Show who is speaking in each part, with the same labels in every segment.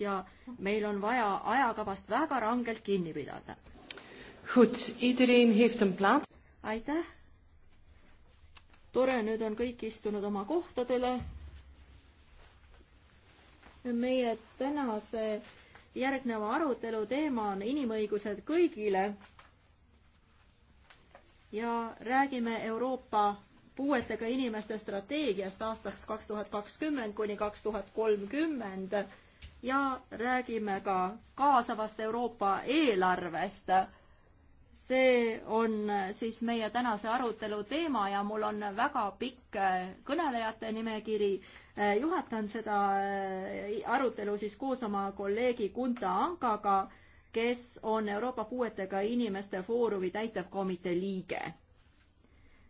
Speaker 1: ja meil on vaja ajakavast väga rangelt kinni pidada. aitäh. tore, nüüd on kõik istunud oma kohtadele. meie tänase järgneva arutelu teema on inimõigused kõigile. ja räägime Euroopa puuetega inimeste strateegiast aastaks kaks tuhat kakskümmend kuni kaks tuhat kolmkümmend ja räägime ka kaasavast Euroopa eelarvest. see on siis meie tänase arutelu teema ja mul on väga pikk äh, kõnelejate nimekiri. Äh, juhatan seda äh, arutelu siis koos oma kolleegi Gunta Ankaga, kes on Euroopa Puuetega Inimeste Foorumi täitevkomitee liige.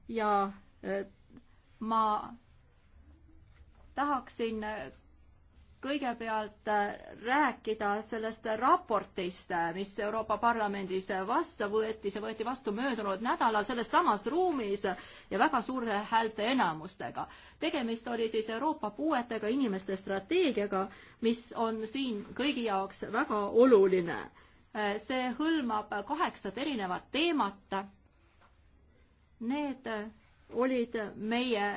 Speaker 1: ja ma tahaksin kõigepealt äh, rääkida sellest raportist, äh, mis Euroopa Parlamendis äh, vastu võeti, see võeti vastu möödunud nädalal selles samas ruumis ja väga suure häälte enamustega. tegemist oli siis Euroopa puuetega inimeste strateegiaga, mis on siin kõigi jaoks väga oluline. see hõlmab kaheksat erinevat teemat. Need olid meie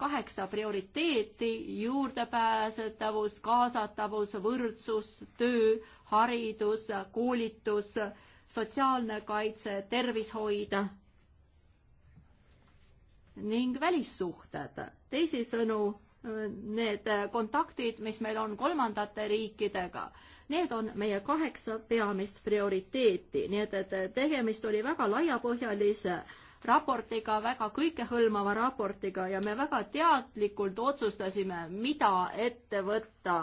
Speaker 1: kaheksa prioriteeti, juurdepääsetavus, kaasatavus, võrdsus, töö, haridus, koolitus, sotsiaalne kaitse, tervishoid ning välissuhted. teisisõnu, need kontaktid, mis meil on kolmandate riikidega, need on meie kaheksa peamist prioriteeti, nii et, et tegemist oli väga laiapõhjalise äh, raportiga, väga kõikehõlmava raportiga ja me väga teadlikult otsustasime, mida ette võtta,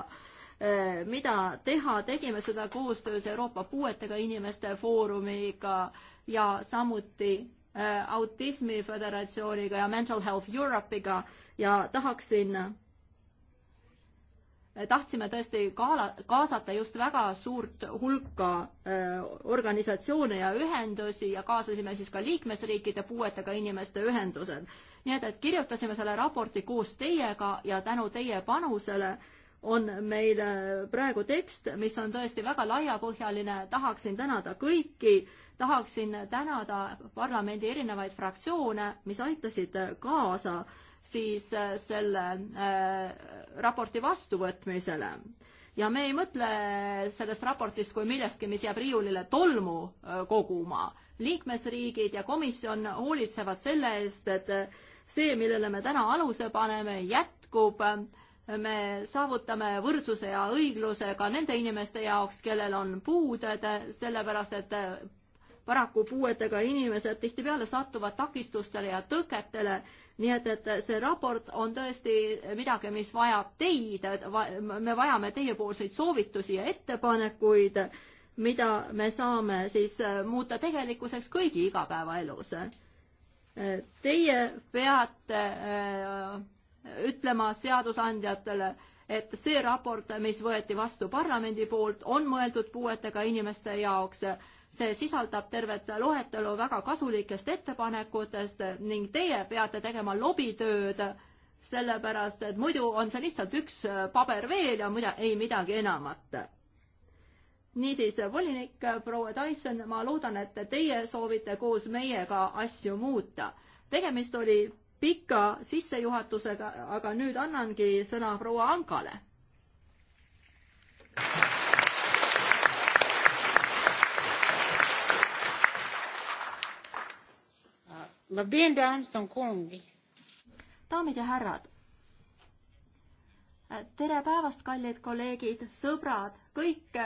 Speaker 1: eh, mida teha, tegime seda koostöös Euroopa Puuetega Inimeste Foorumiga ja samuti eh, Autismi Föderatsiooniga ja Mental Health Europe'iga ja tahaksin tahtsime tõesti kaala, kaasata just väga suurt hulka organisatsioone ja ühendusi ja kaasasime siis ka liikmesriikide puuetega inimeste ühendused. nii et, et kirjutasime selle raporti koos teiega ja tänu teie panusele on meil praegu tekst, mis on tõesti väga laiapõhjaline, tahaksin tänada kõiki, tahaksin tänada parlamendi erinevaid fraktsioone, mis aitasid kaasa äh, siis äh, selle äh, raporti vastuvõtmisele. ja me ei mõtle sellest raportist kui millestki, mis jääb riiulile tolmu äh, koguma. liikmesriigid ja komisjon hoolitsevad selle eest, et see, millele me täna aluse paneme, jätkub me saavutame võrdsuse ja õigluse ka nende inimeste jaoks, kellel on puuded, sellepärast et paraku puuetega inimesed tihtipeale satuvad takistustele ja tõketele, nii et, et see raport on tõesti midagi, mis vajab teid, me vajame teiepoolseid soovitusi ja ettepanekuid, mida me saame siis äh, muuta tegelikkuseks kõigi igapäevaelus. Äh, teie peate äh, ütlema seadusandjatele, et see raport, mis võeti vastu parlamendi poolt, on mõeldud puuetega inimeste jaoks see sisaldab tervet loetelu väga kasulikest ettepanekutest ning teie peate tegema lobitööd, sellepärast et muidu on see lihtsalt üks paber veel ja muide ei midagi enamat. niisiis, volinik proua Tyson, ma loodan, et teie soovite koos meiega asju muuta. tegemist oli pika sissejuhatusega, aga nüüd annangi sõna proua Ankale. daamid ja härrad. tere päevast, kallid kolleegid, sõbrad, kõik,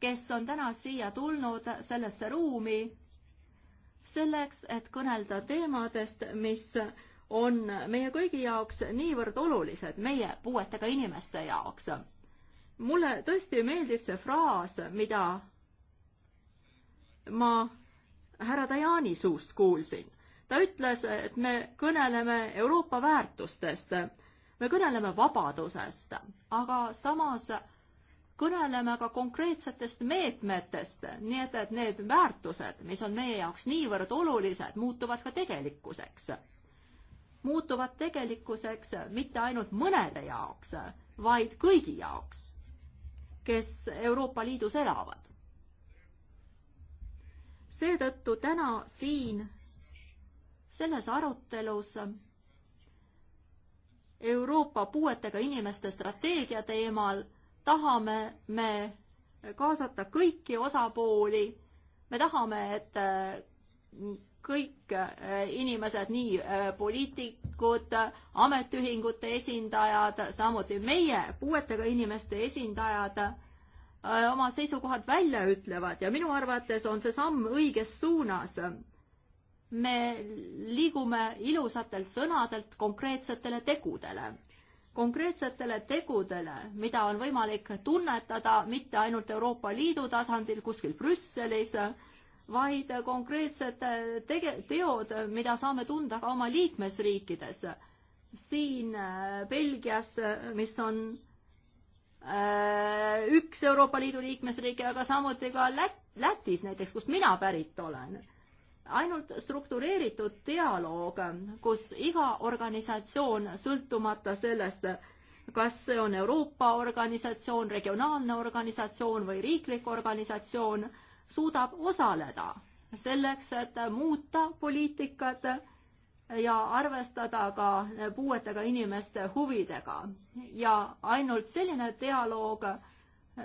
Speaker 1: kes on täna siia tulnud sellesse ruumi selleks, et kõnelda teemadest, mis on meie kõigi jaoks niivõrd olulised, meie puuetega inimeste jaoks. mulle tõesti meeldib see fraas, mida ma härra Dajani suust kuulsin ta ütles, et me kõneleme Euroopa väärtustest, me kõneleme vabadusest, aga samas kõneleme ka konkreetsetest meetmetest, nii et, et need väärtused, mis on meie jaoks niivõrd olulised, muutuvad ka tegelikkuseks. muutuvad tegelikkuseks mitte ainult mõnede jaoks, vaid kõigi jaoks, kes Euroopa Liidus elavad. seetõttu täna siin selles arutelus Euroopa puuetega inimeste strateegia teemal tahame me kaasata kõiki osapooli. me tahame, et äh, kõik äh, inimesed, nii äh, poliitikud, ametiühingute esindajad, samuti meie, puuetega inimeste esindajad, oma seisukohad välja ütlevad ja minu arvates on see samm õiges suunas me liigume ilusatelt sõnadelt konkreetsetele tegudele. konkreetsetele tegudele, mida on võimalik tunnetada mitte ainult Euroopa Liidu tasandil kuskil Brüsselis, vaid konkreetsed tege-, teod, mida saame tunda ka oma liikmesriikides. siin äh, Belgias, mis on äh, üks Euroopa Liidu liikmesriik, aga samuti ka Lät-, Lätis näiteks, kust mina pärit olen ainult struktureeritud dialoog, kus iga organisatsioon, sõltumata sellest, kas see on Euroopa organisatsioon, regionaalne organisatsioon või riiklik organisatsioon, suudab osaleda selleks, et muuta poliitikat ja arvestada ka puuetega inimeste huvidega. ja ainult selline dialoog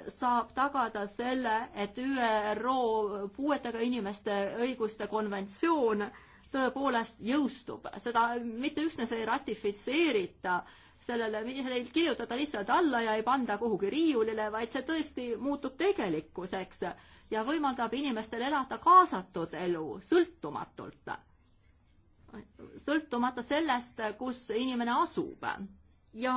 Speaker 1: saab tagada selle, et ÜRO puuetega inimeste õiguste konventsioon tõepoolest jõustub, seda mitte üksnes ei ratifitseerita, sellele ei kirjutata lihtsalt alla ja ei panda kuhugi riiulile, vaid see tõesti muutub tegelikkuseks ja võimaldab inimestel elada kaasatud elu sõltumatult. sõltumata sellest, kus inimene asub ja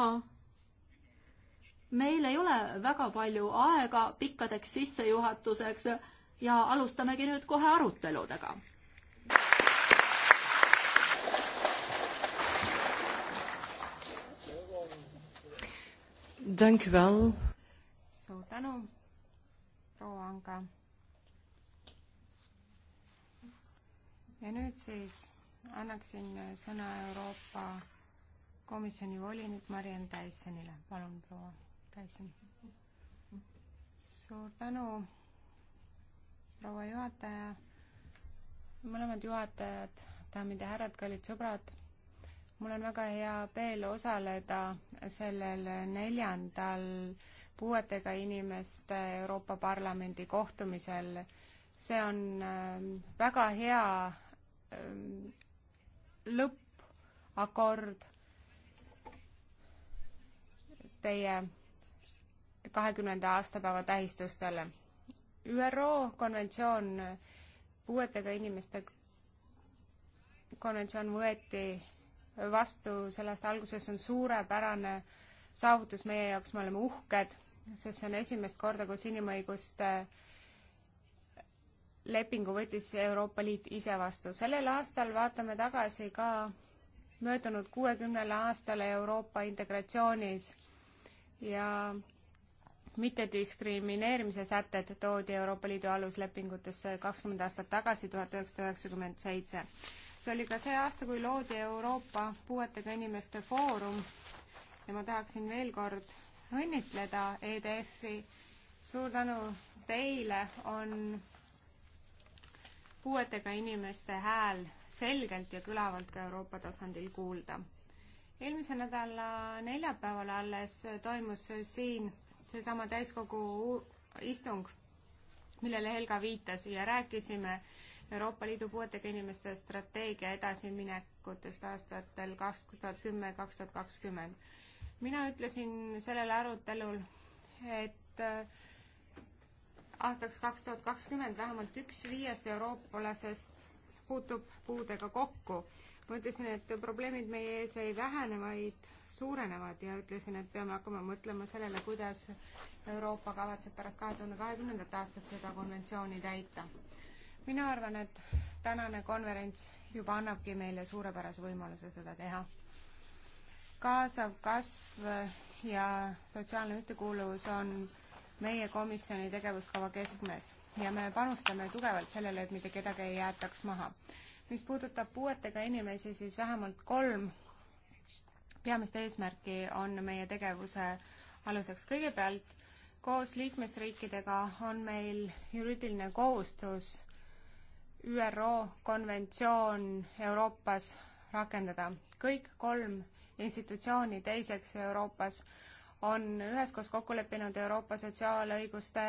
Speaker 1: meil ei ole väga palju aega pikkadeks sissejuhatuseks ja alustamegi nüüd kohe aruteludega.
Speaker 2: suur tänu, proua Anga. ja nüüd siis annaksin sõna Euroopa Komisjoni volinik Mariann Tysonile, palun proua Tyson. suur tänu, proua juhataja, mõlemad juhatajad, daamid ja härrad, kallid sõbrad. mul on väga hea meel osaleda sellel neljandal puuetega inimeste Euroopa Parlamendi kohtumisel. see on ähm, väga hea ähm, lõppakord teie kahekümnenda aastapäeva tähistustel. ÜRO konventsioon, puuetega inimeste konventsioon võeti vastu, selle aasta alguses on suurepärane saavutus meie jaoks, me oleme uhked, sest see on esimest korda, kus inimõiguste lepingu võttis Euroopa Liit ise vastu. sellel aastal vaatame tagasi ka möödunud kuuekümnele aastale Euroopa integratsioonis ja mittediskrimineerimise sätted toodi Euroopa Liidu aluslepingutesse kakskümmend aastat tagasi, tuhat üheksasada üheksakümmend seitse. see oli ka see aasta, kui loodi Euroopa Puuetega Inimeste Foorum ja ma tahaksin veel kord õnnitleda EDF-i. suur tänu teile, on puuetega inimeste hääl selgelt ja kõlavalt ka Euroopa tasandil kuulda. eelmise nädala neljapäeval alles toimus siin seesama täiskogu istung, millele Helga viitas ja rääkisime Euroopa Liidu puuetega inimeste strateegia edasiminekutest aastatel kaks tuhat kümme, kaks tuhat kakskümmend. mina ütlesin sellel arutelul, et äh, aastaks kaks tuhat kakskümmend vähemalt üks viiest eurooplasest puutub puudega kokku. ma ütlesin, et probleemid meie ees ei vähene, vaid suurenevad ja ütlesin, et peame hakkama mõtlema sellele, kuidas Euroopa kavatseb pärast kahe tuhande kahekümnendat aastat seda konventsiooni täita. mina arvan, et tänane konverents juba annabki meile suurepärase võimaluse seda teha. kaasav kasv ja sotsiaalne ühtekuuluvus on meie komisjoni tegevuskava keskmes ja me panustame tugevalt sellele, et mitte kedagi ei jäetaks maha. mis puudutab puuetega inimesi, siis vähemalt kolm peamist eesmärki on meie tegevuse aluseks. kõigepealt koos liikmesriikidega on meil juriidiline kohustus ÜRO konventsioon Euroopas rakendada. kõik kolm institutsiooni teiseks Euroopas on üheskoos kokku leppinud Euroopa sotsiaalõiguste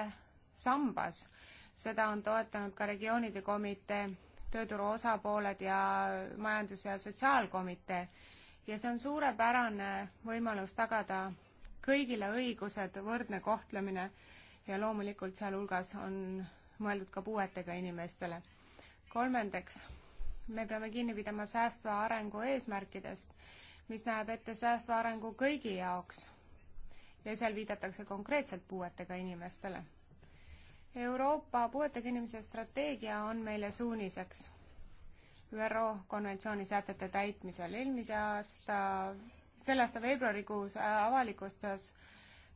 Speaker 2: sambas. seda on toetanud ka regioonide komitee, tööturu osapooled ja majandus- ja sotsiaalkomitee ja see on suurepärane võimalus tagada kõigile õigused, võrdne kohtlemine ja loomulikult sealhulgas on mõeldud ka puuetega inimestele. kolmandaks, me peame kinni pidama säästva arengu eesmärkidest, mis näeb ette säästva arengu kõigi jaoks ja seal viidatakse konkreetselt puuetega inimestele. Euroopa puuetega inimese strateegia on meile suuniseks ÜRO konventsiooni sätete täitmisel. eelmise aasta, selle aasta veebruarikuus avalikustas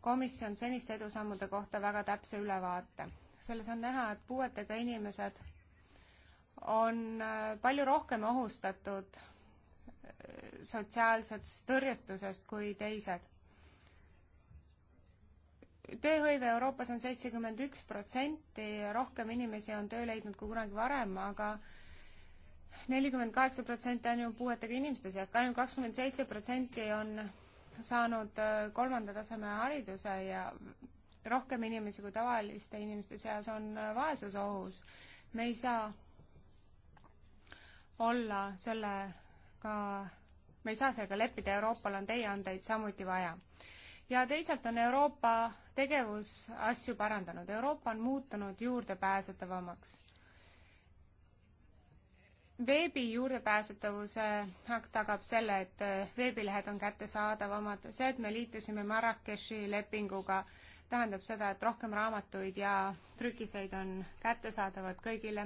Speaker 2: komisjon seniste edusammude kohta väga täpse ülevaate. selles on näha, et puuetega inimesed on äh, palju rohkem ohustatud äh, sotsiaalsest tõrjutusest kui teised. tööhõive Euroopas on seitsekümmend üks protsenti, rohkem inimesi on töö leidnud kui kunagi varem, aga nelikümmend kaheksa protsenti on ju puuetega inimeste seast, ainult kakskümmend seitse protsenti on saanud äh, kolmanda taseme hariduse ja rohkem inimesi kui tavaliste inimeste seas on äh, vaesusohus. me ei saa olla sellega, me ei saa sellega leppida, Euroopal on teie andeid samuti vaja. ja teisalt on Euroopa tegevus asju parandanud, Euroopa on muutunud juurdepääsetavamaks veebi juurdepääsetavuse akt tagab selle, et äh, veebilehed on kättesaadavamad, see, et me liitusime Marrakechi lepinguga, tähendab seda, et rohkem raamatuid ja trükiseid on kättesaadavad kõigile.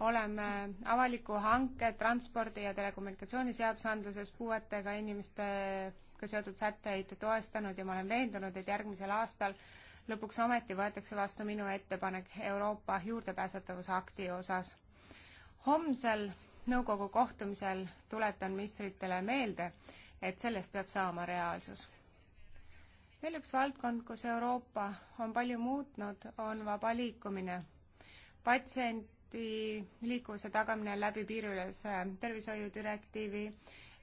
Speaker 2: oleme avaliku hanke, transpordi ja telekommunikatsiooniseadusandluses puuetega inimestega seotud sätteid toestanud ja ma olen veendunud, et järgmisel aastal lõpuks ometi võetakse vastu minu ettepanek Euroopa juurdepääsetavuse akti osas homsel nõukogu kohtumisel tuletan ministritele meelde, et sellest peab saama reaalsus. veel üks valdkond, kus Euroopa on palju muutnud, on vaba liikumine. patsiendi liikuvuse tagamine läbi piiriülese tervishoiudirektiivi,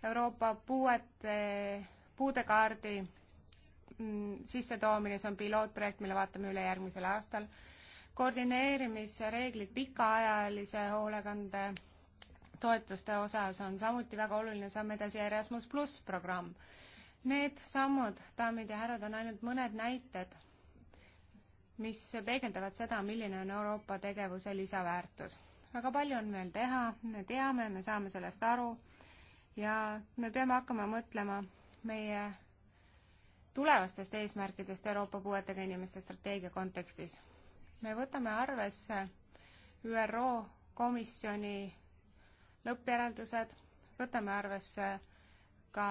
Speaker 2: Euroopa puuete, puudekaardi mm, sissetoomine, see on pilootprojekt, mille vaatame üle järgmisel aastal koordineerimisreeglid pikaajalise hoolekande toetuste osas on samuti väga oluline samm edasi Erasmus pluss programm. Need sammud, daamid ja härrad, on ainult mõned näited, mis peegeldavad seda, milline on Euroopa tegevuse lisaväärtus. väga palju on veel teha, me teame, me saame sellest aru ja me peame hakkama mõtlema meie tulevastest eesmärkidest Euroopa puuetega inimeste strateegia kontekstis me võtame arvesse ÜRO komisjoni lõppjäreldused, võtame arvesse ka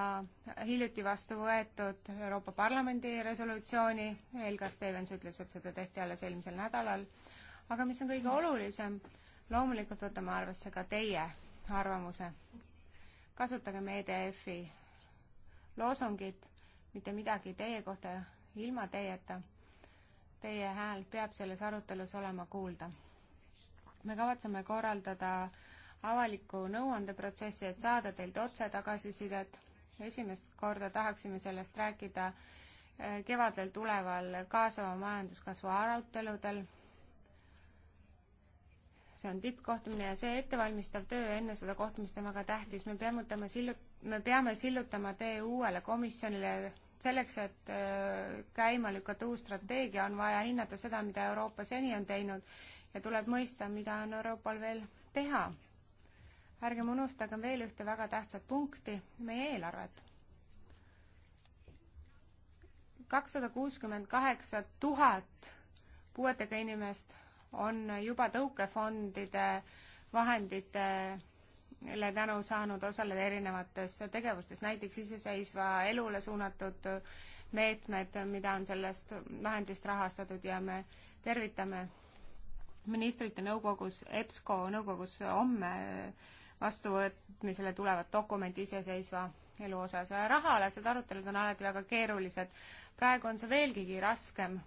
Speaker 2: hiljuti vastu võetud Euroopa Parlamendi resolutsiooni, Helga Stevens ütles, et seda tehti alles eelmisel nädalal, aga mis on kõige olulisem, loomulikult võtame arvesse ka teie arvamuse. kasutagem EDF-i loosungit, mitte midagi teie kohta ilma teieta Teie hääl peab selles arutelus olema kuulda. me kavatseme korraldada avaliku nõuandeprotsessi, et saada teilt otse tagasisidet. esimest korda tahaksime sellest rääkida eh, kevadel tuleval kaasava majanduskasvu aruteludel. see on tippkohtumine ja see ettevalmistav töö enne seda kohtumist on väga tähtis. me peame, me sillutama, me peame sillutama tee uuele komisjonile selleks, et äh, käima lükata uus strateegia, on vaja hinnata seda, mida Euroopa seni on teinud ja tuleb mõista, mida on Euroopal veel teha. ärgem unustagem veel ühte väga tähtsat punkti, meie eelarvet. kakssada kuuskümmend kaheksa tuhat puuetega inimest on juba tõukefondide vahendite mille tänu saanud osaleda erinevates tegevustes, näiteks iseseisva elule suunatud meetmed, mida on sellest vahendist rahastatud ja me tervitame ministrite nõukogus, EBSCO nõukogus homme vastuvõtmisele tulevat dokumenti iseseisva elu osas. rahaalased arutelud on alati väga keerulised. praegu on see veelgigi raskem,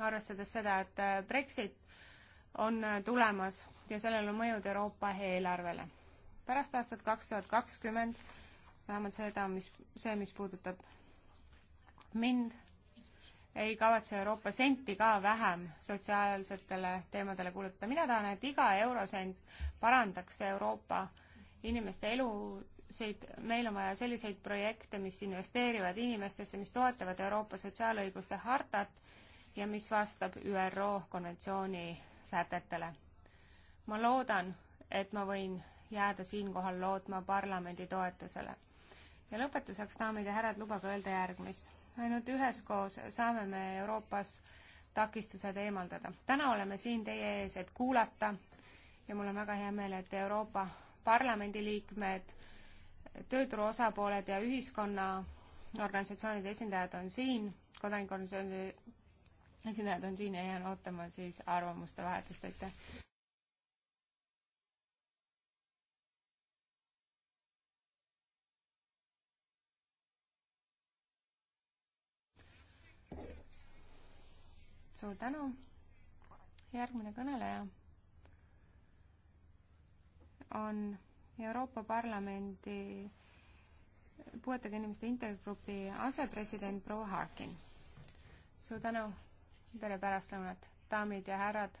Speaker 2: arvestades seda, et Brexit on tulemas ja sellel on mõjud Euroopa eelarvele pärast aastat kaks tuhat kakskümmend, vähemalt seda, mis, see, mis puudutab mind, ei kavatse Euroopa senti ka vähem sotsiaalsetele teemadele kulutada. mina tahan, et iga eurosent parandaks Euroopa inimeste elusid, meil on vaja selliseid projekte, mis investeerivad inimestesse, mis toetavad Euroopa sotsiaalõiguste hartat ja mis vastab ÜRO konventsiooni sätetele. ma loodan, et ma võin jääda siinkohal lootma parlamendi toetusele. ja lõpetuseks, daamid ja härrad, lubage öelda järgmist. ainult üheskoos saame me Euroopas takistused eemaldada. täna oleme siin teie ees, et kuulata ja mul on väga hea meel, et Euroopa Parlamendi liikmed, tööturu osapooled ja ühiskonna organisatsioonide esindajad on siin, kodanikuorganisatsioonide esindajad on siin ja jään ootama siis arvamuste vahetust, aitäh! suur tänu. järgmine kõneleja on Euroopa Parlamendi puuetega inimeste intergrupi asepresident proua Harkin. suur tänu, tere pärastlõunat, daamid ja härrad.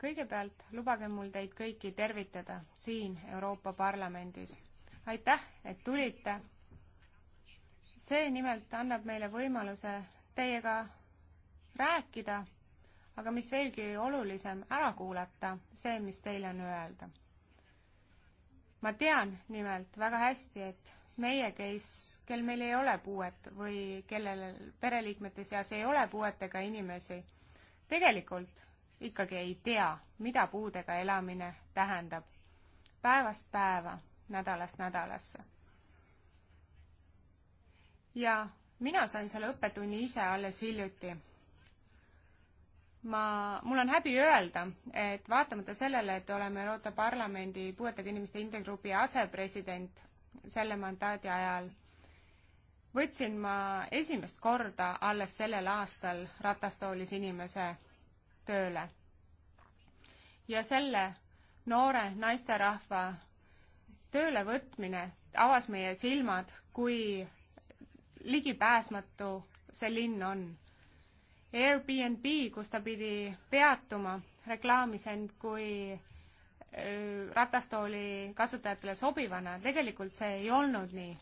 Speaker 2: kõigepealt lubage mul teid kõiki tervitada siin Euroopa Parlamendis. aitäh, et tulite. see nimelt annab meile võimaluse teiega rääkida, aga mis veelgi olulisem, ära kuulata see, mis teil on öelda. ma tean nimelt väga hästi, et meie, kes, kel meil ei ole puuet või kellel pereliikmete seas ei ole puuetega inimesi, tegelikult ikkagi ei tea, mida puudega elamine tähendab päevast päeva, nädalast nädalasse. ja mina sain selle õppetunni ise alles hiljuti ma, mul on häbi öelda, et vaatamata sellele, et oleme Euroopa Parlamendi puuetega inimeste intergrupi asepresident selle mandaadi ajal, võtsin ma esimest korda alles sellel aastal ratastoolis inimese tööle. ja selle noore naisterahva töölevõtmine avas meie silmad, kui ligipääsmatu see linn on Airbnb, kus ta pidi peatuma, reklaamis end kui äh, ratastooli kasutajatele sobivana, tegelikult see ei olnud nii.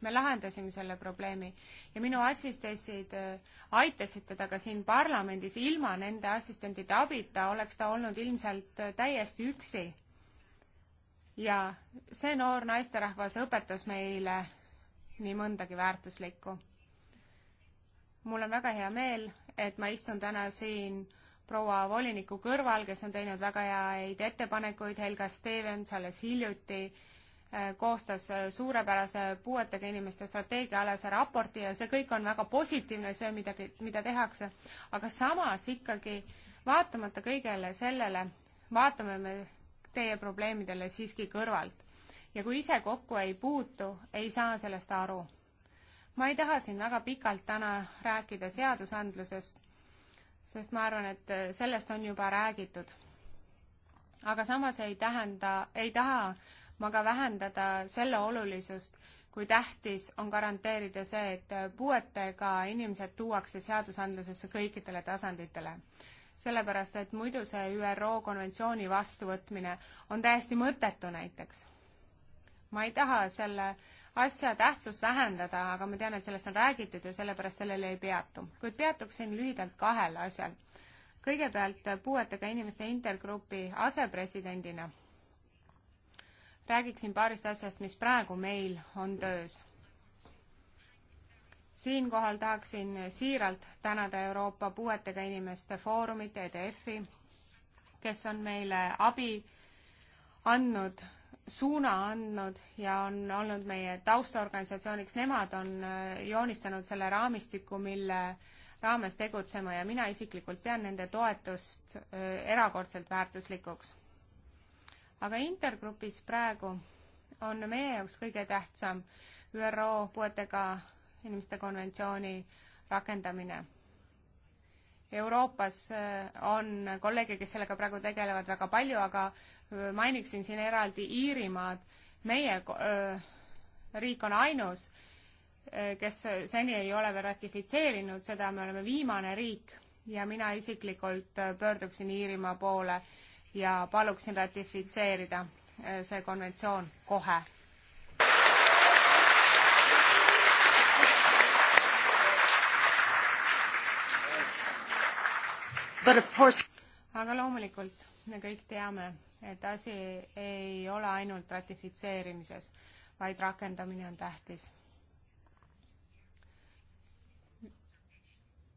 Speaker 2: me lahendasime selle probleemi ja minu assistentsid äh, aitasid teda ka siin parlamendis, ilma nende assistentide abita oleks ta olnud ilmselt äh, täiesti üksi. ja see noor naisterahvas õpetas meile nii mõndagi väärtuslikku. mul on väga hea meel, et ma istun täna siin proua voliniku kõrval, kes on teinud väga häid ettepanekuid, Helga Stevens alles hiljuti äh, koostas äh, suurepärase puuetega inimeste strateegiaalase raporti ja see kõik on väga positiivne, see, mida, mida tehakse. aga samas ikkagi vaatamata kõigele sellele, vaatame me teie probleemidele siiski kõrvalt. ja kui ise kokku ei puutu, ei saa sellest aru ma ei taha siin väga pikalt täna rääkida seadusandlusest, sest ma arvan, et äh, sellest on juba räägitud. aga samas ei tähenda, ei taha ma ka vähendada selle olulisust, kui tähtis on garanteerida see, et äh, puuetega inimesed tuuakse seadusandlusesse kõikidele tasanditele. sellepärast, et muidu see ÜRO konventsiooni vastuvõtmine on täiesti mõttetu näiteks. ma ei taha selle asja tähtsust vähendada, aga ma tean, et sellest on räägitud ja sellepärast sellele ei peatu. kuid peatuksin lühidalt kahel asjal. kõigepealt puuetega inimeste intergrupi asepresidendina räägiksin paarist asjast, mis praegu meil on töös. siinkohal tahaksin siiralt tänada Euroopa Puuetega Inimeste Foorumit, EDF-i, kes on meile abi andnud suuna andnud ja on olnud meie taustaorganisatsiooniks, nemad on äh, joonistanud selle raamistiku, mille raames tegutsema ja mina isiklikult pean nende toetust äh, erakordselt väärtuslikuks. aga intergrupis praegu on meie jaoks kõige tähtsam ÜRO puuetega inimeste konventsiooni rakendamine Euroopas äh, on kolleege, kes sellega praegu tegelevad väga palju, aga äh, mainiksin siin eraldi Iirimaad. meie öö, äh, riik on ainus, kes seni ei ole veel ratifitseerinud seda, me oleme viimane riik ja mina isiklikult pöörduksin Iirimaa poole ja paluksin ratifitseerida see konventsioon kohe aga loomulikult me kõik teame, et asi ei ole ainult ratifitseerimises, vaid rakendamine on tähtis.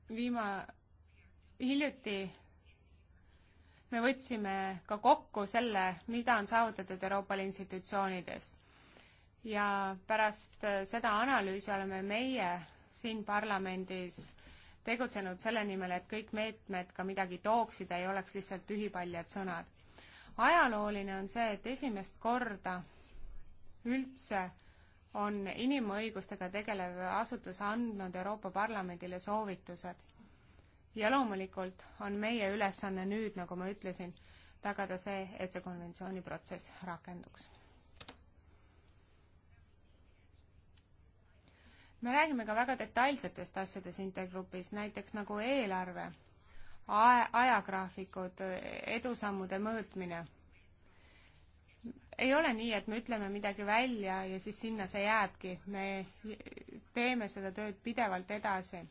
Speaker 2: viima-, hiljuti me võtsime ka kokku selle, mida on saavutatud Euroopa Liidu institutsioonides. ja pärast seda analüüsi oleme meie siin parlamendis tegutsenud selle nimel, et kõik meetmed ka midagi tooksid, ei oleks lihtsalt tühipaljad sõnad. ajalooline on see, et esimest korda üldse on inimõigustega tegelev asutus andnud Euroopa Parlamendile soovitused. ja loomulikult on meie ülesanne nüüd, nagu ma ütlesin, tagada see, et see konventsiooni protsess rakenduks me räägime ka väga detailsetest asjadest intergrupis, näiteks nagu eelarve, ajagraafikud, edusammude mõõtmine. ei ole nii, et me ütleme midagi välja ja siis sinna see jääbki, me teeme seda tööd pidevalt edasi.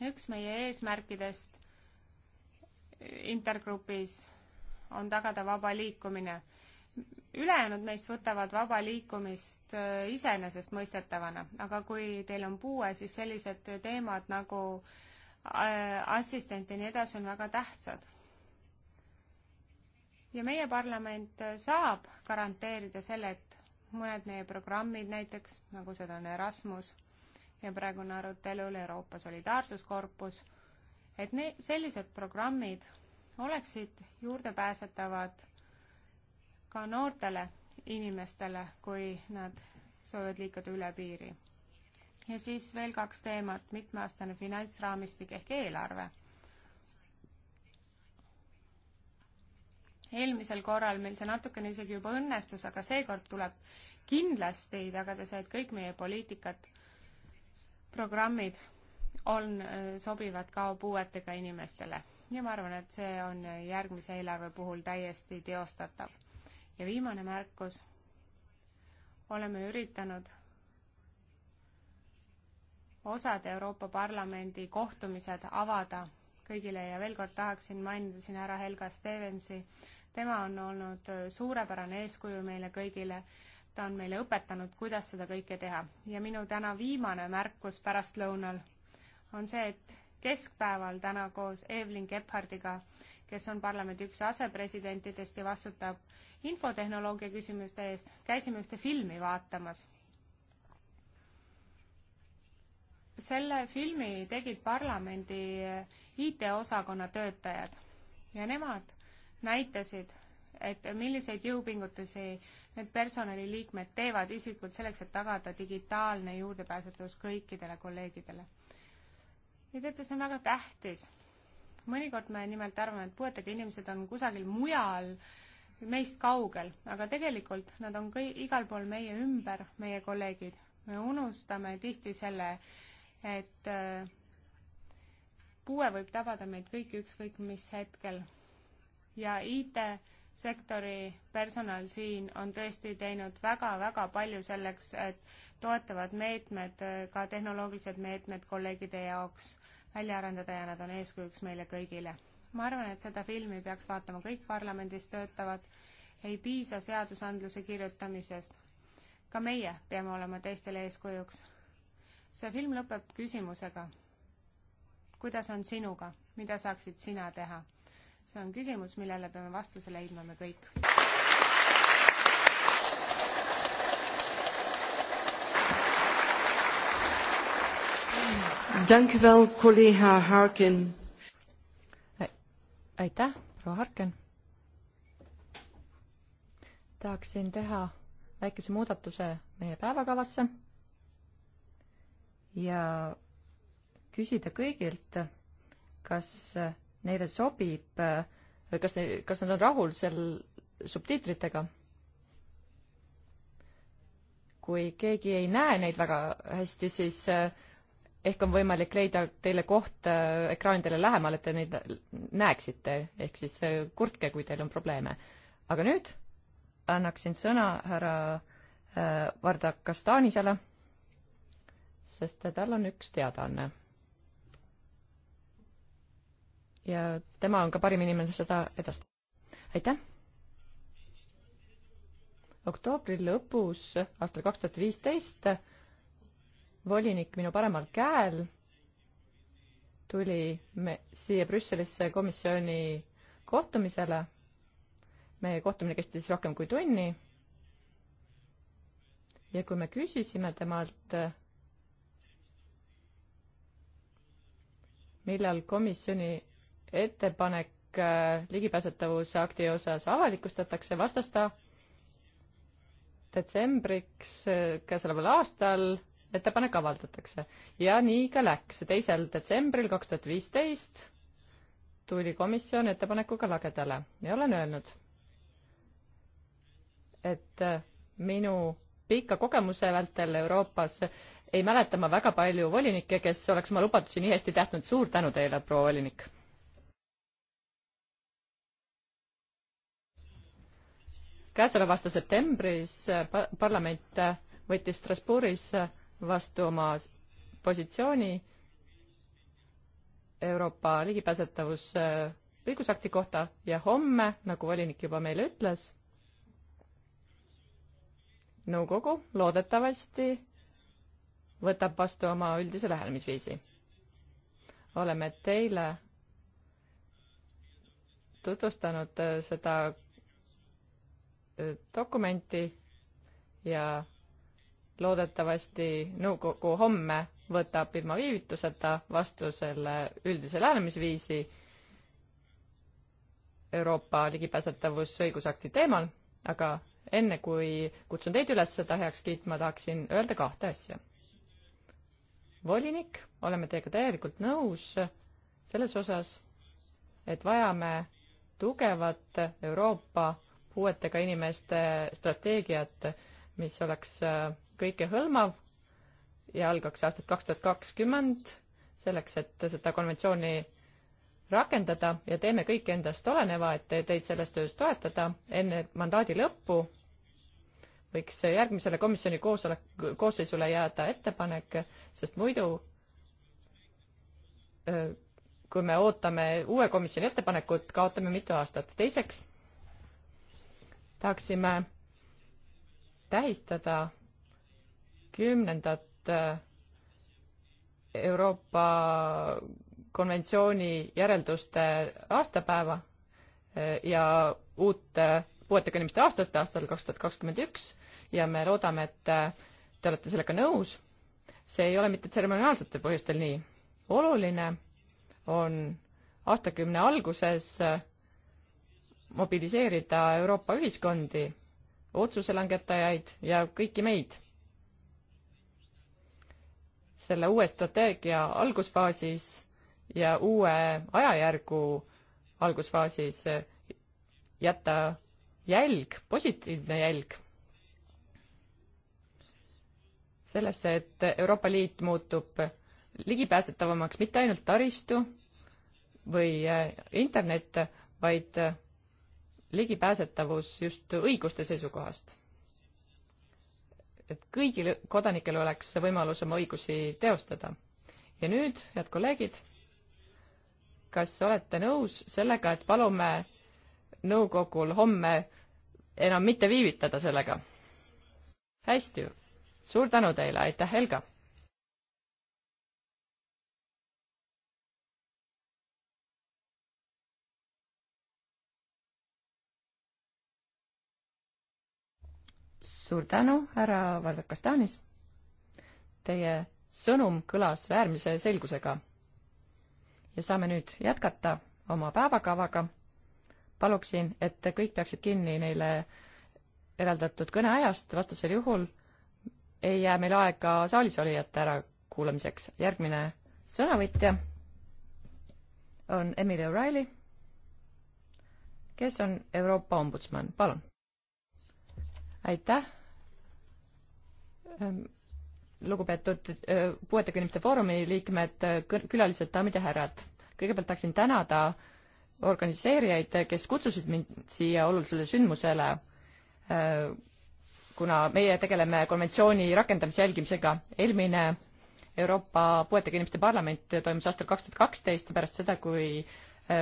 Speaker 2: üks meie eesmärkidest intergrupis on tagada vaba liikumine ülejäänud meist võtavad vaba liikumist äh, iseenesestmõistetavana, aga kui teil on puue, siis sellised teemad nagu äh, assistent ja nii edasi on väga tähtsad. ja meie parlament äh, saab garanteerida selle, et mõned meie programmid näiteks, nagu seda on Erasmus ja praegune arutelul Euroopa Solidaarsuskorpus, et ne-, sellised programmid oleksid juurdepääsetavad ka noortele inimestele, kui nad soovivad liikuda üle piiri. ja siis veel kaks teemat, mitmeaastane finantsraamistik ehk eelarve. eelmisel korral meil see natukene isegi juba õnnestus, aga seekord tuleb kindlasti tagada see, et kõik meie poliitikad, programmid on, äh, sobivad ka puuetega inimestele ja ma arvan, et see on järgmise eelarve puhul täiesti teostatav ja viimane märkus, oleme üritanud osad Euroopa Parlamendi kohtumised avada kõigile ja veel kord tahaksin mainida siin härra Helga Stevensi, tema on olnud suurepärane eeskuju meile kõigile, ta on meile õpetanud, kuidas seda kõike teha. ja minu täna viimane märkus pärastlõunal on see, et keskpäeval täna koos Evelyn Gebhardiga kes on parlamendi üks asepresidentidest ja vastutab infotehnoloogia küsimuste eest, käisime ühte filmi vaatamas. selle filmi tegid parlamendi IT-osakonna töötajad ja nemad näitasid, et milliseid jõupingutusi need personaliliikmed teevad isiklikult selleks, et tagada digitaalne juurdepääsetavus kõikidele kolleegidele. ja teate, see on väga tähtis mõnikord me nimelt arvame, et puuetega inimesed on kusagil mujal meist kaugel, aga tegelikult nad on kõi-, igal pool meie ümber, meie kolleegid. me unustame tihti selle, et puue võib tabada meid kõiki ükskõik mis hetkel. ja IT-sektori personal siin on tõesti teinud väga-väga palju selleks, et toetavad meetmed, ka tehnoloogilised meetmed kolleegide jaoks välja arendada ja nad on eeskujuks meile kõigile. ma arvan, et seda filmi peaks vaatama kõik parlamendis töötavad, ei piisa seadusandluse kirjutamisest. ka meie peame olema teistele eeskujuks. see film lõpeb küsimusega. kuidas on sinuga, mida saaksid sina teha? see on küsimus, millele peame vastuse leidma me kõik.
Speaker 1: Dank wel, kolleega Harkin.
Speaker 3: aitäh, proua Harkin. tahaksin teha väikese muudatuse meie päevakavasse ja küsida kõigilt, kas neile sobib või kas ne-, kas nad on rahul seal subtiitritega. kui keegi ei näe neid väga hästi, siis äh, ehk on võimalik leida teile koht äh, ekraanidele lähemal, et te neid näeksite, ehk siis äh, kurtke, kui teil on probleeme. aga nüüd annaksin sõna härra äh, Varda Kastanisele, sest tal on üks teadaanne. ja tema on ka parim inimene seda edastada. aitäh! oktoobri lõpus aastal kaks tuhat viisteist volinik minu paremal käel tuli me siia Brüsselisse komisjoni kohtumisele. meie kohtumine kestis rohkem kui tunni. ja kui me küsisime temalt, millal komisjoni ettepanek äh, ligipääsetavuse akti osas avalikustatakse, vastas ta detsembriks äh, käesoleval aastal ettepanek avaldatakse. ja nii ka läks, teisel detsembril kaks tuhat viisteist tuli komisjon ettepanekuga lagedale ja olen öelnud, et äh, minu pika kogemuse vältel Euroopas ei mäleta ma väga palju volinikke, kes oleks oma lubadusi nii hästi tähtnud. suur tänu teile, proua volinik! käesoleva aasta septembris äh, parlament äh, võttis Strasbourgis vastu oma positsiooni Euroopa ligipääsetavus äh, õigusakti kohta ja homme, nagu volinik juba meile ütles, nõukogu loodetavasti võtab vastu oma üldise lähenemisviisi. oleme teile tutvustanud äh, seda äh, dokumenti ja loodetavasti nõukogu homme võtab ilma viivituseta vastu selle üldise lähenemisviisi Euroopa ligipääsetavusõigusakti teemal, aga enne kui kutsun teid üles seda heaks kiitma, tahaksin öelda kahte asja. volinik, oleme teiega täielikult nõus selles osas, et vajame tugevat Euroopa puuetega inimeste strateegiat, mis oleks äh, kõikehõlmav ja algaks aastat kaks tuhat kakskümmend, selleks et seda konventsiooni rakendada ja teeme kõik endast oleneva, et teid selles töös toetada. enne mandaadi lõppu võiks järgmisele komisjoni koosolek, koosseisule jääda ettepanek, sest muidu kui me ootame uue komisjoni ettepanekut, kaotame mitu aastat. teiseks tahaksime tähistada kümnendat äh, Euroopa konventsiooni järelduste aastapäeva äh, ja uut äh, puuetega inimeste aastat aastal kaks tuhat kakskümmend üks ja me loodame, et te olete sellega nõus. see ei ole mitte tseremoniaalsetel põhjustel nii. oluline on aastakümne alguses mobiliseerida Euroopa ühiskondi, otsuse langetajaid ja kõiki meid selle uue strateegia algusfaasis ja uue ajajärgu algusfaasis jätta jälg, positiivne jälg sellesse, et Euroopa Liit muutub ligipääsetavamaks mitte ainult taristu või äh, internet, vaid ligipääsetavus just õiguste seisukohast et kõigil kodanikel oleks võimalus oma õigusi teostada. ja nüüd, head kolleegid, kas olete nõus sellega, et palume nõukogul homme enam mitte viivitada sellega? hästi, suur tänu teile, aitäh, Helga! suur tänu, härra Vardakas Taanis. Teie sõnum kõlas äärmise selgusega. ja saame nüüd jätkata oma päevakavaga. paluksin, et kõik peaksid kinni neile eraldatud kõneajast, vastasel juhul ei jää meil aega saalis olijate ärakuulamiseks. järgmine sõnavõtja on Emily O'Reilly, kes on Euroopa ombudsman, palun. aitäh Ehm, lugupeetud äh, puuetega inimeste foorumi liikmed, äh, külalised, daamid ja härrad. kõigepealt tahaksin tänada organiseerijaid, kes kutsusid mind siia olulisele sündmusele, äh, kuna meie tegeleme konventsiooni rakendamise jälgimisega. eelmine Euroopa Puuetega Inimeste Parlament toimus aastal kaks tuhat kaksteist pärast seda, kui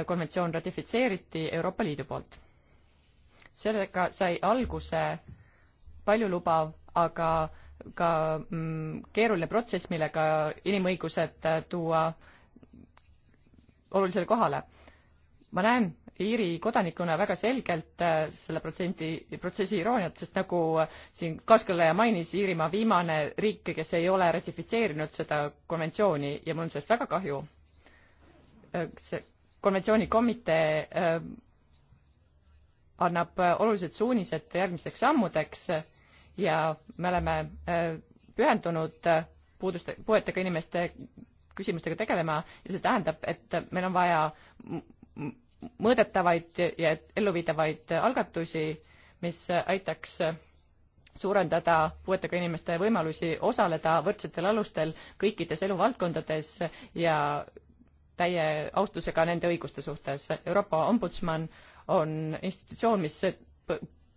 Speaker 3: konventsioon ratifitseeriti Euroopa Liidu poolt. sellega sai alguse paljulubav, aga ka mm, keeruline protsess, millega inimõigused äh, tuua olulisele kohale. ma näen Iiri kodanikuna väga selgelt äh, selle protsendi, protsessi irooniat, sest nagu äh, siin kaaskõneleja mainis, Iirimaa viimane riik, kes ei ole ratifitseerinud seda konventsiooni ja mul on sellest väga kahju. see konventsiooni komitee annab olulised suunised järgmisteks sammudeks ja me oleme äh, pühendunud äh, puuduste, puuetega inimeste küsimustega tegelema ja see tähendab, et meil on vaja mõõdetavaid ja elluviidavaid algatusi, mis aitaks suurendada puuetega inimeste võimalusi osaleda võrdsetel alustel kõikides eluvaldkondades ja täie austusega nende õiguste suhtes. Euroopa ombudsman on institutsioon, mis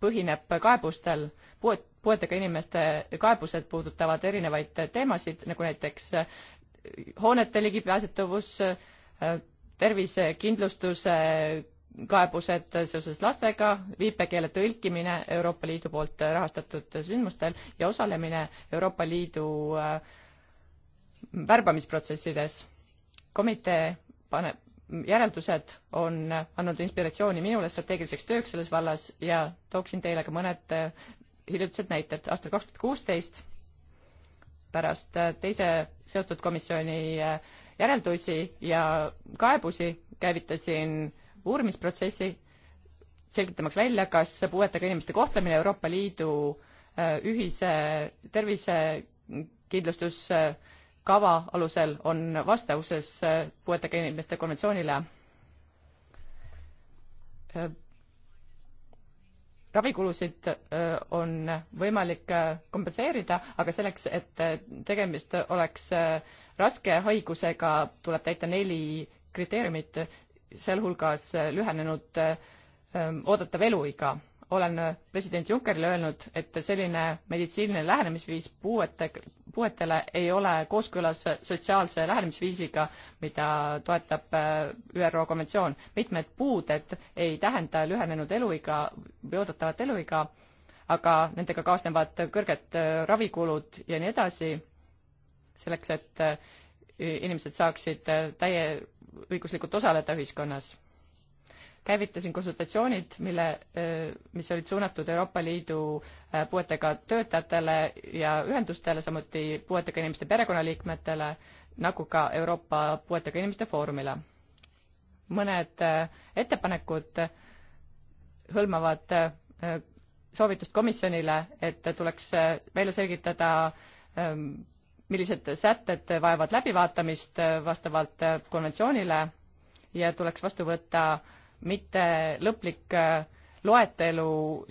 Speaker 3: põhineb kaebustel, puuet, puuetega inimeste kaebused puudutavad erinevaid teemasid, nagu näiteks äh, hoonete ligipääsetavus, äh, tervisekindlustuse kaebused seoses lastega, viipekeele tõlkimine Euroopa Liidu poolt rahastatud sündmustel ja osalemine Euroopa Liidu äh, värbamisprotsessides. komitee paneb järeldused on andnud inspiratsiooni minule strateegiliseks tööks selles vallas ja tooksin teile ka mõned äh, hiljutised näited. aastal kaks tuhat kuusteist pärast äh, teise seotud komisjoni äh, järeldusi ja kaebusi käivitasin uurimisprotsessi, selgitamaks välja, kas puuetega inimeste kohtlemine Euroopa Liidu ühise tervisekindlustus kava alusel on vastavuses äh, puuetega inimeste konventsioonile. Äh, ravikulusid äh, on võimalik kompenseerida, aga selleks, et tegemist oleks raske haigusega, tuleb täita neli kriteeriumit, sealhulgas lühenenud oodatav eluiga olen äh, president Junckerile öelnud, et selline meditsiiniline lähenemisviis puuete, puuetele ei ole kooskõlas sotsiaalse lähenemisviisiga, mida toetab äh, ÜRO konventsioon. mitmed puuded ei tähenda lühenenud eluiga või oodatavat eluiga, aga nendega kaasnevad kõrged äh, ravikulud ja nii edasi, selleks et inimesed saaksid täieõiguslikult osaleda ühiskonnas käivitasin konsultatsioonid, mille, mis olid suunatud Euroopa Liidu äh, puuetega töötajatele ja ühendustele, samuti puuetega inimeste perekonnaliikmetele, nagu ka Euroopa Puuetega Inimeste Foorumile. mõned äh, ettepanekud hõlmavad äh, soovitust komisjonile, et tuleks välja selgitada ähm, millised sätted vaevavad läbivaatamist vastavalt konventsioonile ja tuleks vastu võtta mitte lõplik äh, loetelu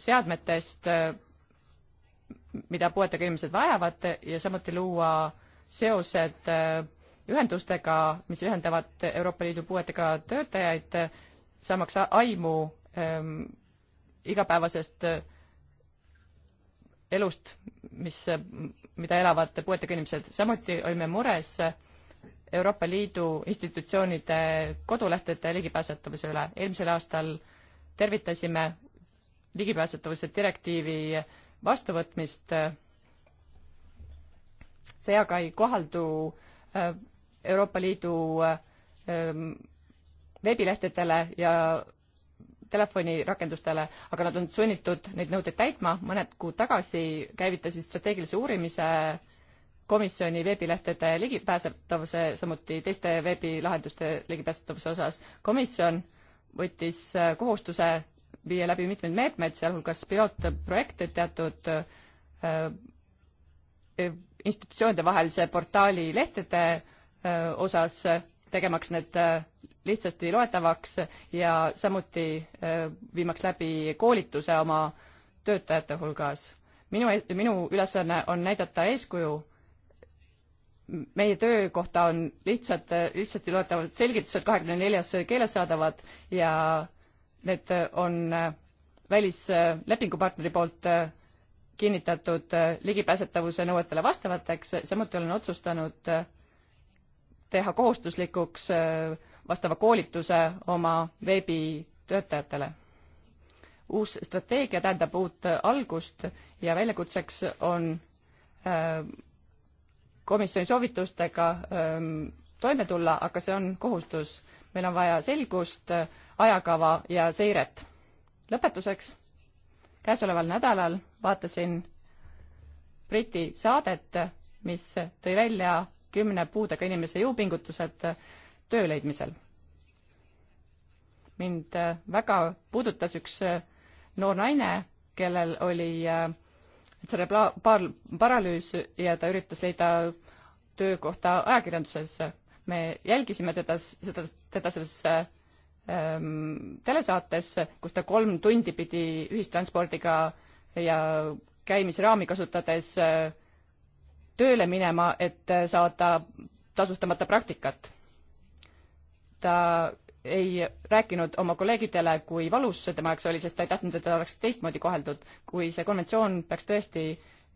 Speaker 3: seadmetest, äh, mida puuetega inimesed vajavad ja samuti luua seosed äh, ühendustega, mis ühendavad Euroopa Liidu puuetega töötajaid, saamaks aimu ähm, igapäevasest elust, mis, mida elavad puuetega inimesed. samuti olime mures äh, Euroopa Liidu institutsioonide kodulehtede ligipääsetavuse üle. eelmisel aastal tervitasime ligipääsetavuse direktiivi vastuvõtmist. see aga ei kohaldu äh, Euroopa Liidu ähm, veebilehtedele ja telefonirakendustele, aga nad on sunnitud neid nõudeid täitma. mõned kuud tagasi käivitasid strateegilise uurimise komisjoni veebilehtede ligipääsetavuse, samuti teiste veebilahenduste ligipääsetavuse osas. komisjon võttis äh, kohustuse viia läbi mitmeid meetmeid, sealhulgas pilootprojekte teatud äh, institutsioonide vahelise portaali lehtede äh, osas, tegemaks need lihtsasti loetavaks ja samuti viimaks läbi koolituse oma töötajate hulgas. minu, e-, minu ülesanne on näidata eeskuju meie töö kohta on lihtsalt, lihtsasti loetavad selgitused kahekümne neljas keeles saadavad ja need on välislepingupartneri poolt kinnitatud ligipääsetavuse nõuetele vastavateks, samuti olen otsustanud teha kohustuslikuks vastava koolituse oma veebitöötajatele. uus strateegia tähendab uut algust ja väljakutseks on äh, komisjoni soovitustega ähm, toime tulla, aga see on kohustus. meil on vaja selgust, äh, ajakava ja seiret. lõpetuseks, käesoleval nädalal vaatasin Briti saadet, mis tõi välja kümne puudega inimese jõupingutused äh, töö leidmisel. mind äh, väga puudutas üks noor naine, kellel oli äh, selle pla-, paar-, paralüüs ja ta üritas leida töökohta ajakirjanduses. me jälgisime teda, seda, teda selles ähm, telesaates, kus ta kolm tundi pidi ühistranspordiga ja käimisraami kasutades äh, tööle minema, et äh, saada tasustamata praktikat. ta ei rääkinud oma kolleegidele, kui valus see tema jaoks oli, sest ta ei tahtnud, et ta oleks teistmoodi koheldud. kui see konventsioon peaks tõesti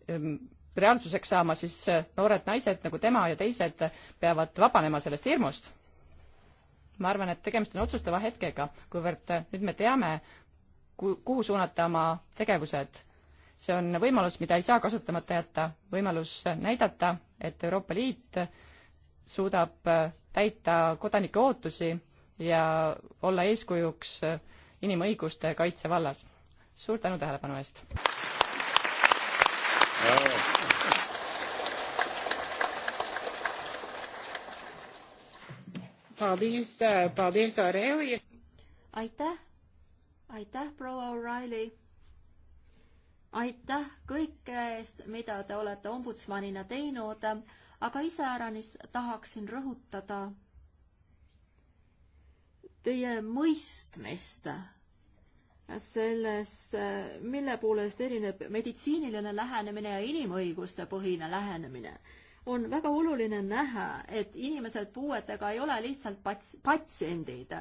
Speaker 3: ehm, reaalsuseks saama, siis äh, noored naised nagu tema ja teised peavad vabanema sellest hirmust. ma arvan, et tegemist on otsustava hetkega, kuivõrd äh, nüüd me teame, kuhu suunata oma tegevused. see on võimalus, mida ei saa kasutamata jätta, võimalus äh, näidata, et Euroopa Liit suudab täita kodanike ootusi ja olla eeskujuks inimõiguste kaitse vallas. suur tänu tähelepanu eest!
Speaker 4: Eh,
Speaker 2: aitäh,
Speaker 1: aitäh, proua O'Reilly! aitäh kõike eest, mida te olete ombudsmanina teinud, aga iseäranis tahaksin rõhutada teie mõistmist selles, mille poolest erineb meditsiiniline lähenemine ja inimõiguste põhine lähenemine. on väga oluline näha, et inimesed puuetega ei ole lihtsalt pats-, patsiendid.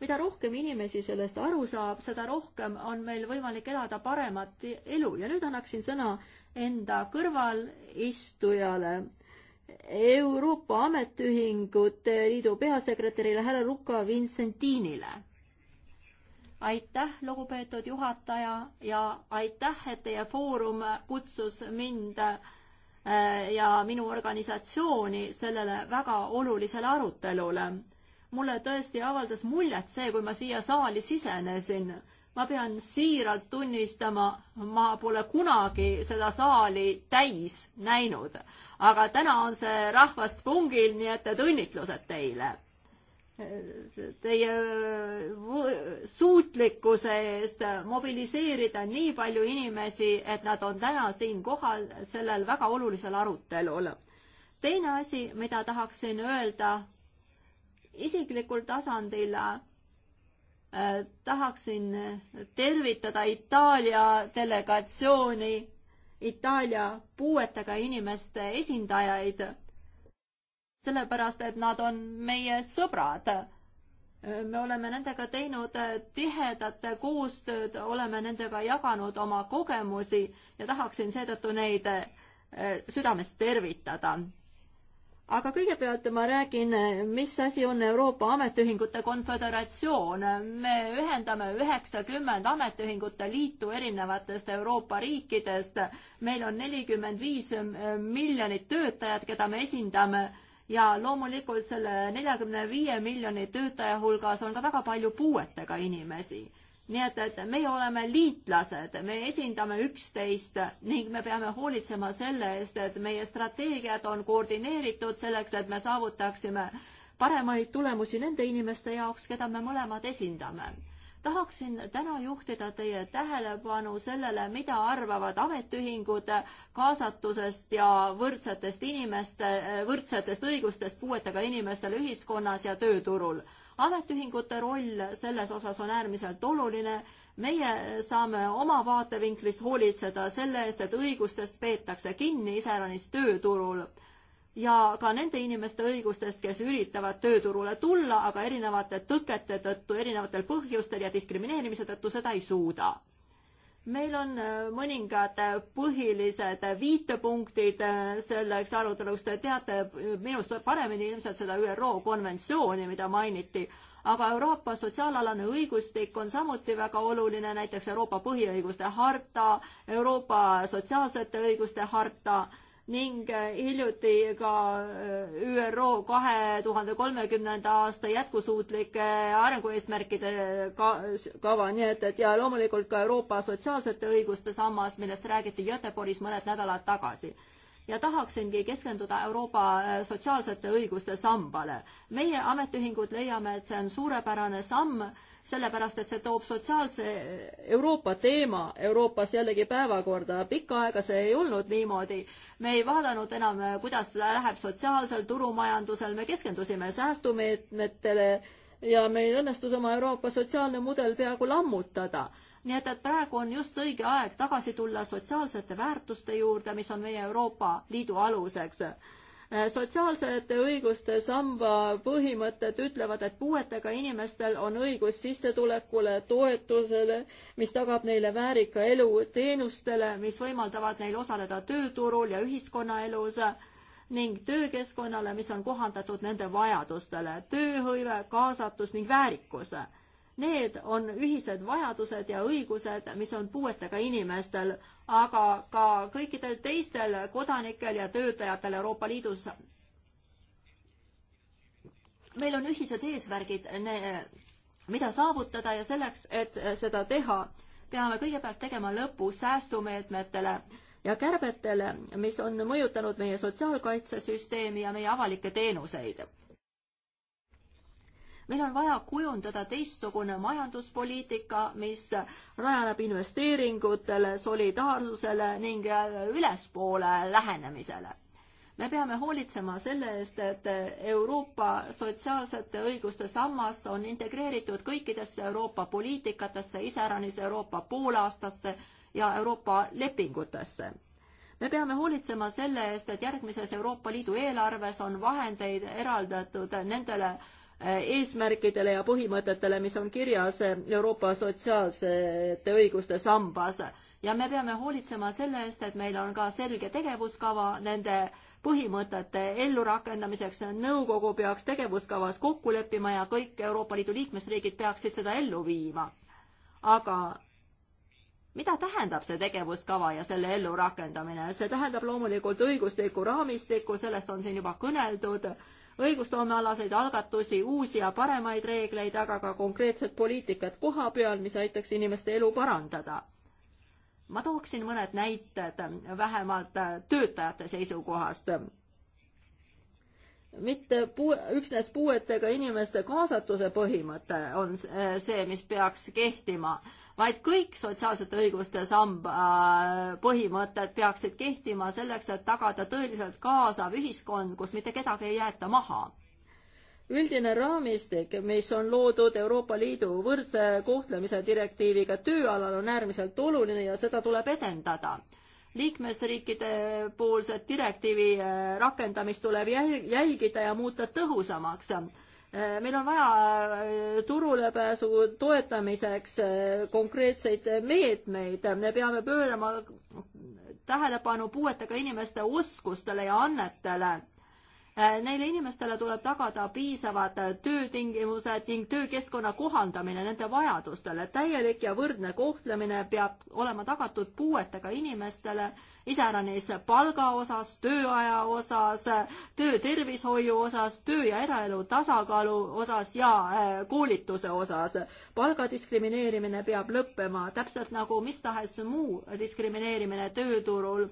Speaker 1: mida rohkem inimesi sellest aru saab, seda rohkem on meil võimalik elada paremat elu ja nüüd annaksin sõna enda kõrval istujale Euroopa Ametiühingute eh, Liidu peasekretärile härra Luka Vincentinile. aitäh, lugupeetud juhataja ja aitäh, et teie foorum kutsus mind eh, ja minu organisatsiooni sellele väga olulisele arutelule. mulle tõesti avaldas muljet see, kui ma siia saali sisenesin ma pean siiralt tunnistama, ma pole kunagi seda saali täis näinud, aga täna on see rahvast pungil, nii et, et õnnitlused teile. Teie suutlikkuse eest mobiliseerida nii palju inimesi, et nad on täna siin kohal sellel väga olulisel arutelul. teine asi, mida tahaksin öelda isiklikul tasandil Äh, tahaksin tervitada Itaalia delegatsiooni, Itaalia puuetega inimeste esindajaid, sellepärast et nad on meie sõbrad. Äh, me oleme nendega teinud tihedat koostööd, oleme nendega jaganud oma kogemusi ja tahaksin seetõttu neid äh, südamest tervitada aga kõigepealt ma räägin, mis asi on Euroopa Ametiühingute Konföderatsioon. me ühendame üheksakümmend ametiühingute liitu erinevatest Euroopa riikidest. meil on nelikümmend viis miljonit töötajat, keda me esindame ja loomulikult selle neljakümne viie miljoni töötaja hulgas on ka väga palju puuetega inimesi nii et, et meie oleme liitlased, me esindame üksteist ning me peame hoolitsema selle eest, et meie strateegiad on koordineeritud selleks, et me saavutaksime paremaid tulemusi nende inimeste jaoks, keda me mõlemad esindame. tahaksin täna juhtida teie tähelepanu sellele, mida arvavad ametiühingud kaasatusest ja võrdsetest inimeste, võrdsetest õigustest puuetega inimestele ühiskonnas ja tööturul ametiühingute roll selles osas on äärmiselt oluline. meie saame oma vaatevinklist hoolitseda selle eest, et õigustest peetakse kinni iseäranis tööturul ja ka nende inimeste õigustest, kes üritavad tööturule tulla, aga erinevate tõkete tõttu, erinevatel põhjustel ja diskrimineerimise tõttu seda ei suuda meil on äh, mõningad äh, põhilised äh, viitepunktid selleks aruteluks, te teate minust paremini ilmselt seda ÜRO konventsiooni, mida mainiti, aga Euroopa sotsiaalalane õigustik on samuti väga oluline, näiteks Euroopa põhiõiguste harta, Euroopa sotsiaalsete õiguste harta ning äh, hiljuti ka äh, ÜRO kahe tuhande kolmekümnenda aasta jätkusuutlike arengueesmärkide kava, nii et, et ja loomulikult ka Euroopa sotsiaalsete õiguste sammas, millest räägiti Göteborgis mõned nädalad tagasi ja tahaksingi keskenduda Euroopa äh, sotsiaalsete õiguste sambale. meie ametiühingud leiame, et see on suurepärane samm, sellepärast et see toob sotsiaalse äh, Euroopa teema Euroopas jällegi päevakorda. pikka aega see ei olnud niimoodi. me ei vaadanud enam, äh, kuidas läheb sotsiaalsel turumajandusel, me keskendusime säästumeetmetele ja meil õnnestus oma Euroopa sotsiaalne mudel peaaegu lammutada nii et, et praegu on just õige aeg tagasi tulla sotsiaalsete väärtuste juurde, mis on meie Euroopa Liidu aluseks. Äh, sotsiaalsete õiguste samba põhimõtted ütlevad, et puuetega inimestel on õigus sissetulekule, toetusele, mis tagab neile väärika elu, teenustele, mis võimaldavad neil osaleda tööturul ja ühiskonnaelus ning töökeskkonnale, mis on kohandatud nende vajadustele, tööhõive, kaasatus ning väärikuse Need on ühised vajadused ja õigused, mis on puuetega inimestel, aga ka kõikidel teistel kodanikel ja töötajatel Euroopa Liidus. meil on ühised eesmärgid, mida saavutada ja selleks, et seda teha, peame kõigepealt tegema lõpu säästumeetmetele ja kärbetele, mis on mõjutanud meie sotsiaalkaitsesüsteemi ja meie avalikke teenuseid meil on vaja kujundada teistsugune majanduspoliitika, mis rajaneb investeeringutele, solidaarsusele ning ülespoole lähenemisele me peame hoolitsema selle eest, et Euroopa sotsiaalsete õiguste sammas on integreeritud kõikidesse Euroopa poliitikatesse, iseäranis Euroopa poolaastasse ja Euroopa lepingutesse. me peame hoolitsema selle eest, et järgmises Euroopa Liidu eelarves on vahendeid eraldatud nendele Äh, eesmärkidele ja põhimõtetele, mis on kirjas äh, Euroopa sotsiaalsete õiguste sambas. ja me peame hoolitsema selle eest, et meil on ka selge tegevuskava nende põhimõtete ellurakendamiseks. nõukogu peaks tegevuskavas kokku leppima ja kõik Euroopa Liidu liikmesriigid peaksid seda ellu viima. aga mida tähendab see tegevuskava ja selle ellurakendamine? see tähendab loomulikult õiguslikku raamistikku, sellest on siin juba kõneldud õigusloomealaseid algatusi, uusi ja paremaid reegleid, aga ka konkreetset poliitikat koha peal, mis aitaks inimeste elu parandada. ma tooksin mõned näited vähemalt töötajate seisukohast mitte puu, üksnes puuetega inimeste kaasatuse põhimõte on äh, see, mis peaks kehtima, vaid kõik sotsiaalsete õiguste samba äh, põhimõtted peaksid kehtima selleks, et tagada tõeliselt kaasav ühiskond, kus mitte kedagi ei jäeta maha üldine raamistik, mis on loodud Euroopa Liidu võrdse kohtlemise direktiiviga tööalal, on äärmiselt oluline ja seda tuleb edendada liikmesriikide poolset direktiivi eh, rakendamist tuleb jälgida ja muuta tõhusamaks. Eh, meil on vaja eh, turulepääsu toetamiseks konkreetseid meetmeid, me peame pöörama tähelepanu puuetega inimeste oskustele ja annetele Äh, neile inimestele tuleb tagada piisavad äh, töötingimused ning töökeskkonna kohandamine nende vajadustele. täielik ja võrdne kohtlemine peab olema tagatud puuetega inimestele, iseäranis palga osas, tööaja osas, töötervishoiu osas, töö ja eraelu tasakaalu osas ja äh, koolituse osas. palgadiskrimineerimine peab lõppema, täpselt nagu mis tahes muu diskrimineerimine tööturul.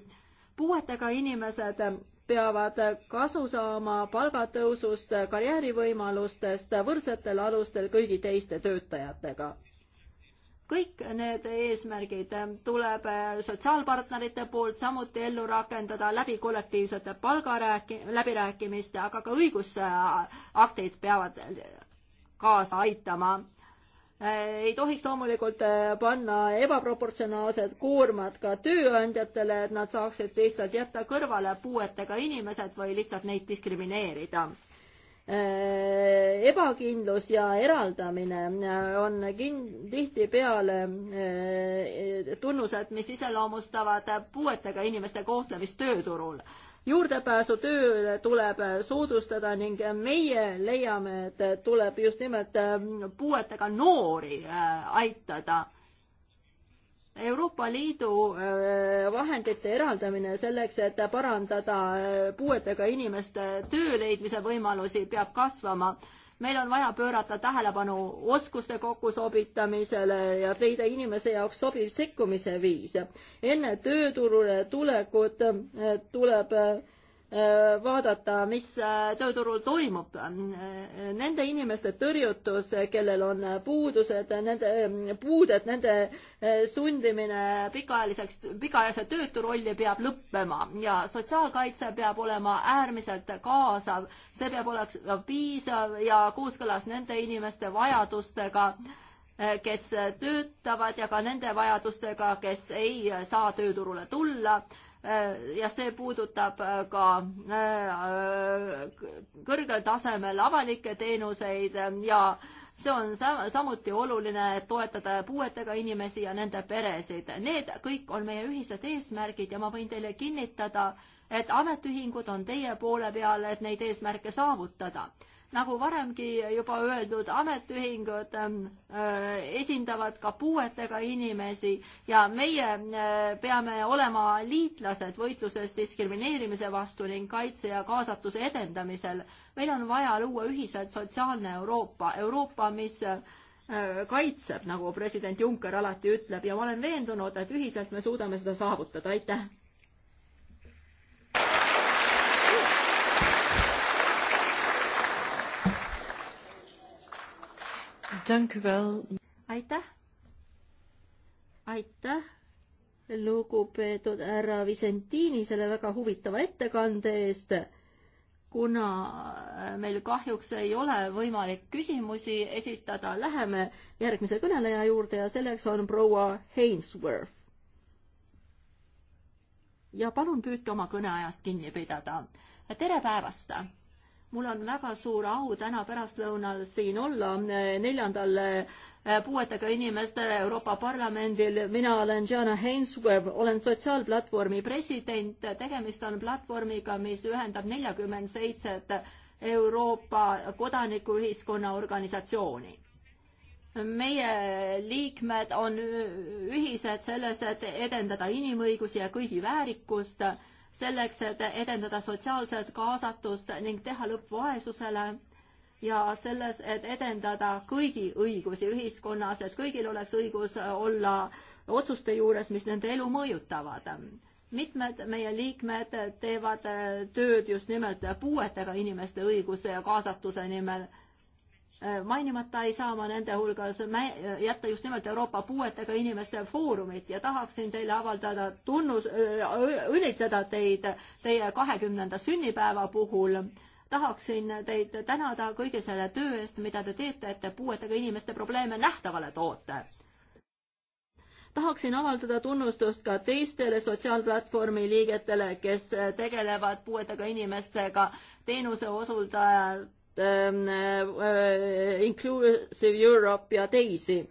Speaker 1: puuetega inimesed peavad kasu saama palgatõusust, karjäärivõimalustest võrdsetel alustel kõigi teiste töötajatega. kõik need eesmärgid tuleb sotsiaalpartnerite poolt samuti ellu rakendada läbi kollektiivsete palgarääki-, läbirääkimiste, aga ka õigusaktid peavad kaasa aitama Äh, ei tohiks loomulikult äh, panna ebaproportsionaalsed koormad ka tööandjatele, et nad saaksid lihtsalt jätta kõrvale puuetega inimesed või lihtsalt neid diskrimineerida. Äh, ebakindlus ja eraldamine on kin-, tihtipeale tunnused, mis iseloomustavad puuetega inimeste kohtlemist tööturul juurdepääsu tööle tuleb soodustada ning meie leiame, et tuleb just nimelt äh, puuetega noori äh, aitada. Euroopa Liidu äh, vahendite eraldamine selleks, et parandada puuetega inimeste töö leidmise võimalusi, peab kasvama meil on vaja pöörata tähelepanu oskuste kokkusobitamisele ja leida inimese jaoks sobiv sekkumise viis. enne tööturule tulekut eh, tuleb eh, Äh, vaadata, mis äh, tööturul toimub. Äh, nende inimeste tõrjutus, kellel on puudused, nende puuded, nende sundimine pikaajaliseks, pikaajalise töötu rolli peab lõppema ja sotsiaalkaitse peab olema äärmiselt kaasav, see peab olema piisav ja kooskõlas nende inimeste vajadustega, kes töötavad ja ka nende vajadustega, kes ei saa tööturule tulla Äh, ja see puudutab äh, ka äh, kõrgel tasemel avalikke teenuseid ja see on samuti oluline, et toetada puuetega inimesi ja nende peresid. Need kõik on meie ühised eesmärgid ja ma võin teile kinnitada, et ametiühingud on teie poole peal, et neid eesmärke saavutada nagu varemgi juba öeldud, ametiühingud ähm, äh, esindavad ka puuetega inimesi ja meie äh, peame olema liitlased võitluses diskrimineerimise vastu ning kaitse ja kaasatuse edendamisel. meil on vaja luua ühiselt sotsiaalne Euroopa, Euroopa, mis äh, kaitseb, nagu president Juncker alati ütleb ja ma olen veendunud, et ühiselt me suudame seda saavutada, aitäh! aitäh. aitäh, lugupeetud härra Vicentini selle väga huvitava ettekande eest. kuna äh, meil kahjuks ei ole võimalik küsimusi esitada, läheme järgmise kõneleja juurde ja selleks on proua Hainsworth. ja palun püüdke oma kõneajast kinni pidada. tere päevast mul on väga suur au täna pärastlõunal siin olla eh, neljandal eh, puuetega inimestele Euroopa Parlamendil. mina olen Jana Hainsworth, olen sotsiaalplatvormi president. tegemist on platvormiga, mis ühendab neljakümmend seitset Euroopa kodanikuühiskonna organisatsiooni. meie liikmed on ühised selles, et edendada inimõigusi ja kõigi väärikust selleks, et edendada sotsiaalset kaasatust ning teha lõpp vaesusele ja selles, et edendada kõigi õigusi ühiskonnas, et kõigil oleks õigus olla otsuste juures, mis nende elu mõjutavad. mitmed meie liikmed teevad tööd just nimelt puuetega inimeste õiguse ja kaasatuse nimel Äh, mainimata ei saa ma nende hulgas äh, jätta just nimelt Euroopa Puuetega Inimeste Foorumit ja tahaksin teile avaldada tunnus, äh, õnnitleda teid teie kahekümnenda sünnipäeva puhul. tahaksin teid tänada kõige selle töö eest, mida te teete, et te puuetega inimeste probleeme nähtavale toote tahaksin avaldada tunnustust ka teistele sotsiaalplatvormi liigetele, kes tegelevad puuetega inimestega, teenuse osutajad, Ähm, äh, Inclusive Europe ja teisi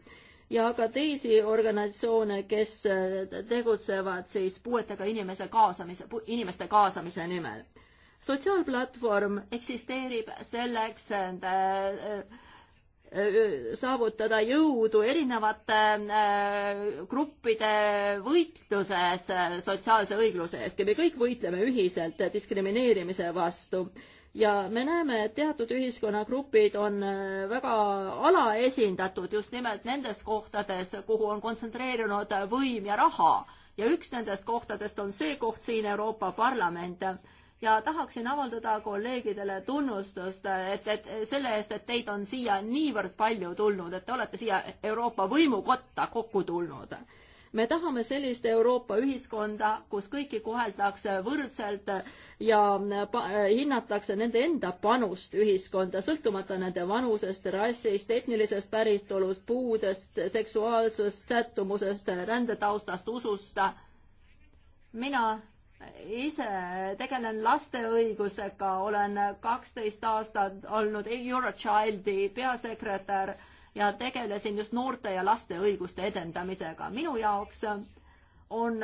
Speaker 1: ja ka teisi organisatsioone, kes äh, tegutsevad siis puuetega inimese kaasamise, inimeste kaasamise nimel. sotsiaalplatvorm eksisteerib selleks, et äh, saavutada jõudu erinevate gruppide võitluses sotsiaalse õigluse eest ja me kõik võitleme ühiselt diskrimineerimise vastu ja me näeme, et teatud ühiskonnagrupid on äh, väga alaesindatud just nimelt nendes kohtades, kuhu on kontsentreerunud võim ja raha. ja üks nendest kohtadest on see koht siin Euroopa Parlament ja tahaksin avaldada kolleegidele tunnustust, et, et selle eest, et teid on siia niivõrd palju tulnud, et te olete siia Euroopa võimukotta kokku tulnud me tahame sellist Euroopa ühiskonda, kus kõiki koheldakse võrdselt ja äh, äh, hinnatakse nende enda panust ühiskonda, sõltumata nende vanusest, rassist, etnilisest päritolust, puudest, seksuaalsest sättumusest, rändetaustast, usust. mina ise tegelen laste õigusega, olen kaksteist aastat olnud Eurochildi peasekretär ja tegelesin just noorte ja laste õiguste edendamisega. minu jaoks on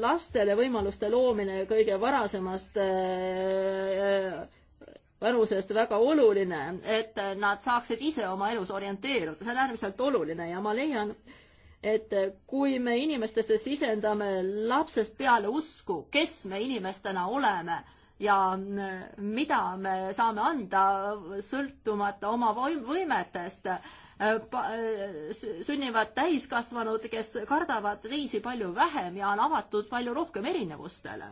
Speaker 1: lastele võimaluste loomine kõige varasemast äh, vanusest väga oluline, et nad saaksid ise oma elus orienteeruda, see on äärmiselt oluline ja ma leian, et kui me inimestesse sisendame lapsest peale usku, kes me inimestena oleme ja mida me saame anda sõltumata oma võimetest. sünnivad täiskasvanud, kes kardavad teisi palju vähem ja on avatud palju rohkem erinevustele.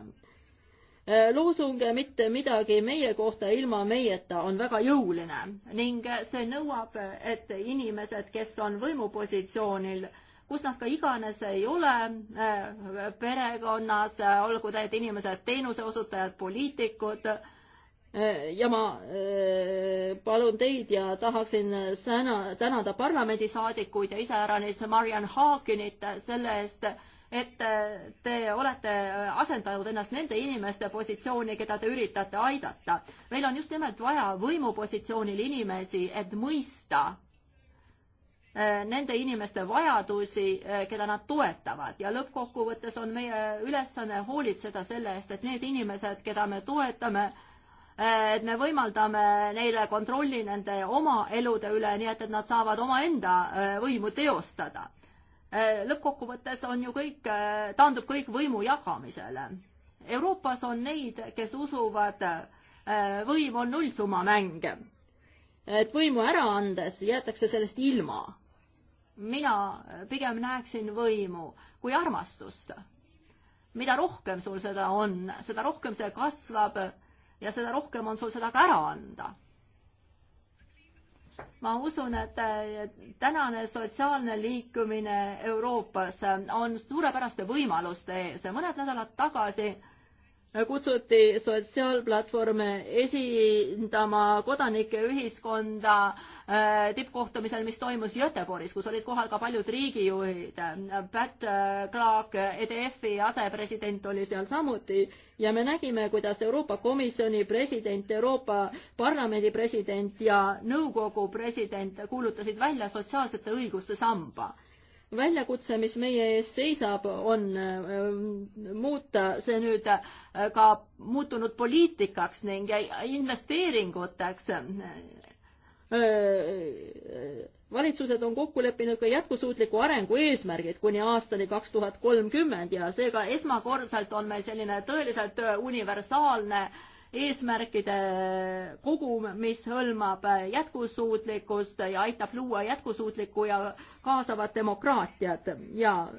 Speaker 1: loosung mitte midagi meie kohta ilma meieta on väga jõuline ning see nõuab, et inimesed, kes on võimupositsioonil, kus nad ka iganes ei ole äh, perekonnas, äh, olgu need inimesed teenuseosutajad, poliitikud, äh, ja ma palun teid ja tahaksin sõna, tänada parlamendisaadikuid ja iseäranis Mariann Haakinit selle eest, et te olete asendanud ennast nende inimeste positsiooni, keda te üritate aidata. meil on just nimelt vaja võimupositsioonil inimesi, et mõista Äh, nende inimeste vajadusi, äh, keda nad toetavad ja lõppkokkuvõttes on meie ülesanne hoolitseda selle eest, et need inimesed, keda me toetame, äh, et me võimaldame neile kontrolli nende oma elude üle, nii et, et nad saavad omaenda võimu teostada. lõppkokkuvõttes on ju kõik, taandub kõik võimu jagamisele. Euroopas on neid, kes usuvad, võim on nullsummamäng et võimu ära andes jäetakse sellest ilma mina pigem näeksin võimu kui armastust. mida rohkem sul seda on, seda rohkem see kasvab ja seda rohkem on sul seda ka ära anda. ma usun, et tänane sotsiaalne liikumine Euroopas on suurepäraste võimaluste ees. mõned nädalad tagasi äh, kutsuti sotsiaalplatvorme esindama kodanike ühiskonda äh, tippkohtumisel, mis toimus Göteborgis, kus olid kohal ka paljud riigijuhid. Pat äh, Clark, EDF-i asepresident oli seal samuti ja me nägime, kuidas Euroopa Komisjoni president, Euroopa Parlamendi president ja nõukogu president kuulutasid välja sotsiaalsete õiguste samba väljakutse, mis meie ees seisab, on äh, muuta see nüüd äh, ka muutunud poliitikaks ning investeeringuteks. Äh, valitsused on kokku leppinud ka jätkusuutliku arengu eesmärgid kuni aastani kaks tuhat kolmkümmend ja seega esmakordselt on meil selline tõeliselt universaalne äh, eesmärkide kogum, mis hõlmab jätkusuutlikkust ja aitab luua jätkusuutlikku ja kaasavat demokraatiat ja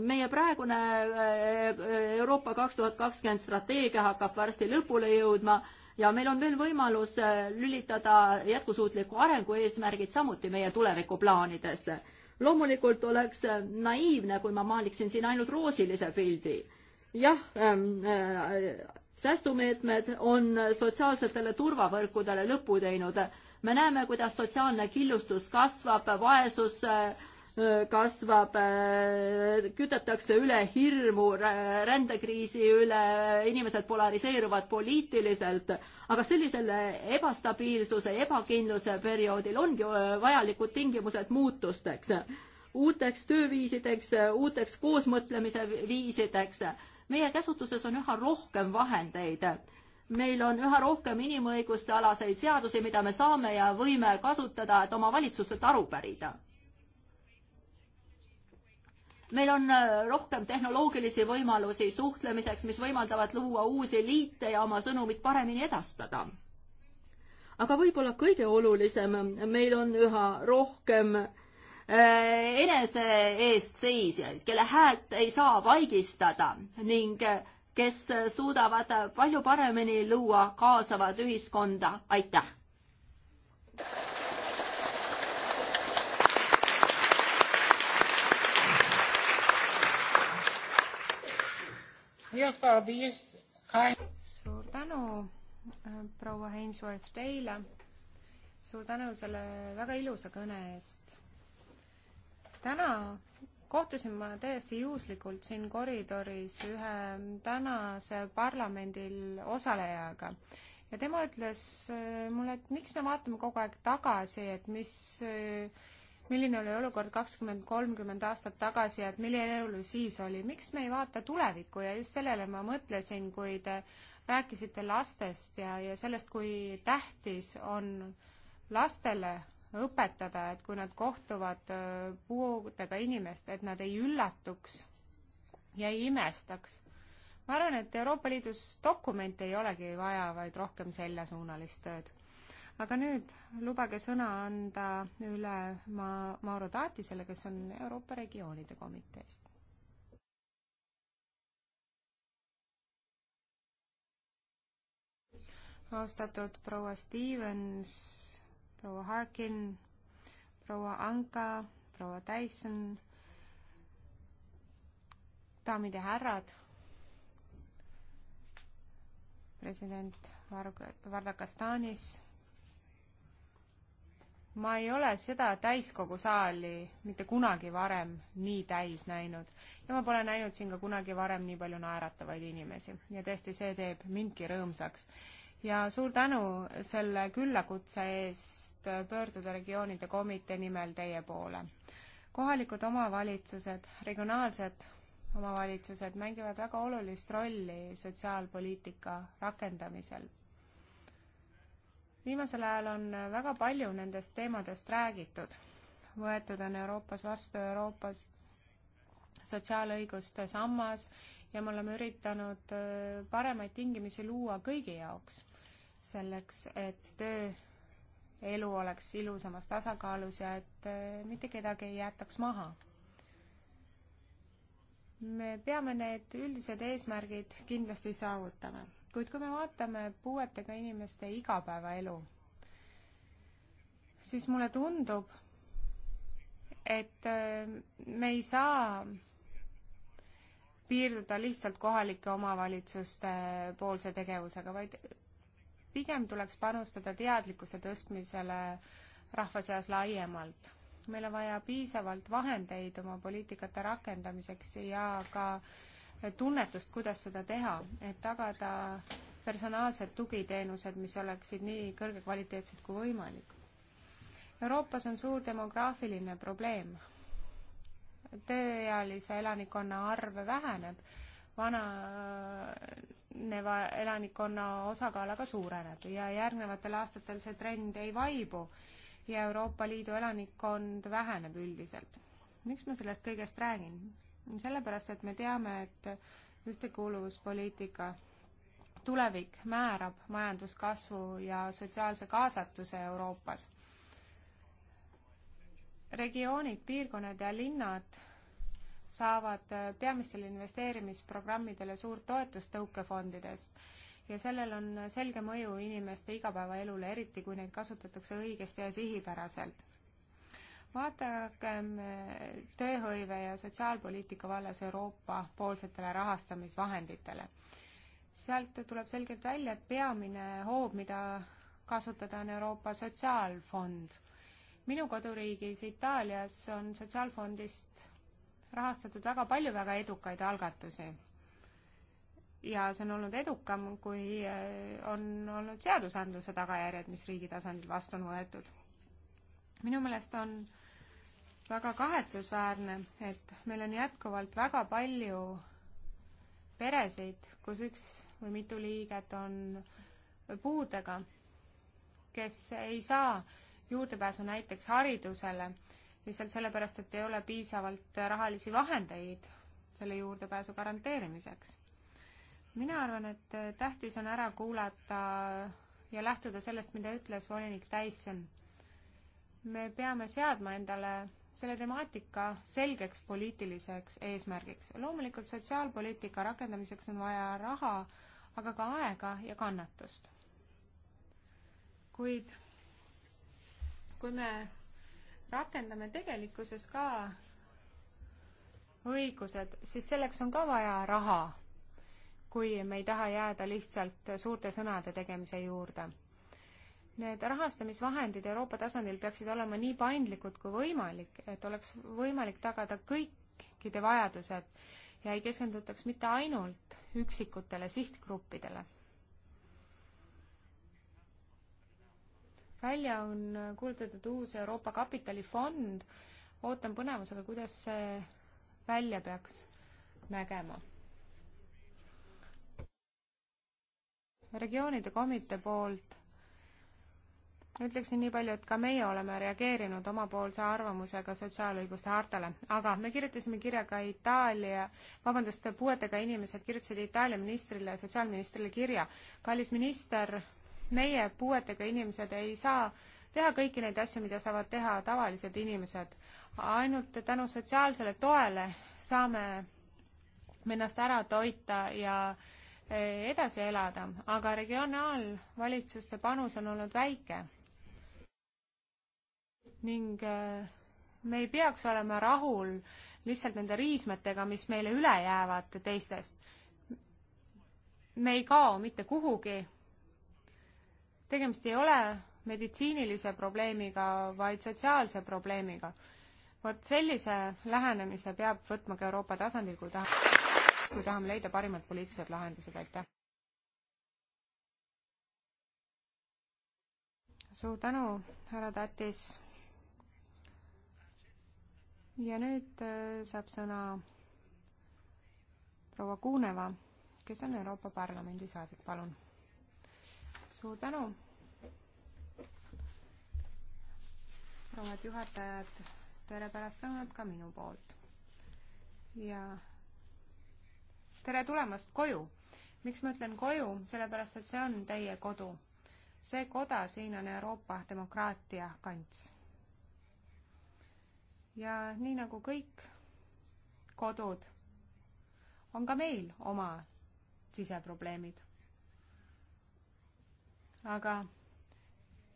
Speaker 1: meie praegune eh, Euroopa kaks tuhat kakskümmend strateegia hakkab varsti lõpule jõudma ja meil on veel võimalus eh, lülitada jätkusuutliku arengu eesmärgid samuti meie tulevikuplaanidesse. loomulikult oleks eh, naiivne, kui ma maaliksin siin ainult roosilise pildi jah ähm,, äh, säästumeetmed on sotsiaalsetele turvavõrkudele lõpu teinud. me näeme, kuidas sotsiaalne killustus kasvab, vaesus äh, kasvab, äh, kütetakse üle hirmu rändekriisi üle, inimesed polariseeruvad poliitiliselt, aga sellisel ebastabiilsuse, ebakindluse perioodil ongi vajalikud tingimused muutusteks, uuteks tööviisideks, uuteks koosmõtlemise viisideks meie käsutuses on üha rohkem vahendeid. meil on üha rohkem inimõiguste alaseid seadusi, mida me saame ja võime kasutada, et oma valitsustelt aru pärida. meil on äh, rohkem tehnoloogilisi võimalusi suhtlemiseks, mis võimaldavad luua uusi liite ja oma sõnumit paremini edastada aga võib-olla kõige olulisem, meil on üha rohkem äh, Äh, enese eestseisjaid, kelle häält ei saa vaigistada ning äh, kes äh, suudavad palju paremini luua kaasavat ühiskonda. aitäh!
Speaker 2: suur tänu, proua Hainsworth, teile. suur tänu selle väga ilusa kõne eest täna kohtusin ma täiesti juhuslikult siin koridoris ühe tänase parlamendil osalejaga ja tema ütles äh, mulle, et miks me vaatame kogu aeg tagasi, et mis, äh, milline oli olukord kakskümmend, kolmkümmend aastat tagasi ja et milline elu siis oli, miks me ei vaata tulevikku ja just sellele ma mõtlesin, kui te rääkisite lastest ja, ja sellest, kui tähtis on lastele õpetada, et kui nad kohtuvad äh, puudega inimest, et nad ei üllatuks ja ei imestaks. ma arvan, et Euroopa Liidus dokumente ei olegi vaja, vaid rohkem seljasuunalist tööd. aga nüüd lubage sõna anda üle ma-, Mauro Taatisele, kes on Euroopa regioonide komiteest. austatud proua Stevens proua Harkin, proua Anka, proua Tyson, daamid ja härrad, president Varg-, Vardakastanis. ma ei ole seda täiskogu saali mitte kunagi varem nii täis näinud ja ma pole näinud siin ka kunagi varem nii palju naeratavaid inimesi ja tõesti, see teeb mindki rõõmsaks ja suur tänu selle küllakutse eest pöörduda regioonide komitee nimel teie poole. kohalikud omavalitsused, regionaalsed omavalitsused mängivad väga olulist rolli sotsiaalpoliitika rakendamisel. viimasel ajal on väga palju nendest teemadest räägitud. võetud on Euroopas vastu Euroopas sotsiaalõiguste sammas ja me oleme üritanud äh, paremaid tingimusi luua kõigi jaoks selleks, et tööelu oleks ilusamas tasakaalus ja et eh, mitte kedagi ei jäetaks maha. me peame need üldised eesmärgid kindlasti saavutama, kuid kui me vaatame puuetega inimeste igapäevaelu, siis mulle tundub, et eh, me ei saa piirduda lihtsalt kohalike omavalitsuste poolse tegevusega, vaid pigem tuleks panustada teadlikkuse tõstmisele rahva seas laiemalt. meil on vaja piisavalt vahendeid oma poliitikate rakendamiseks ja ka tunnetust, kuidas seda teha, et tagada personaalsed tugiteenused, mis oleksid nii kõrgekvaliteetsed kui võimalik. Euroopas on suur demograafiline probleem. tööealise elanikkonna arv väheneb vananeva elanikkonna osakaal aga suureneb ja järgnevatel aastatel see trend ei vaibu ja Euroopa Liidu elanikkond väheneb üldiselt. miks ma sellest kõigest räägin? sellepärast, et me teame, et ühtekuuluvuspoliitika tulevik määrab majanduskasvu ja sotsiaalse kaasatuse Euroopas. regioonid, piirkonnad ja linnad saavad äh, peamistele investeerimisprogrammidele suurt toetust tõukefondidest ja sellel on selge mõju inimeste igapäevaelule, eriti kui neid kasutatakse õigesti ja sihipäraselt. vaadakem äh, tööhõive ja sotsiaalpoliitika vallas Euroopa poolsetele rahastamisvahenditele. sealt tuleb selgelt välja, et peamine hoob, mida kasutada, on Euroopa Sotsiaalfond. minu koduriigis Itaalias on sotsiaalfondist rahastatud väga palju väga edukaid algatusi. ja see on olnud edukam, kui äh, on olnud seadusandluse tagajärjed, mis riigi tasandil vastu on võetud. minu meelest on väga kahetsusväärne, et meil on jätkuvalt väga palju peresid, kus üks või mitu liiget on puudega, kes ei saa juurdepääsu näiteks haridusele lihtsalt sellepärast, et ei ole piisavalt rahalisi vahendeid selle juurdepääsu garanteerimiseks. mina arvan, et tähtis on ära kuulata ja lähtuda sellest, mida ütles volinik Tyson. me peame seadma endale selle temaatika selgeks poliitiliseks eesmärgiks. loomulikult sotsiaalpoliitika rakendamiseks on vaja raha, aga ka aega ja kannatust. kuid kui me rakendame tegelikkuses ka õigused, siis selleks on ka vaja raha, kui me ei taha jääda lihtsalt suurte sõnade tegemise juurde. Need rahastamisvahendid Euroopa tasandil peaksid olema nii paindlikud kui võimalik, et oleks võimalik tagada kõikide vajadused ja ei keskendutaks mitte ainult üksikutele sihtgruppidele välja on kuulutatud uus Euroopa kapitalifond, ootan põnevusega, kuidas see välja peaks nägema. regioonide komitee poolt ütleksin nii palju, et ka meie oleme reageerinud omapoolse arvamusega sotsiaalõiguste hartale, aga me kirjutasime kirja ka Itaalia, vabandust, puuetega inimesed kirjutasid Itaalia ministrile, sotsiaalministrile kirja. kallis minister, meie, puuetega inimesed, ei saa teha kõiki neid asju, mida saavad teha tavalised inimesed. ainult tänu sotsiaalsele toele saame ennast ära toita ja e, edasi elada, aga regionaalvalitsuste panus on olnud väike. ning e, me ei peaks olema rahul lihtsalt nende riismetega, mis meile üle jäävad teistest. me ei kao mitte kuhugi tegemist ei ole meditsiinilise probleemiga, vaid sotsiaalse probleemiga. vot sellise lähenemise peab võtma ka Euroopa tasandil, kui tahame, kui tahame leida parimad poliitilised lahendused, aitäh. suur tänu, härra Tätis. ja nüüd äh, saab sõna proua Kuuneva, kes on Euroopa Parlamendi saadik, palun suur tänu. prouad juhatajad, tere pärastlõunat ka minu poolt. ja tere tulemast koju. miks ma ütlen koju, sellepärast et see on teie kodu. see koda siin on Euroopa demokraatia kants. ja nii nagu kõik kodud, on ka meil oma siseprobleemid aga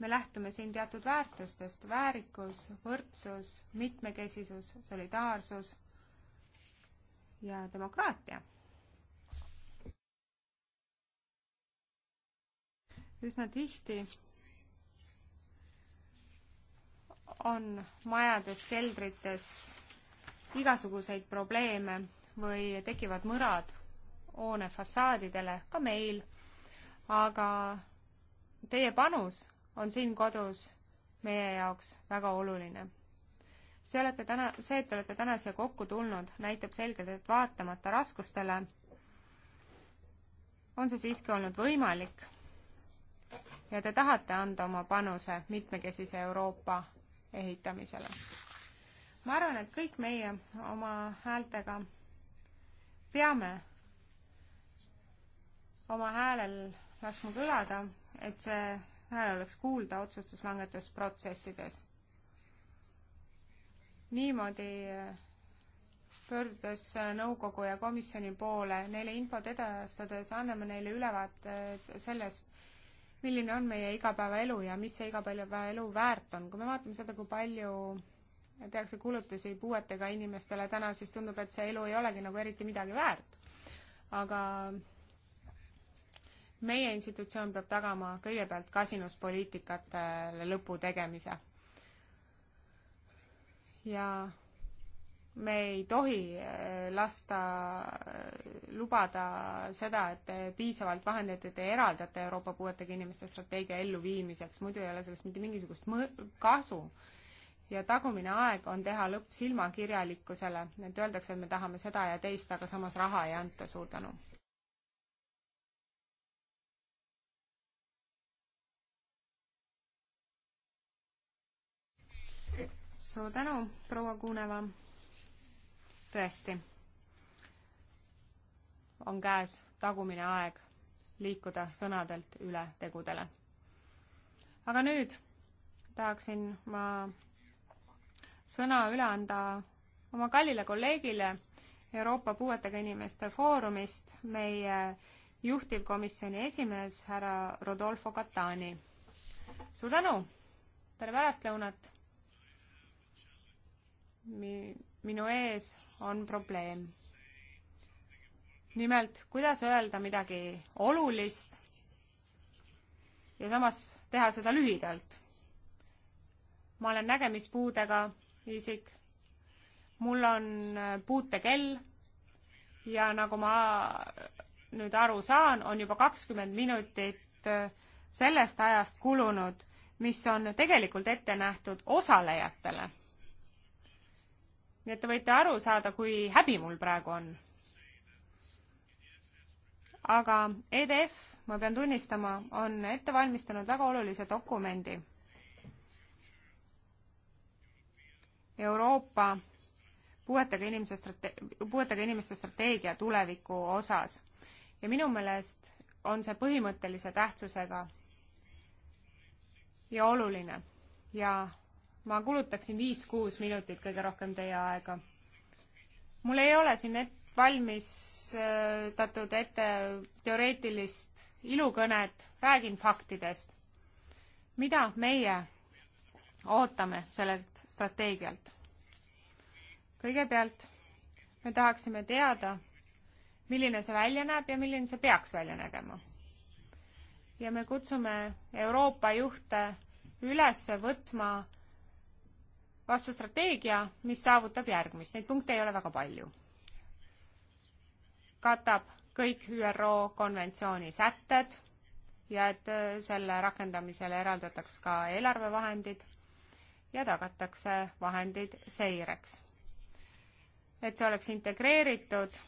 Speaker 2: me lähtume siin teatud väärtustest, väärikus, võrdsus, mitmekesisus, solidaarsus ja demokraatia. üsna tihti on majades, keldrites igasuguseid probleeme või tekivad mõrad hoone fassaadidele, ka meil, aga Teie panus on siin kodus meie jaoks väga oluline. see olete täna, see, et te olete täna siia kokku tulnud, näitab selgelt, et vaatamata raskustele on see siiski olnud võimalik. ja te tahate anda oma panuse mitmekesise Euroopa ehitamisele. ma arvan, et kõik meie oma häältega peame oma häälel laskma kõlada et see hääl oleks kuulda otsustuslangetusprotsessides. niimoodi äh, pöördudes äh, nõukogu ja komisjoni poole, neile infot edastades anname neile ülevaate sellest, milline on meie igapäevaelu ja mis see igapäevaelu väärt on. kui me vaatame seda, kui palju tehakse kulutusi puuetega inimestele täna, siis tundub, et see elu ei olegi nagu eriti midagi väärt. aga meie institutsioon peab tagama kõigepealt kasinuspoliitikatele lõpu tegemise. ja me ei tohi äh, lasta äh, lubada seda, et piisavalt vahendeid ei eraldata Euroopa puuetega inimeste strateegia elluviimiseks, muidu ei ole sellest mitte mingisugust mõ-, kasu. ja tagumine aeg on teha lõpp silmakirjalikkusele, et öeldakse, et me tahame seda ja teist, aga samas raha ei anta, suur tänu suur tänu, proua Kuneva. tõesti, on käes tagumine aeg liikuda sõnadelt üle tegudele. aga nüüd tahaksin ma sõna üle anda oma kallile kolleegile Euroopa Puuetega Inimeste Foorumist, meie juhtivkomisjoni esimees härra Rodolfo Catani. suur tänu, tere pärastlõunat! mi-, minu ees on probleem. nimelt, kuidas öelda midagi olulist ja samas teha seda lühidalt. ma olen nägemispuudega isik, mul on äh, puutekell ja nagu ma äh, nüüd aru saan, on juba kakskümmend minutit äh, sellest ajast kulunud, mis on tegelikult ette nähtud osalejatele nii et te võite aru saada, kui häbi mul praegu on. aga EDF, ma pean tunnistama, on ette valmistanud väga olulise dokumendi. Euroopa puuetega inimese strate-, puuetega inimeste strateegia tuleviku osas. ja minu meelest on see põhimõttelise tähtsusega ja oluline ja ma kulutaksin viis-kuus minutit kõige rohkem teie aega. mul ei ole siin et-, valmistatud ette teoreetilist ilukõnet, räägin faktidest. mida meie ootame sellelt strateegialt? kõigepealt me tahaksime teada, milline see välja näeb ja milline see peaks välja nägema. ja me kutsume Euroopa juhte üles võtma vastu strateegia, mis saavutab järgmist, neid punkte ei ole väga palju. katab kõik ÜRO konventsiooni sätted ja et äh, selle rakendamisele eraldataks ka eelarvevahendid ja tagatakse vahendid seireks. et see oleks integreeritud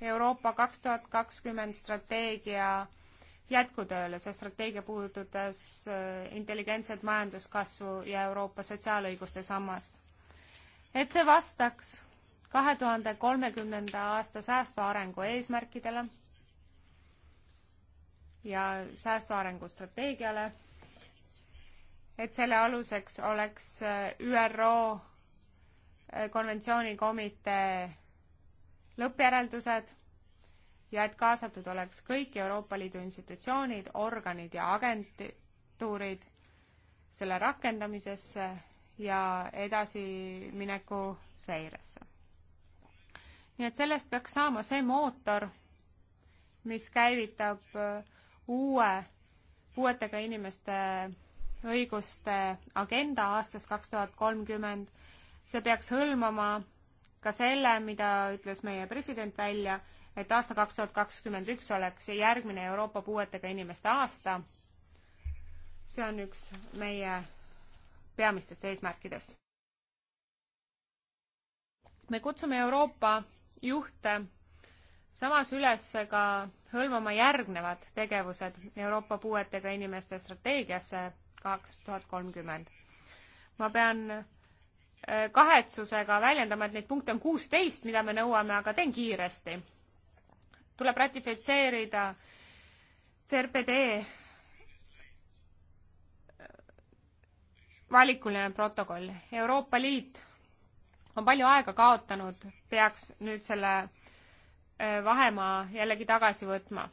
Speaker 2: Euroopa kaks tuhat kakskümmend strateegia jätkutööle, see strateegia puudutas äh, intelligentset majanduskasvu ja Euroopa sotsiaalõiguste sammast. et see vastaks kahe tuhande kolmekümnenda aasta säästva arengu eesmärkidele ja säästva arengu strateegiale, et selle aluseks oleks äh, ÜRO äh, konventsioonikomitee lõppjäreldused ja et kaasatud oleks kõik Euroopa Liidu institutsioonid, organid ja agentuurid selle rakendamisesse ja edasimineku seiresse. nii et sellest peaks saama see mootor, mis käivitab äh, uue puuetega inimeste õiguste agenda aastast kaks tuhat kolmkümmend. see peaks hõlmama ka selle, mida ütles meie president välja, et aasta kaks tuhat kakskümmend üks oleks järgmine Euroopa puuetega inimeste aasta. see on üks meie peamistest eesmärkidest. me kutsume Euroopa juhte samas üles ka hõlmama järgnevad tegevused Euroopa puuetega inimeste strateegiasse kaks tuhat kolmkümmend. ma pean eh, kahetsusega väljendama, et neid punkte on kuusteist, mida me nõuame, aga teen kiiresti tuleb ratifitseerida CRPD valikuline protokoll. Euroopa Liit on palju aega kaotanud, peaks nüüd selle äh, vahemaa jällegi tagasi võtma.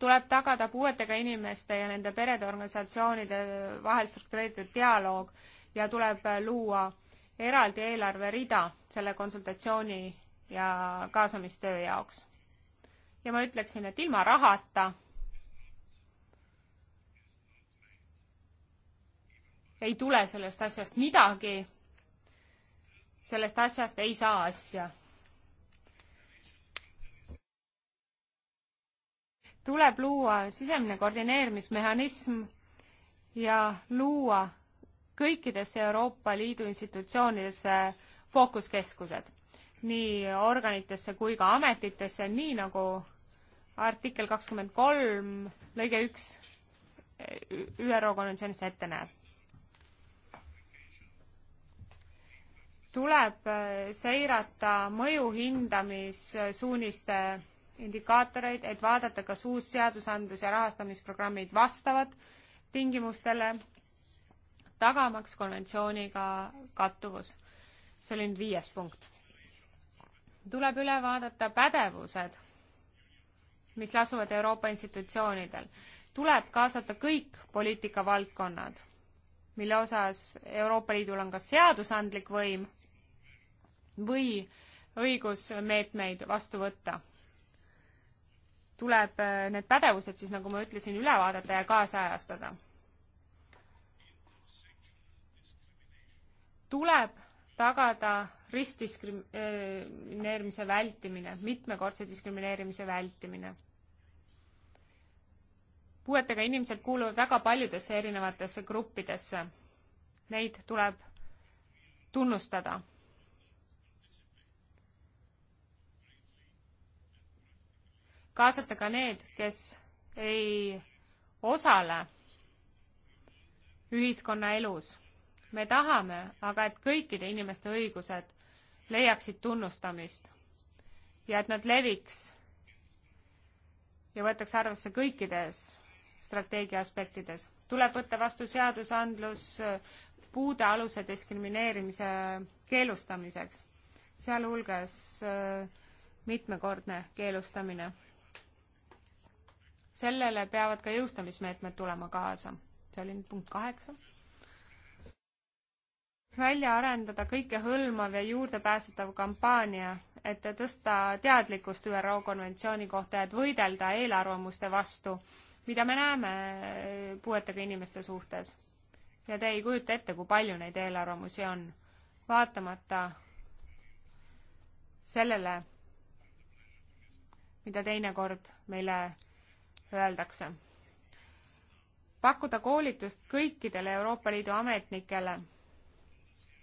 Speaker 2: tuleb tagada puuetega inimeste ja nende perede organisatsioonide vahel struktureeritud dialoog ja tuleb äh, luua eraldi eelarverida selle konsultatsiooni ja kaasamistöö jaoks ja ma ütleksin, et ilma rahata ei tule sellest asjast midagi. sellest asjast ei saa asja. tuleb luua sisemine koordineerimismehhanism ja luua kõikidesse Euroopa Liidu institutsioonidesse fookuskeskused nii organitesse kui ka ametitesse, nii nagu artikkel kakskümmend kolm lõige üks ÜRO konventsioonist ette näeb. tuleb äh, seirata mõju hindamissuuniste indikaatoreid, et vaadata, kas uus seadusandlus ja rahastamisprogrammid vastavad tingimustele, tagamaks konventsiooniga kattuvus. see oli nüüd viies punkt tuleb üle vaadata pädevused, mis lasuvad Euroopa institutsioonidel. tuleb kaasata kõik poliitikavaldkonnad, mille osas Euroopa Liidul on kas seadusandlik võim või õigus meetmeid vastu võtta. tuleb äh, need pädevused siis, nagu ma ütlesin, üle vaadata ja kaasajastada tuleb tagada ristdiskrimineerimise vältimine, mitmekordse diskrimineerimise vältimine. puuetega inimesed kuuluvad väga paljudesse erinevatesse gruppidesse. Neid tuleb tunnustada. kaasata ka need, kes ei osale ühiskonnaelus me tahame aga, et kõikide inimeste õigused leiaksid tunnustamist ja et nad leviks ja võetakse arvesse kõikides strateegia aspektides. tuleb võtta vastu seadusandlus äh, puude aluse diskrimineerimise keelustamiseks, sealhulgas äh, mitmekordne keelustamine. sellele peavad ka jõustamismeetmed tulema kaasa. see oli nüüd punkt kaheksa välja arendada kõikehõlmav ja juurdepääsetav kampaania, et tõsta teadlikkust ÜRO konventsiooni kohta, et võidelda eelarvamuste vastu, mida me näeme puuetega inimeste suhtes. ja te ei kujuta ette, kui palju neid eelarvamusi on, vaatamata sellele, mida teinekord meile öeldakse. pakkuda koolitust kõikidele Euroopa Liidu ametnikele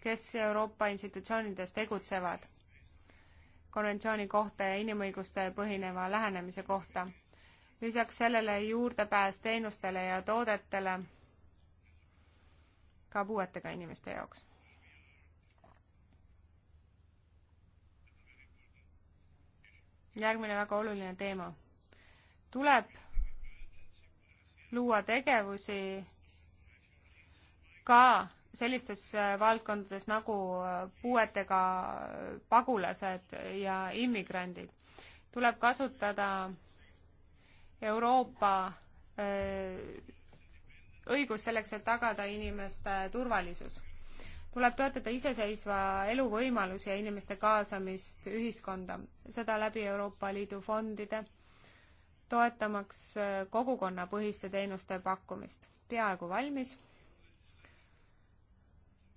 Speaker 2: kes Euroopa institutsioonides tegutsevad konventsiooni kohta ja inimõiguste põhineva lähenemise kohta. lisaks sellele juurdepääs teenustele ja toodetele ka puuetega inimeste jaoks järgmine väga oluline teema. tuleb luua tegevusi ka sellistes äh, valdkondades nagu äh, puuetega äh, pagulased ja immigrandid. tuleb kasutada Euroopa õigus selleks, et tagada inimeste turvalisus. tuleb toetada iseseisva elu võimalusi ja inimeste kaasamist ühiskonda, seda läbi Euroopa Liidu fondide, toetamaks kogukonnapõhiste teenuste pakkumist. peaaegu valmis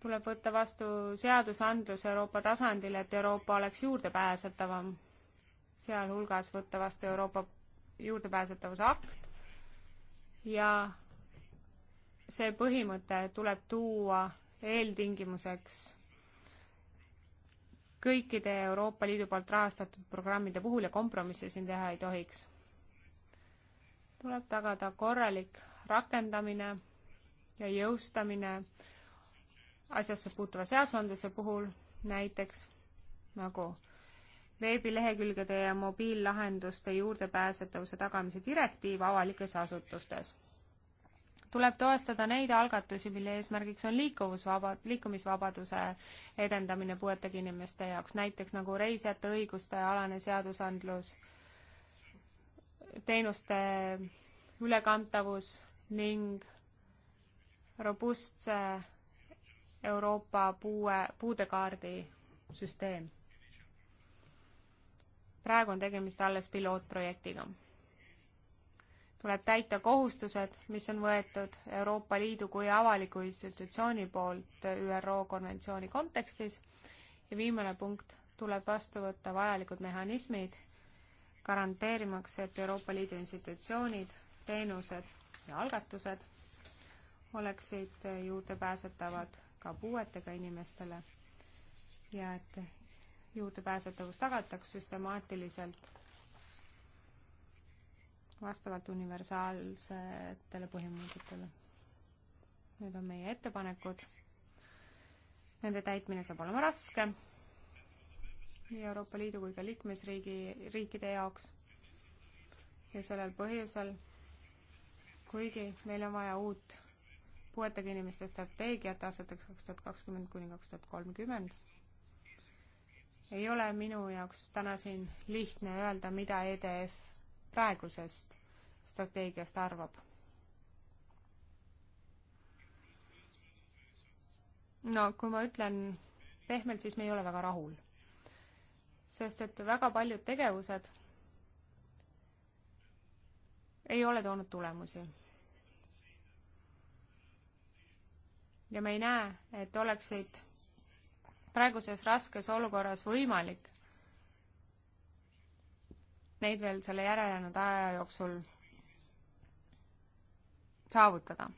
Speaker 2: tuleb võtta vastu seadusandlus Euroopa tasandil, et Euroopa oleks juurdepääsetavam, sealhulgas võtta vastu Euroopa juurdepääsetavuse akt ja see põhimõte tuleb tuua eeltingimuseks kõikide Euroopa Liidu poolt rahastatud programmide puhul ja kompromisse siin teha ei tohiks. tuleb tagada korralik rakendamine ja jõustamine asjasse puutuva seadusandluse puhul, näiteks nagu veebilehekülgede ja mobiillahenduste juurdepääsetavuse tagamise direktiiv avalikes asutustes. tuleb toestada neid algatusi, mille eesmärgiks on liikuvusvaba, liikumisvabaduse edendamine puuetega inimeste jaoks, näiteks nagu reisijate õiguste alane seadusandlus, teenuste ülekantavus ning robustse Euroopa puue, puudekaardi süsteem. praegu on tegemist alles pilootprojektiga. tuleb täita kohustused, mis on võetud Euroopa Liidu kui avaliku institutsiooni poolt ÜRO konventsiooni kontekstis ja viimane punkt, tuleb vastu võtta vajalikud mehhanismid, garanteerimaks, et Euroopa Liidu institutsioonid, teenused ja algatused oleksid juurdepääsetavad ka puuetega inimestele ja et juurdepääsetavus tagataks süstemaatiliselt vastavalt universaalsetele põhimõtetele. Need on meie ettepanekud. Nende täitmine saab olema raske nii Euroopa Liidu kui ka liikmesriigi, riikide jaoks. ja sellel põhjusel, kuigi meil on vaja uut puuetega inimeste strateegiat aastateks kaks tuhat kakskümmend kuni kaks tuhat kolmkümmend. ei ole minu jaoks täna siin lihtne öelda, mida EDF praegusest strateegiast arvab. no kui ma ütlen pehmelt, siis me ei ole väga rahul. sest et väga paljud tegevused ei ole toonud tulemusi ja me ei näe, et oleksid praeguses raskes olukorras võimalik neid veel selle järelejäänud aja jooksul saavutada.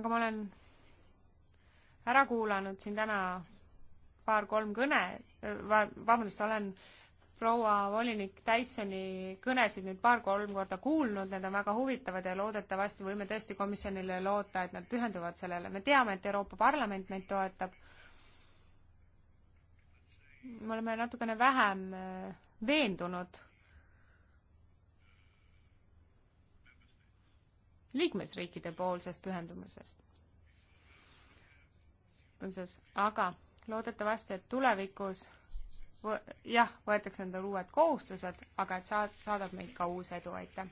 Speaker 2: aga ma olen ära kuulanud siin täna paar-kolm kõne, äh, vabandust, olen proua volinik Dysoni kõnesid nüüd paar-kolm korda kuulnud, need on väga huvitavad ja loodetavasti võime tõesti komisjonile loota, et nad pühenduvad sellele. me teame, et Euroopa Parlament meid toetab. me oleme natukene vähem äh, veendunud liikmesriikide poolsest pühendumusest. aga loodetavasti, et tulevikus jah, võetakse endale uued kohustused, aga et saad, saadab meid ka uus edu, aitäh!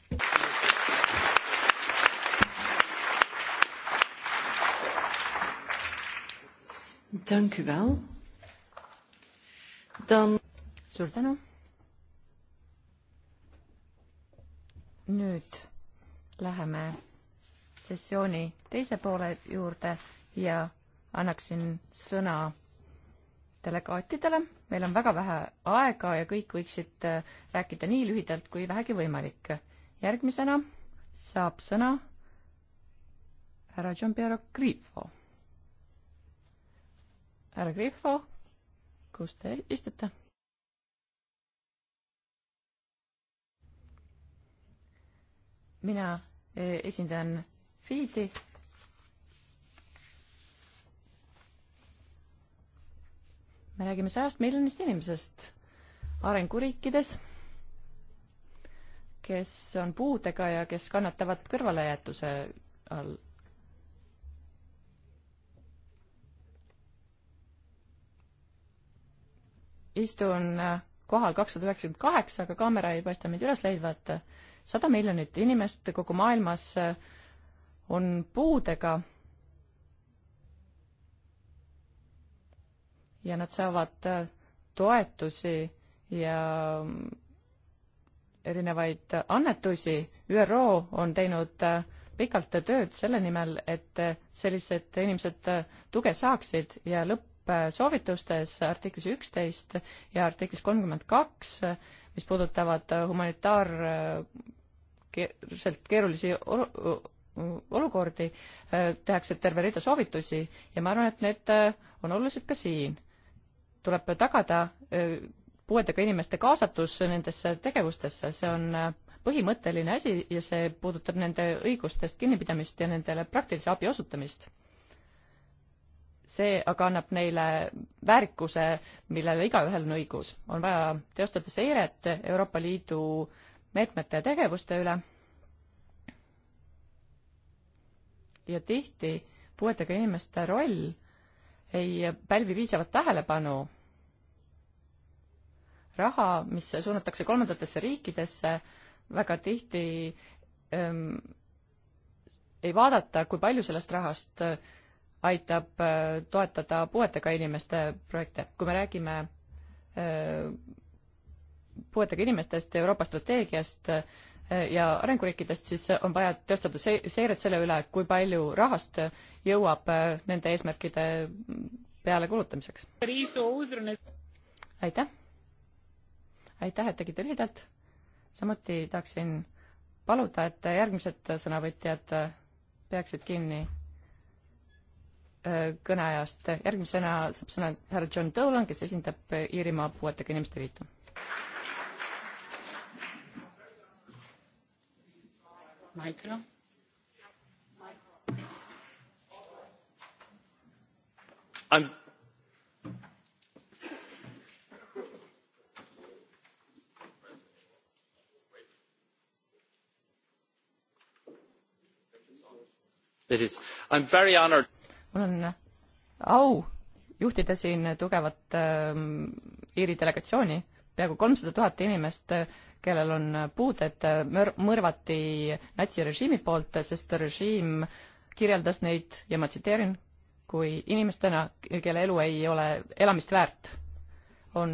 Speaker 1: Dank u wel. Dan... Suur tänu.
Speaker 3: nüüd läheme sessiooni teise poole juurde ja annaksin sõna delegaatidele meil on väga vähe aega ja kõik võiksid äh, rääkida nii lühidalt kui vähegi võimalik. järgmisena saab sõna härra John Piero Grifo. härra Grifo, kus te istute? mina äh, esindan Fiidi me räägime sajast miljonist inimesest arenguriikides, kes on puudega ja kes kannatavad kõrvalejäetuse all. istun kohal kakssada üheksakümmend kaheksa, aga kaamera ei paista mind üles leidvat. sada miljonit inimest kogu maailmas on puudega ja nad saavad äh, toetusi ja mm, erinevaid annetusi. ÜRO on teinud äh, pikalt tööd selle nimel, et äh, sellised inimesed tuge saaksid ja lõppsoovitustes artiklis üksteist ja artiklis kolmkümmend kaks, mis puudutavad humanitaarselt keerulisi olukordi, tehakse terve rida soovitusi ja ma arvan, et need on olulised ka siin tuleb tagada puuetega inimeste kaasatus nendesse tegevustesse, see on põhimõtteline asi ja see puudutab nende õigustest kinnipidamist ja nendele praktilise abi osutamist. see aga annab neile väärikuse, millele igaühel on õigus. on vaja teostada seiret Euroopa Liidu meetmete ja tegevuste üle ja tihti puuetega inimeste roll ei pälvi piisavat tähelepanu. raha, mis suunatakse kolmandatesse riikidesse, väga tihti ähm, ei vaadata, kui palju sellest rahast aitab äh, toetada puuetega inimeste projekte. kui me räägime äh, puuetega inimestest ja Euroopa strateegiast äh, ja arenguriikidest, siis on vaja teostada se-, seiret selle üle, kui palju rahast äh, jõuab äh, nende eesmärkide peale kulutamiseks. aitäh! aitäh, et tegite lühidalt. samuti tahaksin paluda, et järgmised sõnavõtjad äh, peaksid kinni äh, kõneajast. järgmisena saab sõna härra John Dolan, kes esindab Iirimaa Puuetega Inimeste Liitu.
Speaker 2: Michael.
Speaker 1: I'm mul on au
Speaker 3: juhtida siin tugevat äh, Iiri delegatsiooni, peaaegu kolmsada tuhat inimest, äh, kellel on puuded, äh, mõrvati natsirežiimi poolt, äh, sest režiim kirjeldas neid ja ma tsiteerin, kui inimestena, kelle elu ei ole elamist väärt, on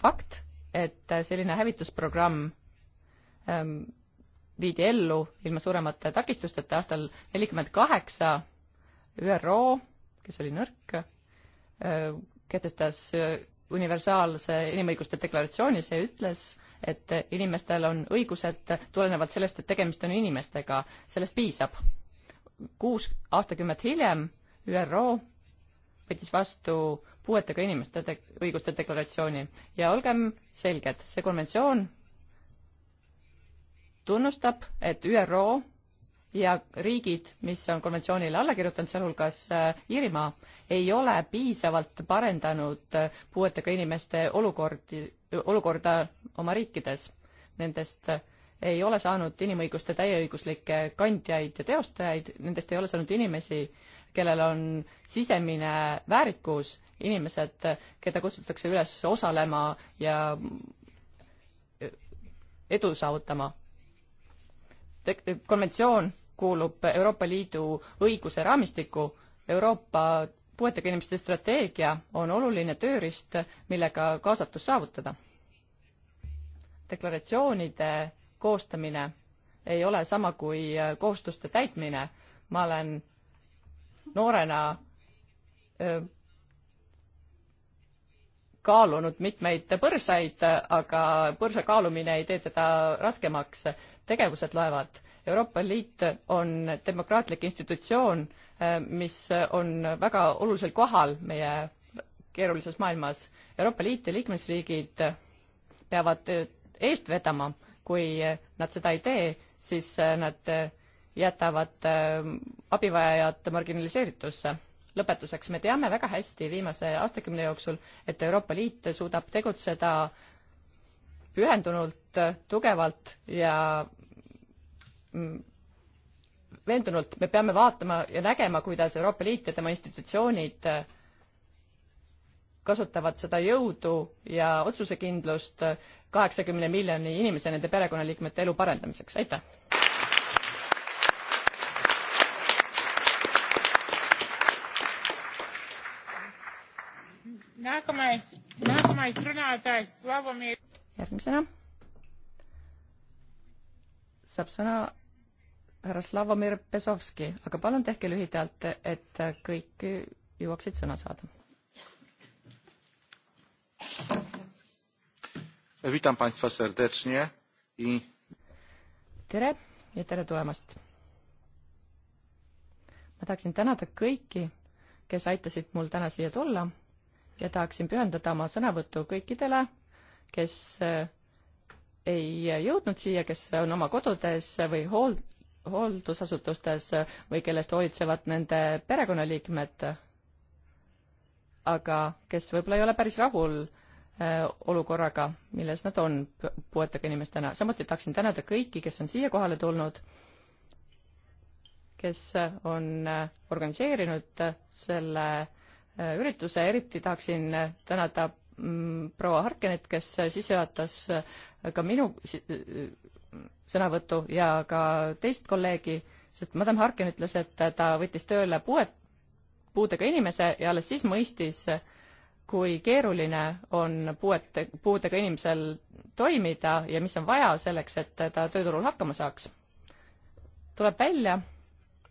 Speaker 3: fakt, et selline hävitusprogramm ähm, viidi ellu ilma suuremate takistusteta aastal nelikümmend kaheksa ÜRO, kes oli nõrk äh,, kehtestas äh, universaalse inimõiguste deklaratsiooni, see ütles, et inimestel on õigused tulenevalt sellest, et tegemist on inimestega, sellest piisab. kuus aastakümmet hiljem äh, ÜRO võttis vastu puuetega inimeste de õiguste deklaratsiooni ja olgem selged, see konventsioon tunnustab, et ÜRO ja riigid, mis on konventsioonile alla kirjutanud, sealhulgas äh, Iirimaa, ei ole piisavalt parendanud äh, puuetega inimeste olukordi, olukorda oma riikides. Nendest äh, ei ole saanud inimõiguste täieõiguslikke kandjaid ja teostajaid, nendest ei ole saanud inimesi, kellel on sisemine väärikus, inimesed, keda kutsutakse üles osalema ja edu saavutama. konventsioon kuulub Euroopa Liidu õiguse raamistikku, Euroopa puuetega inimeste strateegia on oluline tööriist, millega kaasatus saavutada. deklaratsioonide koostamine ei ole sama kui kohustuste täitmine. ma olen noorena kaalunud mitmeid põrsaid, aga põrsa kaalumine ei tee teda raskemaks. tegevused loevad. Euroopa Liit on demokraatlik institutsioon, mis on väga olulisel kohal meie keerulises maailmas. Euroopa Liit ja liikmesriigid peavad eest vedama, kui nad seda ei tee, siis nad jätavad ähm, abivajajad marginaliseeritusse. lõpetuseks, me teame väga hästi viimase aastakümne jooksul, et Euroopa Liit suudab tegutseda pühendunult, tugevalt ja mm, veendunult, me peame vaatama ja nägema, kuidas Euroopa Liit ja tema institutsioonid äh, kasutavad seda jõudu ja otsusekindlust kaheksakümne miljoni inimese, nende perekonnaliikmete elu parendamiseks, aitäh!
Speaker 2: hakkame, me hakkame sõnade Slavomir.
Speaker 3: järgmisena saab sõna härra Slavomir Pesovski, aga palun tehke lühidalt, et kõik jõuaksid sõna saada.
Speaker 4: Witam Państwa serdecznie i
Speaker 3: tere ja tere tulemast! ma tahaksin tänada kõiki, kes aitasid mul täna siia tulla ja tahaksin pühendada oma sõnavõttu kõikidele, kes eh, ei jõudnud siia, kes on oma kodudes või hool-, hooldusasutustes või kellest hoolitsevad nende perekonnaliikmed, aga kes võib-olla ei ole päris rahul äh, olukorraga, milles nad on puuetega inimestena. samuti tahaksin tänada kõiki, kes on siia kohale tulnud, kes on eh, organiseerinud selle Äh, ürituse, eriti tahaksin äh, tänada mm, proua Harkenit, kes äh, sisse juhatas ka minu sõnavõtu ja ka teist kolleegi, sest madam Harken ütles, et ta võttis tööle puue, puudega inimese ja alles siis mõistis, kui keeruline on puuete, puudega inimesel toimida ja mis on vaja selleks, et ta tööturul hakkama saaks. tuleb välja,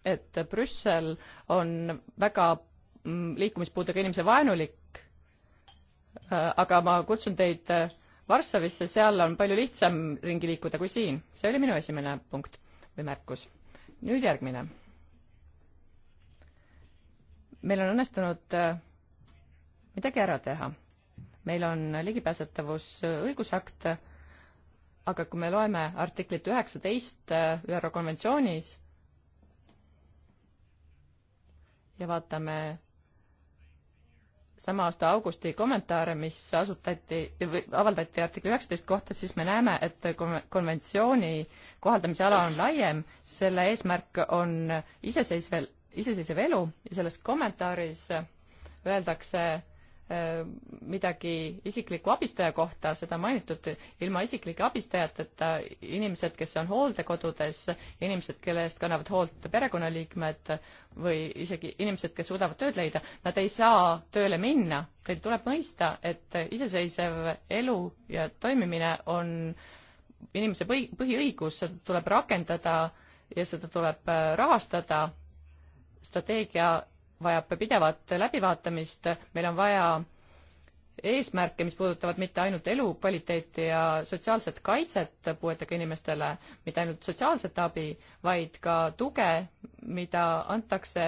Speaker 3: et Brüssel on väga Mm, liikumispuudega inimese vaenulik, äh, aga ma kutsun teid äh, Varssavisse, seal on palju lihtsam ringi liikuda kui siin. see oli minu esimene punkt või märkus. nüüd järgmine. meil on õnnestunud äh, midagi ära teha. meil on ligipääsetavus õigusakt, aga kui me loeme artiklit üheksateist ÜRO konventsioonis ja vaatame sama aasta augusti kommentaare, mis asutati või avaldati artikli üheksateist kohta, siis me näeme, et konventsiooni kohaldamise ala on laiem, selle eesmärk on iseseisvel, iseseisev elu ja selles kommentaaris öeldakse Äh, midagi isikliku abistaja kohta, seda mainitud, ilma isiklike abistajateta inimesed, kes on hooldekodudes, inimesed, kelle eest kannavad hoolt perekonnaliikmed või isegi inimesed, kes suudavad tööd leida, nad ei saa tööle minna. Teil tuleb mõista, et iseseisev elu ja toimimine on inimese põhi, põhiõigus, seda tuleb rakendada ja seda tuleb äh, rahastada strateegia vajab pidevat läbivaatamist, meil on vaja eesmärke, mis puudutavad mitte ainult elukvaliteeti ja sotsiaalset kaitset puuetega inimestele, mitte ainult sotsiaalset abi, vaid ka tuge, mida antakse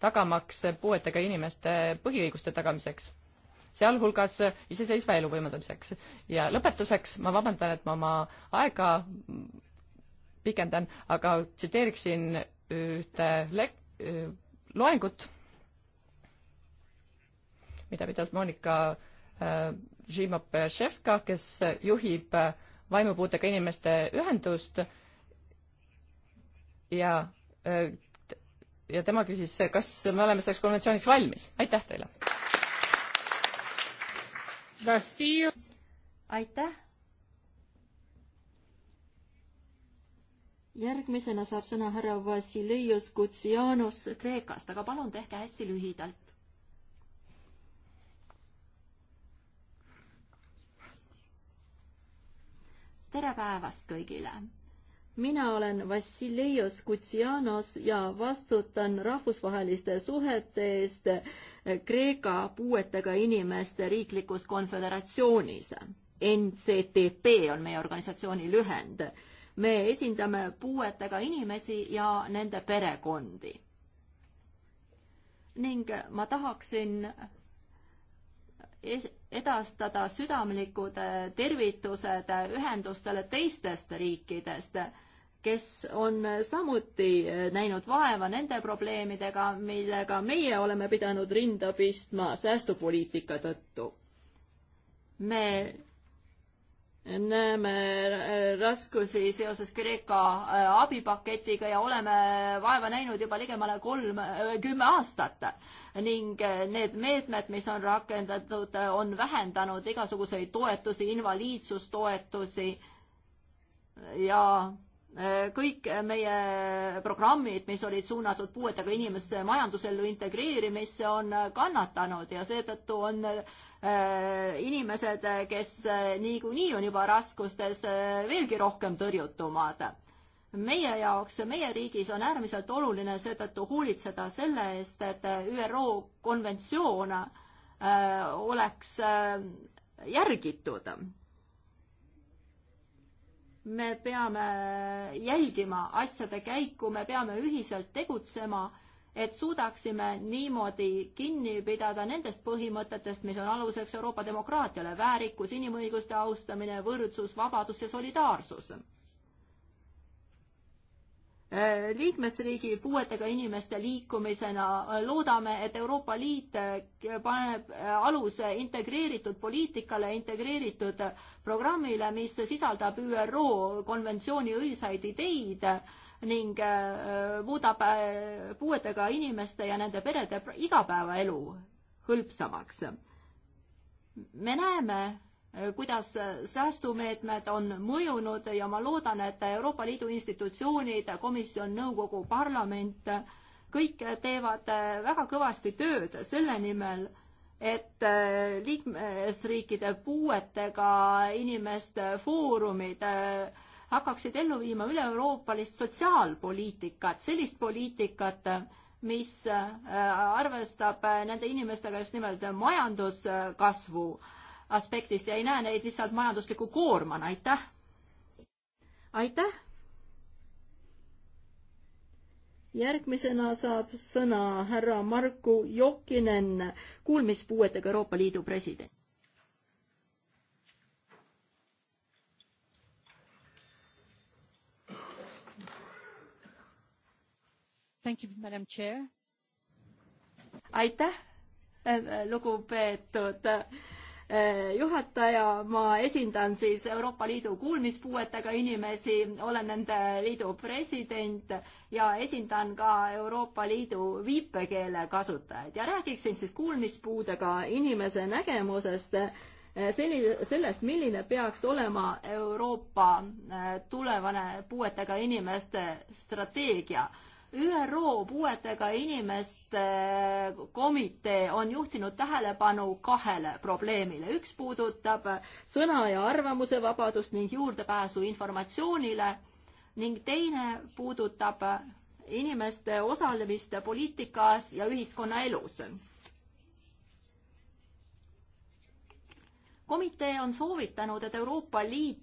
Speaker 3: tagamaks puuetega inimeste põhiõiguste tagamiseks, sealhulgas iseseisva elu võimaldamiseks. ja lõpetuseks ma vabandan, et ma oma aega pikendan, aga tsiteeriksin ühte le-, loengut mida pidas Monika äh, Žimapševska, kes juhib äh, vaimupuudega inimeste ühendust ja, äh, ja tema küsis, kas me oleme selleks konventsiooniks valmis. aitäh teile!
Speaker 1: aitäh! järgmisena saab sõna härra Vassileios Kutsianos Kreekast, aga palun tehke hästi lühidalt tere päevast kõigile! mina olen Vassileios Kutsianos ja vastutan rahvusvaheliste suhete eest Kreeka puuetega inimeste riiklikus konföderatsioonis. NCTP on meie organisatsiooni lühend. me esindame puuetega inimesi ja nende perekondi. ning ma tahaksin edastada südamlikud äh, tervitused äh, ühendustele teistest riikidest, kes on äh, samuti näinud vaeva nende probleemidega, millega meie oleme pidanud rinda pistma säästupoliitika tõttu. me näeme raskusi seoses Kreeka äh, abipaketiga ja oleme vaeva näinud juba ligemale kolm, äh, kümme aastat. ning äh, need meetmed, mis on rakendatud, on vähendanud igasuguseid toetusi, invaliidsustoetusi ja kõik meie programmid, mis olid suunatud puuetega inimeste majandusellu integreerimisse, on kannatanud ja seetõttu on äh, inimesed, kes äh, niikuinii on juba raskustes, äh, veelgi rohkem tõrjutumad. meie jaoks, meie riigis on äärmiselt oluline seetõttu hoolitseda selle eest, et ÜRO konventsioon oleks järgitud me peame jälgima asjade käiku, me peame ühiselt tegutsema, et suudaksime niimoodi kinni pidada nendest põhimõtetest, mis on aluseks Euroopa demokraatiale, väärikus, inimõiguste austamine, võrdsus, vabadus ja solidaarsus liikmesriigi puuetega inimeste liikumisena loodame, et Euroopa Liit paneb aluse integreeritud poliitikale, integreeritud programmile, mis sisaldab ÜRO konventsiooni õilsaid ideid ning äh, muudab äh, puuetega inimeste ja nende perede igapäevaelu hõlpsamaks. me näeme, kuidas säästumeetmed on mõjunud ja ma loodan, et Euroopa Liidu institutsioonid, komisjon, nõukogu, parlament, kõik teevad väga kõvasti tööd selle nimel, et liikmesriikide puuetega inimeste foorumid hakkaksid ellu viima üle-euroopalist sotsiaalpoliitikat, sellist poliitikat, mis arvestab nende inimestega just nimelt majanduskasvu äh, aspektist ja ei näe neid lihtsalt majandusliku koormana, aitäh. aitäh. järgmisena saab sõna härra Marku Jokinen, kuulmispuuetega Euroopa Liidu president. Thank you, Madam Chair. aitäh, lugupeetud äh, Eh, juhataja, ma esindan siis Euroopa Liidu kuulmispuuetega inimesi, olen nende liidu president ja esindan ka Euroopa Liidu viipekeele kasutajaid ja räägiksin siis kuulmispuudega inimese nägemusest, eh, selline, sellest, milline peaks olema Euroopa eh, tulevane puuetega inimeste strateegia ÜRO puuetega inimeste komitee on juhtinud tähelepanu kahele probleemile. üks puudutab sõna- ja arvamusevabadust ning juurdepääsu informatsioonile ning teine puudutab inimeste osalemist poliitikas ja ühiskonnaelus. komitee on soovitanud, et Euroopa Liit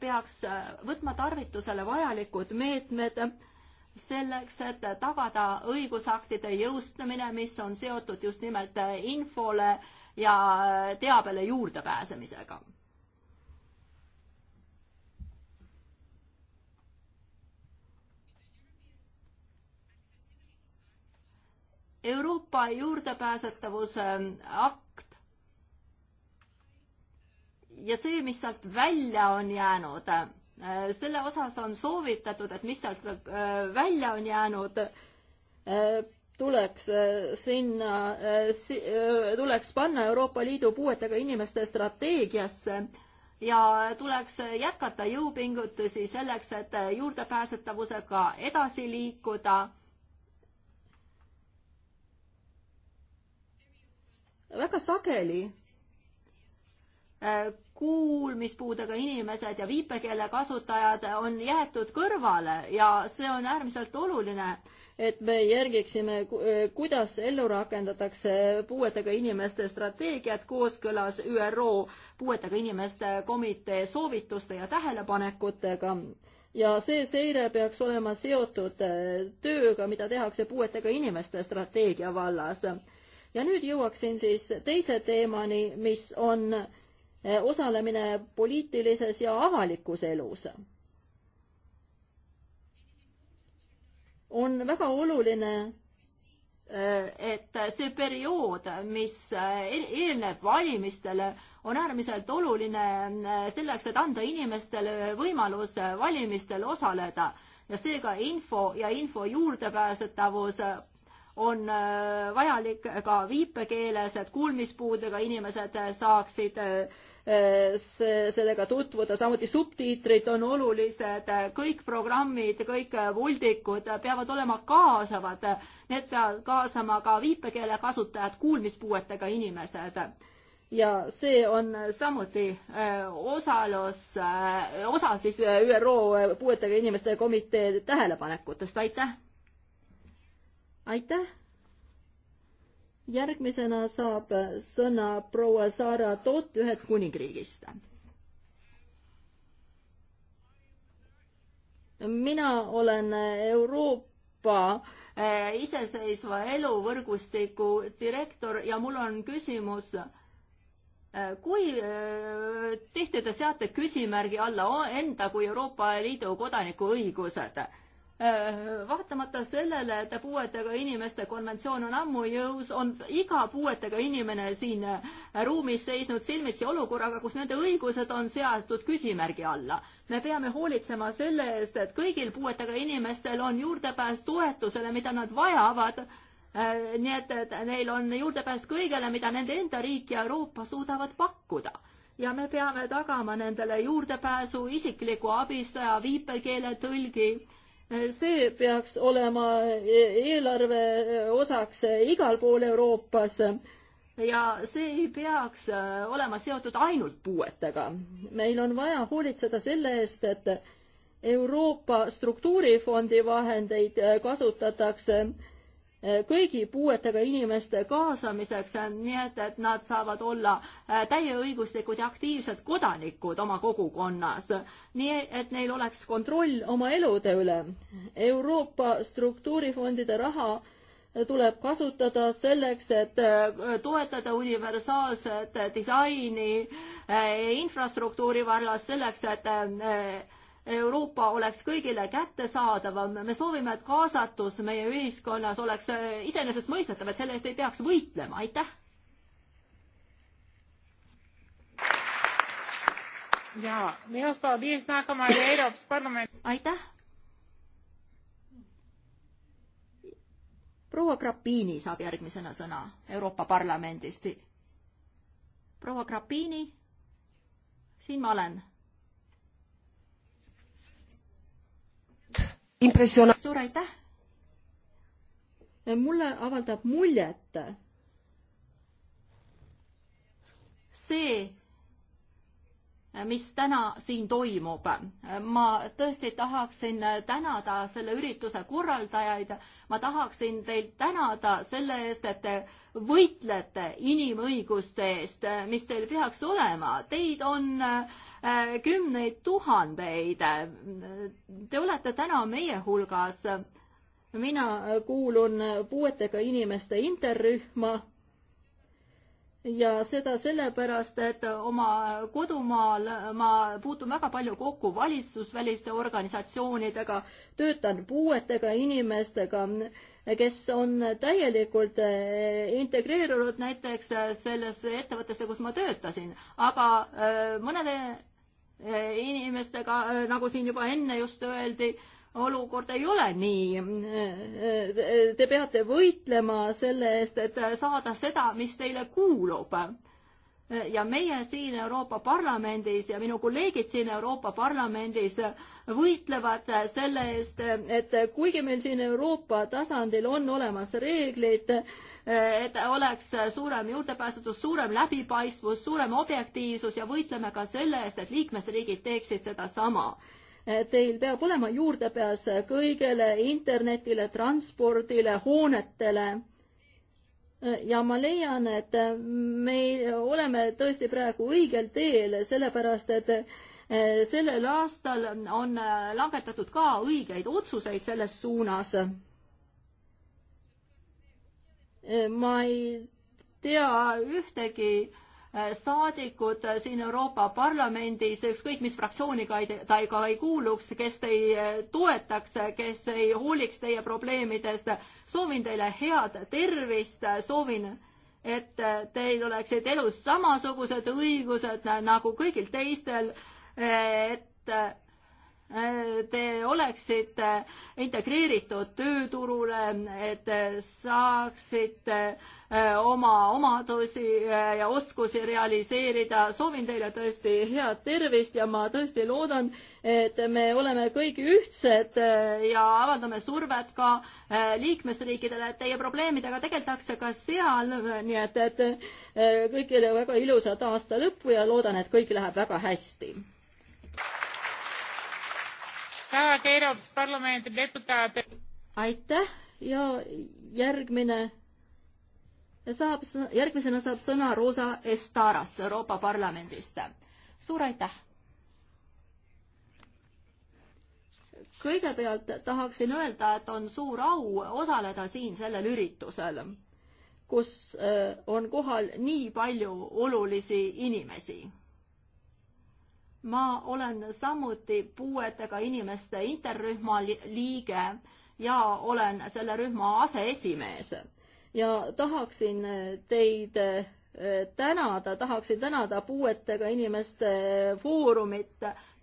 Speaker 1: peaks võtma tarvitusele vajalikud meetmed selleks, et tagada õigusaktide jõustamine, mis on seotud just nimelt infole ja teabele juurdepääsemisega. Euroopa juurdepääsetavuse akt ja see, mis sealt välja on jäänud Äh, selle osas on soovitatud, et mis sealt äh, välja on jäänud, äh, tuleks sinna, tuleks panna Euroopa Liidu puuetega inimeste strateegiasse ja tuleks jätkata jõupingutusi selleks, et juurdepääsetavusega edasi liikuda väga sageli Äh, kuulmispuudega inimesed ja viipekeele kasutajad on jäetud kõrvale ja see on äärmiselt oluline, et me järgiksime, äh, kuidas ellu rakendatakse puuetega inimeste strateegiat kooskõlas ÜRO puuetega inimeste komitee soovituste ja tähelepanekutega. ja see seire peaks olema seotud äh, tööga, mida tehakse puuetega inimeste strateegia vallas. ja nüüd jõuaksin siis teise teemani, mis on Eh, osalemine poliitilises ja avalikus elus. on väga oluline, eh, et see periood, mis eh, e-, eelneb valimistele, on äärmiselt oluline selleks, et anda inimestele võimalus valimistel osaleda ja seega info ja info juurdepääsetavus on vajalik ka viipekeeles, et kuulmispuudega inimesed saaksid äh, Äh, sellega tutvuda, samuti subtiitrid on olulised, kõik programmid, kõik äh, voldikud peavad olema kaasavad, need peavad kaasama ka viipekeele kasutajad, kuulmispuuetega inimesed ja see on samuti äh, osalus, osa siis ÜRO puuetega inimeste komitee tähelepanekutest, aitäh! aitäh! järgmisena saab sõna proua Sara Toot Ühendkuningriigist. mina olen Euroopa äh, iseseisva eluvõrgustiku direktor ja mul on küsimus äh, kui äh, tihti te seate küsimärgi alla enda kui Euroopa Liidu kodaniku õigused? Äh, vaatamata sellele, et puuetega inimeste konventsioon on ammu jõus, on iga puuetega inimene siin äh, ruumis seisnud silmitsi olukorraga, kus nende õigused on seatud küsimärgi alla. me peame hoolitsema selle eest, et kõigil puuetega inimestel on juurdepääs toetusele, mida nad vajavad, äh, nii et, et neil on juurdepääs kõigele, mida nende enda riik ja Euroopa suudavad pakkuda ja me peame tagama nendele juurdepääsu isikliku abistaja, viipekeeletõlgi see peaks olema e-, eelarve e, osaks e, igal pool Euroopas ja see ei peaks olema seotud ainult puuetega. meil on vaja hoolitseda selle eest, et Euroopa struktuurifondi vahendeid kasutatakse äh, kõigi puuetega inimeste kaasamiseks, nii et, et nad saavad olla äh, täieõiguslikud ja aktiivsed kodanikud oma kogukonnas. nii et neil oleks kontroll oma elude üle. Euroopa struktuurifondide raha tuleb kasutada selleks, et äh, toetada universaalset disaini äh, infrastruktuuri vallas, selleks, et Euroopa oleks kõigile kättesaadavam, me soovime, et kaasatus meie ühiskonnas oleks äh, iseenesestmõistetav, et selle eest ei peaks võitlema, aitäh!
Speaker 2: jaa, minust peab eesnägema Euroopa Parlament. aitäh!
Speaker 1: proua Grappini saab järgmisena sõna Euroopa Parlamendist. proua Grappini, siin ma olen
Speaker 2: impressiona-. suur
Speaker 1: aitäh! mulle avaldab muljet see, mis täna siin toimub. ma tõesti tahaksin tänada selle ürituse korraldajaid, ma tahaksin teid tänada selle eest, et te võitlete inimõiguste eest, mis teil peaks olema. Teid on äh, kümneid tuhandeid. Te olete täna meie hulgas. mina kuulun puuetega inimeste interrühma ja seda sellepärast, et oma kodumaal ma puutun väga palju kokku valitsusväliste organisatsioonidega, töötan puuetega inimestega, kes on täielikult integreerunud näiteks sellesse ettevõttesse, kus ma töötasin, aga äh, mõnede äh, inimestega, äh, nagu siin juba enne just öeldi, olukord ei ole nii. Te peate võitlema selle eest, et saada seda, mis teile kuulub. ja meie siin Euroopa Parlamendis ja minu kolleegid siin Euroopa Parlamendis võitlevad selle eest, et kuigi meil siin Euroopa tasandil on olemas reeglid, et oleks suurem juurdepääsetus, suurem läbipaistvus, suurem objektiivsus ja võitleme ka selle eest, et liikmesriigid teeksid sedasama Teil peab olema juurdepääs kõigele internetile, transpordile, hoonetele ja ma leian, et me oleme tõesti praegu õigel teel, sellepärast et eh, sellel aastal on langetatud ka õigeid otsuseid selles suunas. Eh, ma ei tea ühtegi saadikud siin Euroopa Parlamendis, ükskõik mis fraktsiooni ka ei, ta ei, ka ei kuuluks, kes ei eh, toetaks, kes ei hooliks teie probleemidest. soovin teile head tervist, soovin, et teil oleksid elus samasugused õigused nagu kõigil teistel, et eh, te oleksite integreeritud tööturule, et saaksite Äh, oma omadusi äh, ja oskusi realiseerida. soovin teile tõesti head tervist ja ma tõesti loodan, et me oleme kõik ühtsed äh, ja avaldame survet ka liikmesriikidele, et teie probleemidega tegeldakse ka seal, nii et, et kõigile väga ilusat aasta lõppu ja loodan, et kõik läheb väga hästi. aitäh ja järgmine saab, järgmisena saab sõna Rosa Estaras Euroopa Parlamendist. suur aitäh! kõigepealt tahaksin öelda, et on suur au osaleda siin sellel üritusel, kus äh, on kohal nii palju olulisi inimesi. ma olen samuti puuetega inimeste interrühma liige ja olen selle rühma aseesimees ja tahaksin äh, teid äh, tänada, tahaksin tänada puuetega inimeste äh, foorumit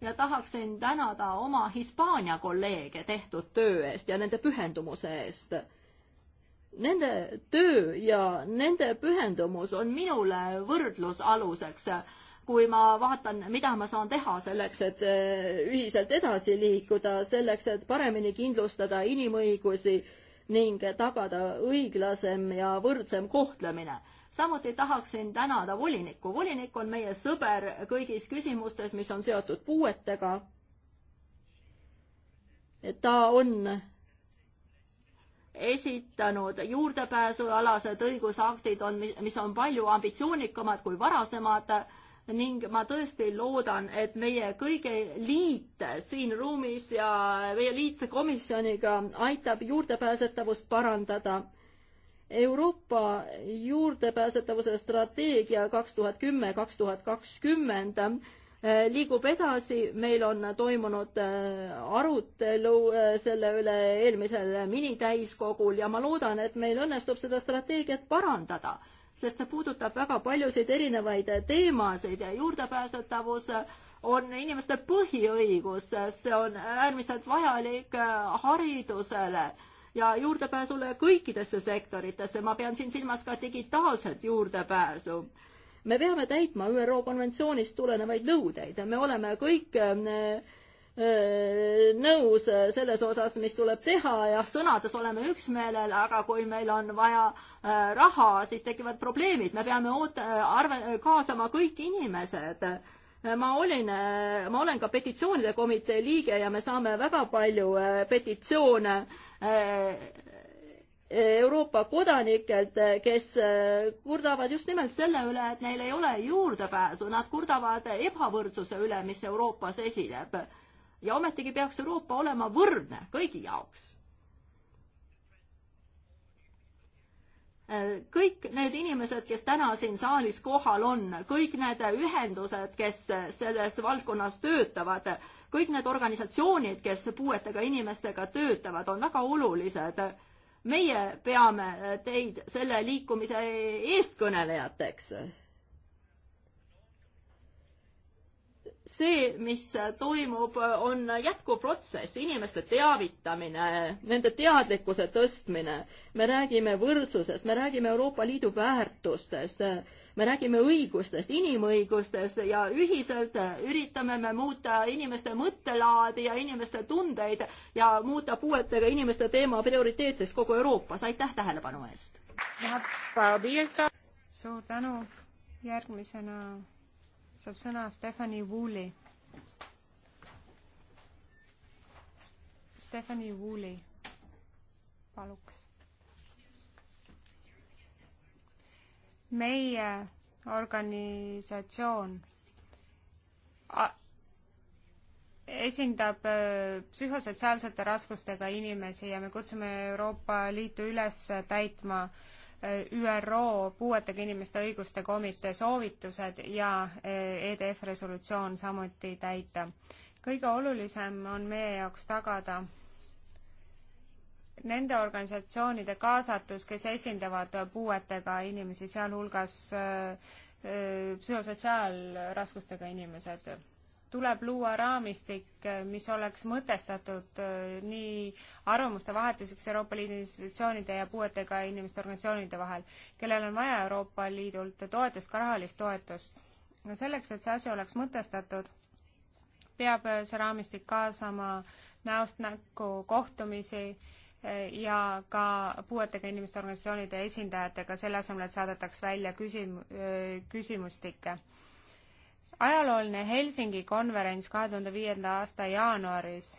Speaker 1: ja tahaksin tänada oma Hispaania kolleege tehtud töö eest ja nende pühendumuse eest. Nende töö ja nende pühendumus on minule võrdlusaluseks, kui ma vaatan, mida ma saan teha selleks, et ühiselt edasi liikuda, selleks, et paremini kindlustada inimõigusi ning tagada õiglasem ja võrdsem kohtlemine. samuti tahaksin tänada volinikku. volinik on meie sõber kõigis küsimustes, mis on seotud puuetega. ta on esitanud juurdepääsualased õigusaktid on, mis on palju ambitsioonikamad kui varasemad ning ma tõesti loodan, et meie kõige liit siin ruumis ja meie liit komisjoniga aitab juurdepääsetavust parandada. Euroopa juurdepääsetavuse strateegia kaks tuhat kümme, kaks tuhat kakskümmend eh, liigub edasi, meil on toimunud eh, arutelu eh, selle üle eelmisel minitäiskogul ja ma loodan, et meil õnnestub seda strateegiat parandada sest see puudutab väga paljusid erinevaid teemasid ja juurdepääsetavus on inimeste põhiõigus, see on äärmiselt vajalik äh, haridusele ja juurdepääsule kõikidesse sektoritesse, ma pean siin silmas ka digitaalset juurdepääsu me peame täitma ÜRO konventsioonist tulenevaid nõudeid, me oleme kõik äh, nõus selles osas, mis tuleb teha ja sõnades oleme üksmeelel, aga kui meil on vaja raha, siis tekivad probleemid, me peame oot-, arve-, kaasama kõik inimesed. ma olin, ma olen ka petitsioonide komitee liige ja me saame väga palju petitsioone Euroopa kodanikelt, kes kurdavad just nimelt selle üle, et neil ei ole juurdepääsu, nad kurdavad ebavõrdsuse üle, mis Euroopas esineb ja ometigi peaks Euroopa olema võrdne kõigi jaoks. Äh, kõik need inimesed, kes täna siin saalis kohal on, kõik need ühendused, kes selles valdkonnas töötavad, kõik need organisatsioonid, kes puuetega inimestega töötavad, on väga olulised. meie peame teid selle liikumise eestkõnelejateks see, mis toimub, on jätkuv protsess, inimeste teavitamine, nende teadlikkuse tõstmine. me räägime võrdsusest, me räägime Euroopa Liidu väärtustest, me räägime õigustest, inimõigustest ja ühiselt üritame me muuta inimeste mõttelaadi ja inimeste tundeid ja muuta puuetega inimeste teema prioriteetseks kogu Euroopas. aitäh tähelepanu eest!
Speaker 2: suur tänu, järgmisena saab sõna Stephanie Wooli. Stephanie Wooli, paluks. meie organisatsioon esindab äh, psühhosotsiaalsete raskustega inimesi ja me kutsume Euroopa Liitu üles täitma äh, ÜRO puuetega inimeste õiguste komitee soovitused ja EDF eh, e resolutsioon samuti täita. kõige olulisem on meie jaoks tagada nende organisatsioonide kaasatus, kes esindavad puuetega inimesi, sealhulgas eh, eh, psühhosotsiaalraskustega inimesed tuleb luua raamistik, eh, mis oleks mõtestatud eh, nii arvamuste vahetuseks Euroopa Liidu institutsioonide ja puuetega inimeste organisatsioonide vahel, kellel on vaja Euroopa Liidult toetust, ka rahalist toetust. no selleks, et see asi oleks mõtestatud, peab eh, see raamistik kaasama näost näkku kohtumisi ja ka puuetega inimeste organisatsioonide esindajatega, selle asemel, et saadetaks välja küsim-, küsimustikke ajalooline Helsingi konverents kahe tuhande viienda aasta jaanuaris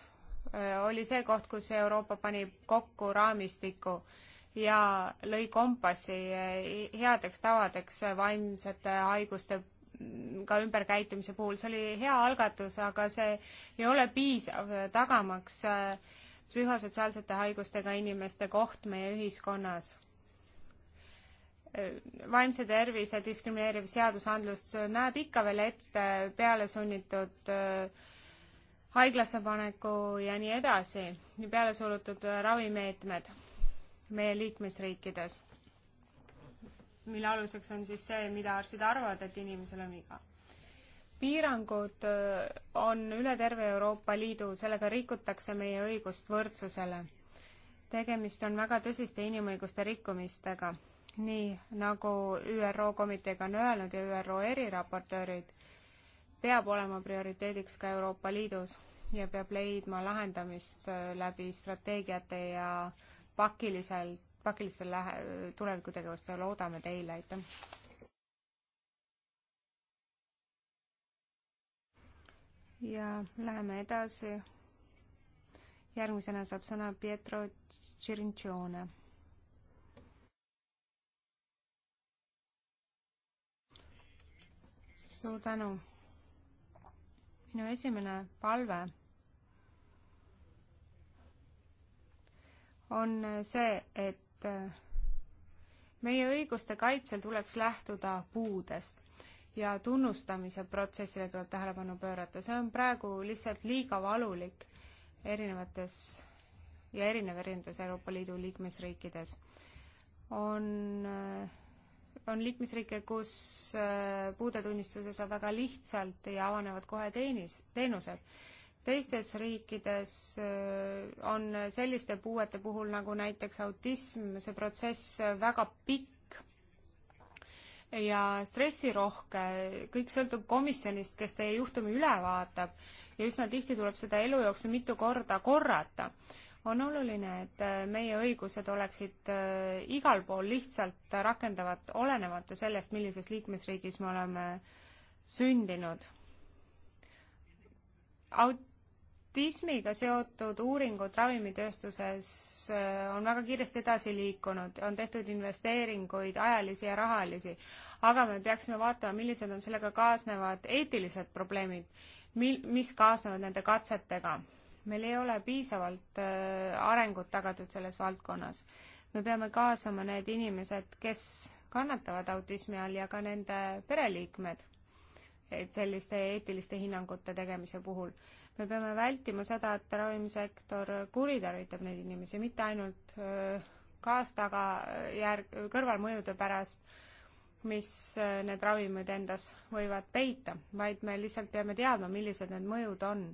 Speaker 2: oli see koht, kus Euroopa pani kokku raamistiku ja lõi kompassi e, headeks tavadeks vaimsete haiguste ka ümberkäitumise puhul, see oli hea algatus, aga see ei ole piisav e, tagamaks e, psühhosotsiaalsete haigustega inimeste koht meie ühiskonnas vaimse tervise diskrimineeriv seadusandlus näeb ikka veel ette pealesunnitud äh, haiglasse paneku ja nii edasi, peale surutud äh, ravimeetmed meie liikmesriikides, mille aluseks on siis see, mida arstid arvavad, et inimesel on viga. piirangud äh, on üle terve Euroopa Liidu, sellega rikutakse meie õigust võrdsusele. tegemist on väga tõsiste inimõiguste rikkumistega nii nagu ÜRO komitee on öelnud ja ÜRO eriraportöörid, peab olema prioriteediks ka Euroopa Liidus ja peab leidma lahendamist äh, läbi strateegiate ja pakiliselt, pakilistel lähe-, tulevikutegevustel, loodame teile, aitäh! ja läheme edasi. järgmisena saab sõna Pietro Cirinchione suur tänu. minu esimene palve on see, et meie õiguste kaitsel tuleks lähtuda puudest ja tunnustamise protsessile tuleb tähelepanu pöörata, see on praegu lihtsalt liiga valulik erinevates ja erinev erinevates Euroopa Liidu liikmesriikides. on äh, on liikmesriike, kus äh, puudetunnistuse saab väga lihtsalt ja avanevad kohe teenis, teenused. teistes riikides äh, on selliste puuete puhul, nagu näiteks autism, see protsess väga pikk ja stressirohke, kõik sõltub komisjonist, kes teie juhtumi üle vaatab ja üsna tihti tuleb seda elu jooksul mitu korda korrata on oluline, et äh, meie õigused oleksid äh, igal pool lihtsalt rakendavad, olenemata sellest, millises liikmesriigis me oleme sündinud. autismiga seotud uuringud ravimitööstuses äh, on väga kiiresti edasi liikunud, on tehtud investeeringuid, ajalisi ja rahalisi, aga me peaksime vaatama, millised on sellega kaasnevad eetilised probleemid, mil-, mis kaasnevad nende katsetega meil ei ole piisavalt äh, arengut tagatud selles valdkonnas. me peame kaasama need inimesed, kes kannatavad autismi all ja ka nende pereliikmed, et selliste eetiliste hinnangute tegemise puhul. me peame vältima seda, et ravimisektor kuritarvitab neid inimesi, mitte ainult äh, kaastagajärg, äh, kõrvalmõjude pärast, mis need ravimid endas võivad peita, vaid me lihtsalt peame teadma, millised need mõjud on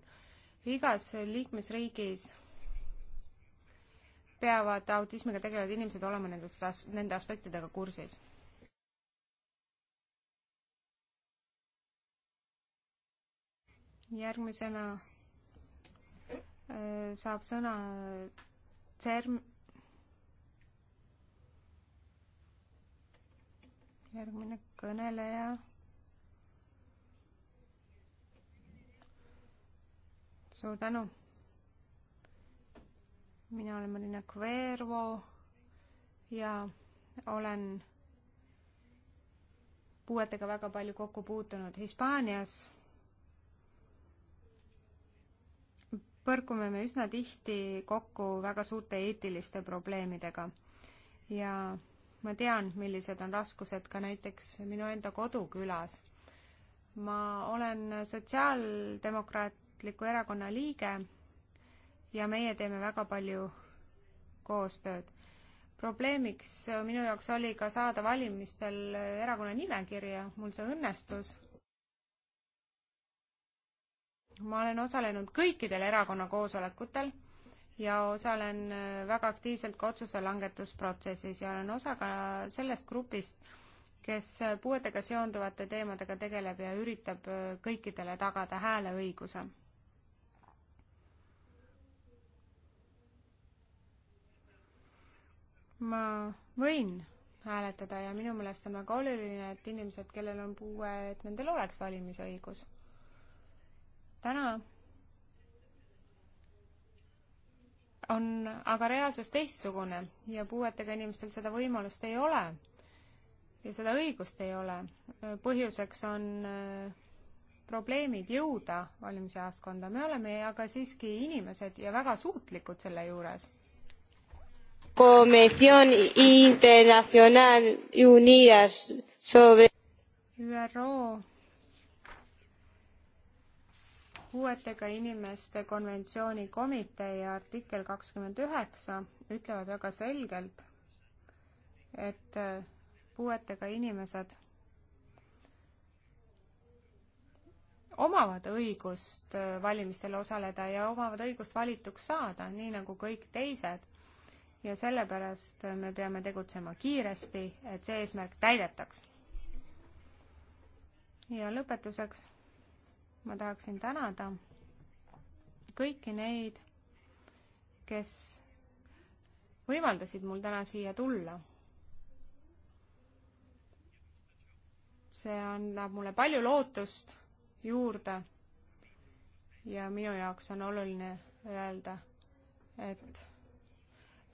Speaker 2: igas liikmesriigis peavad autismiga tegelevad inimesed olema nendest, nende aspektidega kursis. järgmisena äh, saab sõna CERM. järgmine kõneleja suur tänu. mina olen Marina Kvervo ja olen puuetega väga palju kokku puutunud Hispaanias. põrkume me üsna tihti kokku väga suurte eetiliste probleemidega ja ma tean, millised on raskused ka näiteks minu enda kodukülas. ma olen sotsiaaldemokraat demokraatliku erakonna liige ja meie teeme väga palju koostööd. probleemiks minu jaoks oli ka saada valimistel erakonna nimekirja, mul see õnnestus. ma olen osalenud kõikidel erakonna koosolekutel ja osalen väga aktiivselt ka otsuse langetusprotsessis ja olen osa ka sellest grupist, kes puuetega seonduvate teemadega tegeleb ja üritab kõikidele tagada hääleõiguse ma võin hääletada ja minu meelest on väga oluline, et inimesed, kellel on puue, et nendel oleks valimisõigus. täna on aga reaalsus teistsugune ja puuetega inimestel seda võimalust ei ole ja seda õigust ei ole. põhjuseks on äh, probleemid jõuda valimisjaoskonda, me oleme aga siiski inimesed ja väga suutlikud selle juures Convención Internacional Unidas sobre ÜRO puuetega inimeste konventsiooni komitee ja artikkel kakskümmend üheksa ütlevad väga selgelt, et puuetega inimesed omavad õigust valimistel osaleda ja omavad õigust valituks saada, nii nagu kõik teised ja sellepärast me peame tegutsema kiiresti, et see eesmärk täidetaks. ja lõpetuseks ma tahaksin tänada kõiki neid, kes võimaldasid mul täna siia tulla. see annab mulle palju lootust juurde ja minu jaoks on oluline öelda, et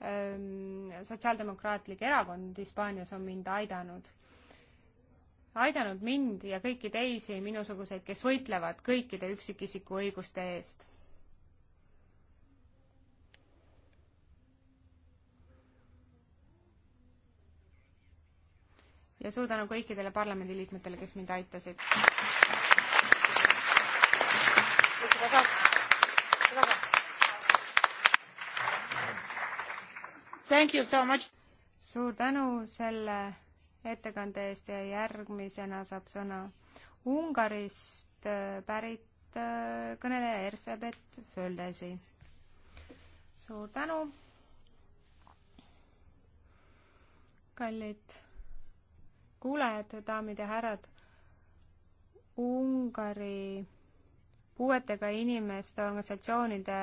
Speaker 2: Ehm, sotsiaaldemokraatlik Erakond Hispaanias on mind aidanud. aidanud mind ja kõiki teisi minusuguseid, kes võitlevad kõikide üksikisiku õiguste eest. ja suur tänu kõikidele parlamendiliikmetele, kes mind aitasid. Thank you so much! suur tänu selle ettekande eest ja järgmisena saab sõna Ungarist äh, pärit äh, kõneleja Ersebet Földesi. suur tänu! kallid kuulajad, daamid ja härrad, Ungari puuetega inimeste organisatsioonide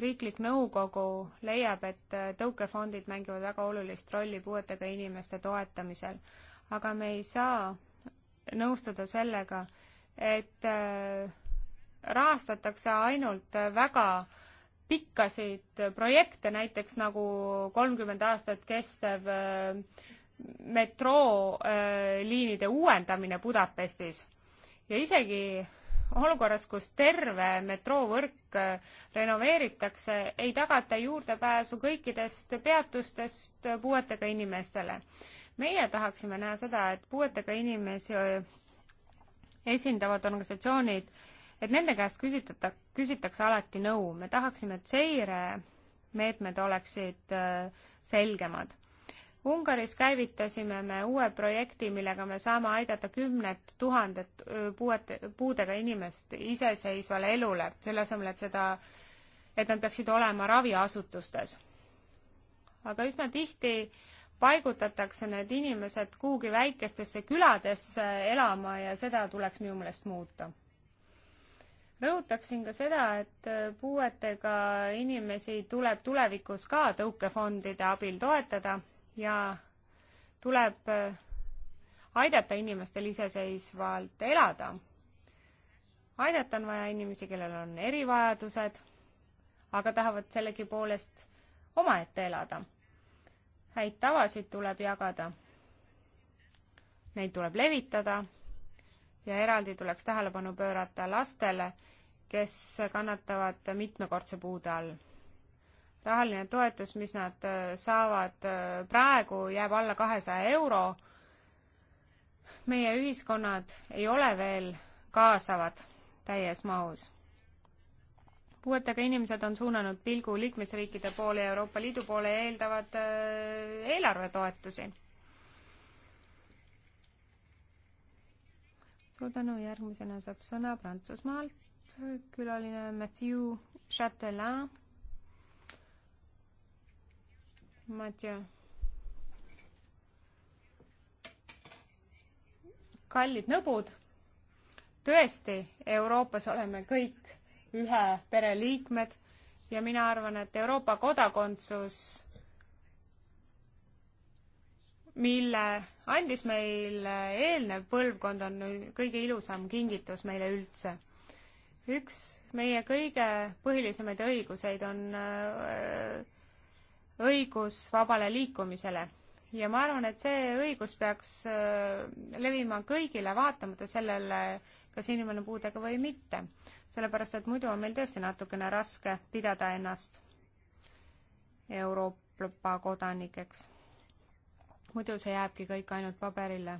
Speaker 2: riiklik nõukogu leiab, et äh, tõukefondid mängivad väga olulist rolli puuetega inimeste toetamisel, aga me ei saa nõustuda sellega, et äh, rahastatakse ainult väga pikkasid projekte, näiteks nagu kolmkümmend aastat kestev äh, metrooliinide uuendamine Budapestis ja isegi olukorras, kus terve metroovõrk äh, renoveeritakse, ei tagata juurdepääsu kõikidest peatustest puuetega inimestele. meie tahaksime näha seda, et puuetega inimesi äh, esindavad organisatsioonid, et nende käest küsitata, küsitakse alati nõu. me tahaksime, et seiremeetmed oleksid äh, selgemad Ungaris käivitasime me uue projekti, millega me saame aidata kümnet tuhandet puuet, puudega inimest iseseisvale elule, selle asemel, et seda, et nad peaksid olema raviasutustes. aga üsna tihti paigutatakse need inimesed kuhugi väikestesse küladesse elama ja seda tuleks minu meelest muuta. rõhutaksin ka seda, et puuetega inimesi tuleb tulevikus ka tõukefondide abil toetada ja tuleb äh, aidata inimestel iseseisvalt elada. aidata on vaja inimesi, kellel on erivajadused, aga tahavad sellegipoolest omaette elada. häid tavasid tuleb jagada. Neid tuleb levitada ja eraldi tuleks tähelepanu pöörata lastele, kes kannatavad mitmekordse puude all rahaline toetus, mis nad äh, saavad äh, praegu, jääb alla kahesaja euro. meie ühiskonnad ei ole veel kaasavad täies mahus. puuetega inimesed on suunanud pilgu liikmesriikide poole ja Euroopa Liidu poole ja eeldavad äh, eelarvetoetusi. suur tänu, järgmisena saab sõna Prantsusmaalt külaline Mathieu Chatelin Matja. kallid nõbud, tõesti, Euroopas oleme kõik ühe pere liikmed ja mina arvan, et Euroopa kodakondsus, mille andis meile eelnev põlvkond, on kõige ilusam kingitus meile üldse üks meie kõige põhilisemaid õiguseid on äh, õigus vabale liikumisele. ja ma arvan, et see õigus peaks äh, levima kõigile, vaatamata sellele, kas inimene on puudega või mitte. sellepärast, et muidu on meil tõesti natukene raske pidada ennast Euroopa kodanikeks. muidu see jääbki kõik ainult paberile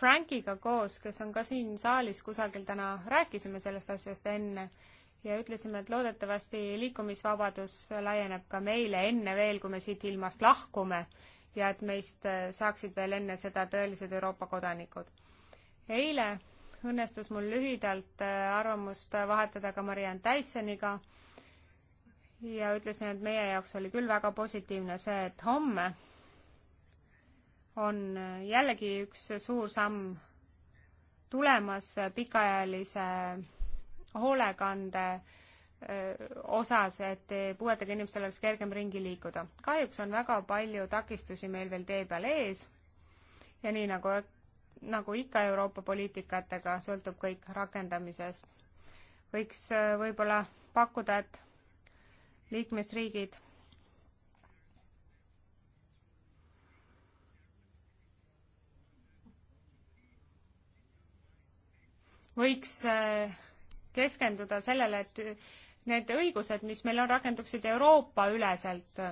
Speaker 2: Frankiga koos, kes on ka siin saalis kusagil täna, rääkisime sellest asjast enne ja ütlesime, et loodetavasti liikumisvabadus laieneb ka meile enne veel, kui me siit ilmast lahkume ja et meist äh, saaksid veel enne seda tõelised Euroopa kodanikud. eile õnnestus mul lühidalt äh, arvamust vahetada ka Marianne Tysoniga ja ütlesin, et meie jaoks oli küll väga positiivne see, et homme on äh, jällegi üks suur samm tulemas pikaajalise hoolekande osas, et puuetega inimestel oleks kergem ringi liikuda. kahjuks on väga palju takistusi meil veel tee peal ees ja nii nagu, nagu ikka Euroopa poliitikatega, sõltub kõik rakendamisest. võiks võib-olla pakkuda, et liikmesriigid võiks keskenduda sellele, et need õigused, mis meil on, rakenduksid Euroopa-üleselt.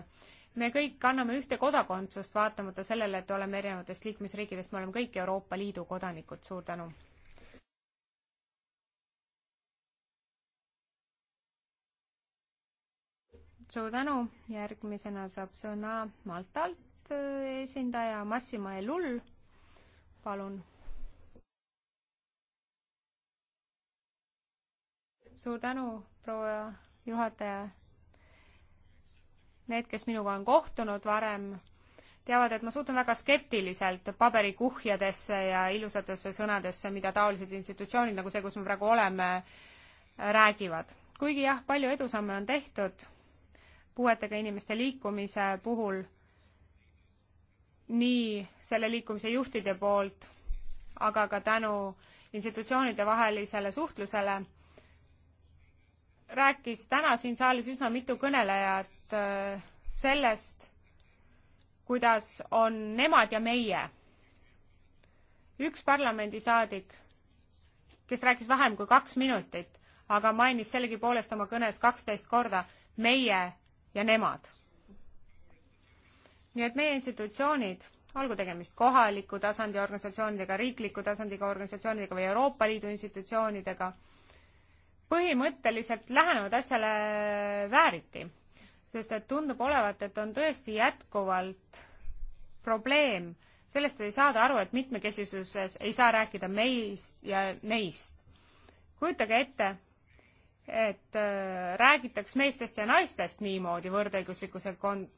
Speaker 2: me kõik anname ühte kodakondsust, vaatamata sellele, et oleme erinevatest liikmesriikidest, me oleme kõik Euroopa Liidu kodanikud, suur tänu! suur tänu, järgmisena saab sõna Maltalt esindaja Massimo Elull, palun suur tänu, proua juhataja. Need, kes minuga on kohtunud varem, teavad, et ma suhtun väga skeptiliselt paberikuhjadesse ja ilusatesse sõnadesse, mida taolised institutsioonid nagu see, kus me praegu oleme, räägivad. kuigi jah, palju edusamme on tehtud puuetega inimeste liikumise puhul, nii selle liikumise juhtide poolt, aga ka tänu institutsioonide vahelisele suhtlusele rääkis täna siin saalis üsna mitu kõnelejat äh, sellest, kuidas on nemad ja meie. üks parlamendisaadik, kes rääkis vähem kui kaks minutit, aga mainis sellegipoolest oma kõnes kaksteist korda meie ja nemad. nii et meie institutsioonid, olgu tegemist kohaliku tasandi organisatsioonidega, riikliku tasandiga organisatsioonidega või Euroopa Liidu institutsioonidega, põhimõtteliselt lähenevad asjale vääriti, sest et tundub olevat, et on tõesti jätkuvalt probleem, sellest ei saada aru, et mitmekesisuses ei saa rääkida meist ja neist. kujutage ette, et äh, räägitaks meestest ja naistest niimoodi võrdõiguslikkuse kon-,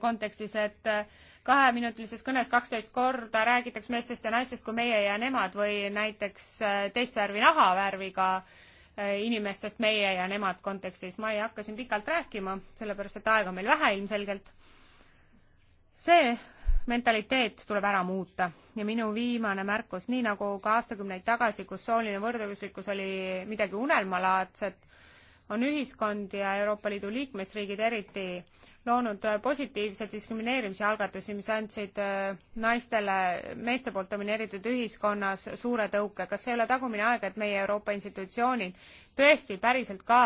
Speaker 2: kontekstis, et kaheminutilises kõnes kaksteist korda räägitakse meestest ja naistest kui meie ja nemad või näiteks äh, teist värvi nahavärviga äh, inimestest meie ja nemad kontekstis. ma ei hakka siin pikalt rääkima, sellepärast et aega on meil vähe ilmselgelt. see mentaliteet tuleb ära muuta ja minu viimane märkus, nii nagu ka aastakümneid tagasi, kus sooline võrdõiguslikkus oli midagi unelmalaadset, on ühiskond ja Euroopa Liidu liikmesriigid eriti loonud äh, positiivseid diskrimineerimise algatusi, mis andsid äh, naistele meeste poolt domineeritud ühiskonnas suure tõuke. kas ei ole tagumine aeg, et meie Euroopa institutsioonid tõesti päriselt ka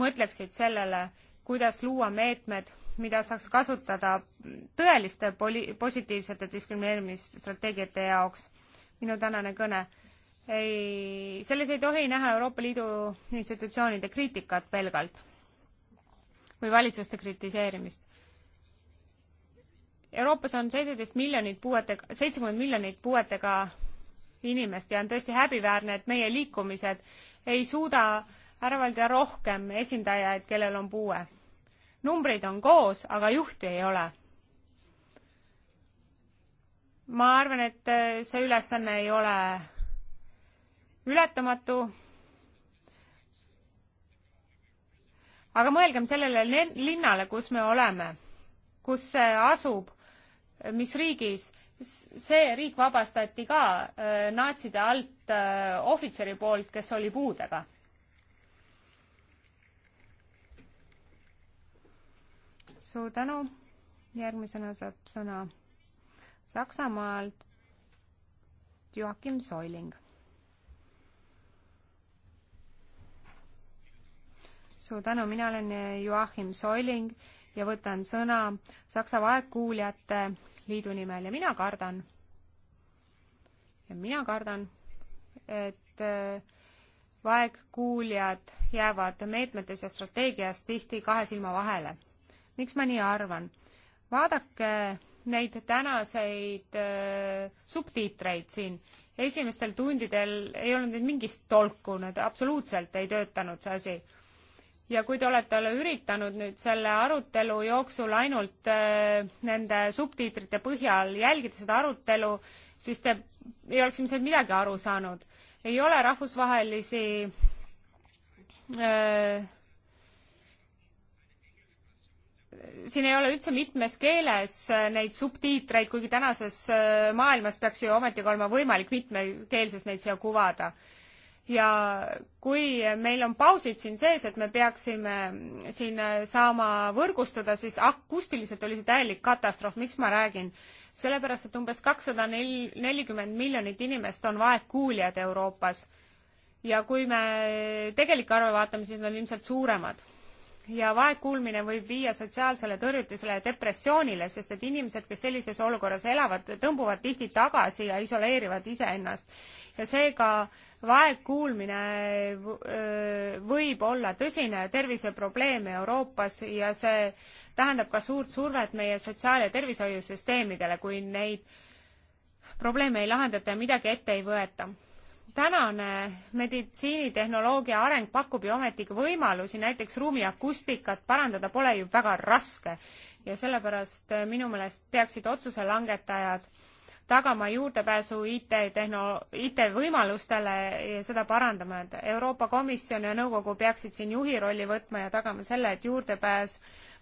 Speaker 2: mõtleksid sellele, kuidas luua meetmed, mida saaks kasutada tõeliste poli-, positiivsete diskrimineerimisstrateegiate jaoks? minu tänane kõne ei, selles ei tohi näha Euroopa Liidu institutsioonide kriitikat pelgalt või valitsuste kritiseerimist. Euroopas on seitseteist miljonit puuetega, seitsekümmend miljonit puuetega inimest ja on tõesti häbiväärne, et meie liikumised ei suuda ära valida rohkem esindajaid, kellel on puue. numbrid on koos, aga juhti ei ole. ma arvan, et see ülesanne ei ole ületamatu aga mõelgem sellele linnale, kus me oleme, kus see asub, mis riigis, see riik vabastati ka äh, natside alt äh, ohvitseri poolt, kes oli puudega. suur tänu, järgmisena saab sõna Saksamaalt Joachim Soiling suur tänu, mina olen eh, Joachim Soiling ja võtan sõna Saksa Vaegkuuljate Liidu nimel ja mina kardan, ja mina kardan, et eh, vaegkuuljad jäävad meetmetes ja strateegias tihti kahe silma vahele. miks ma nii arvan? vaadake neid tänaseid äh, subtiitreid siin. esimestel tundidel ei olnud neid mingist tolku, need absoluutselt ei töötanud see asi ja kui te olete üritanud nüüd selle arutelu jooksul ainult äh, nende subtiitrite põhjal jälgida seda arutelu, siis te ei oleks ilmselt midagi aru saanud. ei ole rahvusvahelisi äh, siin ei ole üldse mitmes keeles äh, neid subtiitreid, kuigi tänases äh, maailmas peaks ju ometigi olema võimalik mitmekeelses neid siia kuvada ja kui meil on pausid siin sees, et me peaksime siin äh, saama võrgustada, siis akustiliselt oli see täielik katastroof, miks ma räägin? sellepärast, et umbes kakssada nel-, nelikümmend miljonit inimest on vaegkuuljad Euroopas. ja kui me tegelikke arve vaatame, siis nad on ilmselt suuremad ja vaegkuulmine võib viia sotsiaalsele tõrjutisele ja depressioonile, sest et inimesed, kes sellises olukorras elavad, tõmbuvad tihti tagasi ja isoleerivad iseennast. ja seega vaegkuulmine võib olla tõsine terviseprobleem Euroopas ja see tähendab ka suurt survet meie sotsiaal- ja tervishoiusüsteemidele, kui neid probleeme ei lahendata ja midagi ette ei võeta tänane meditsiinitehnoloogia areng pakub ju ometigi võimalusi, näiteks ruumiakustikat parandada pole ju väga raske ja sellepärast äh, minu meelest peaksid otsuse langetajad tagama juurdepääsu IT-tehno-, IT-võimalustele ja seda parandama, et Euroopa Komisjon ja nõukogu peaksid siin juhi rolli võtma ja tagama selle, et juurdepääs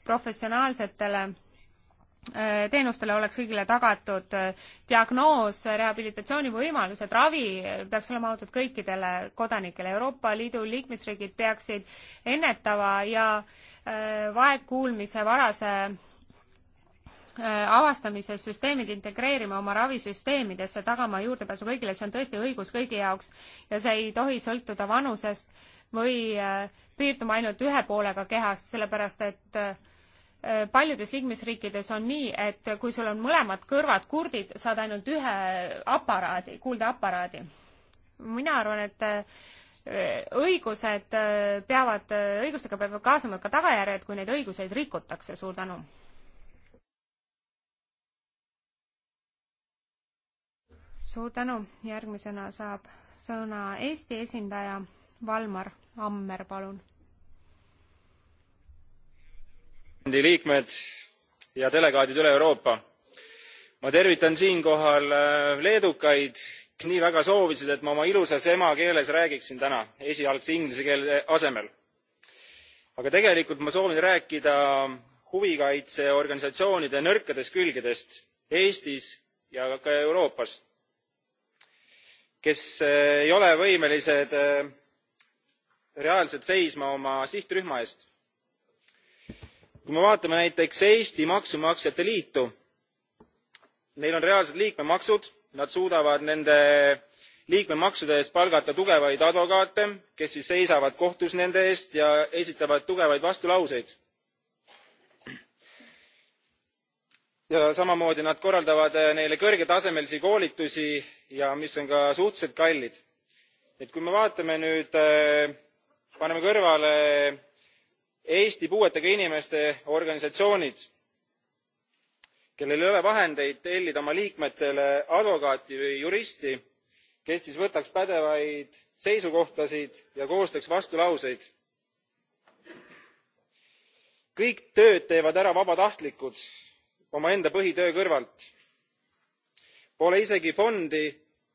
Speaker 2: professionaalsetele Äh, teenustele oleks kõigile tagatud äh, diagnoos, rehabilitatsioonivõimalused, ravi äh, peaks olema antud kõikidele kodanikele. Euroopa Liidu liikmesriigid peaksid ennetava ja vaegkuulmise varase avastamise süsteemid integreerima oma ravisüsteemidesse, tagama juurdepääsu kõigile, see on tõesti õigus kõigi jaoks ja see ei tohi sõltuda vanusest või piirduma ainult ühe poolega kehast, sellepärast et äh, paljudes liikmesriikides on nii, et kui sul on mõlemad kõrvad kurdid, saad ainult ühe aparaadi, kuuldeaparaadi. mina arvan, et äh, õigused äh, peavad, äh, õigustega peavad kaasnema ka tagajärjed, kui neid õiguseid rikutakse, suur tänu. suur tänu, järgmisena saab sõna Eesti esindaja Valmar Ammer,
Speaker 4: palun liikmed ja delegaadid üle euroopa! ma tervitan siinkohal äh, leedukaid kes nii väga soovisid et ma oma ilusas emakeeles räägiksin täna esialgse inglise keele asemel. aga tegelikult ma soovin rääkida huvikaitseorganisatsioonide nõrkadest külgedest eestis ja ka euroopas kes äh, ei ole võimelised äh, reaalselt seisma oma sihtrühma eest kui me vaatame näiteks eesti maksumaksjate liitu neil on reaalsed liikmemaksud nad suudavad nende liikmemaksude eest palgata tugevaid advokaate kes siis seisavad kohtus nende eest ja esitavad tugevaid vastulauseid. ja samamoodi nad korraldavad eh, neile kõrgetasemelisi koolitusi ja mis on ka suhteliselt kallid. et kui me vaatame nüüd eh, paneme kõrvale eesti puuetega inimeste organisatsioonid kellel ei ole vahendeid tellida oma liikmetele advokaati või juristi kes siis võtaks pädevaid seisukohtasid ja koostaks vastulauseid. kõik tööd teevad ära vabatahtlikud omaenda põhitöö kõrvalt. pole isegi fondi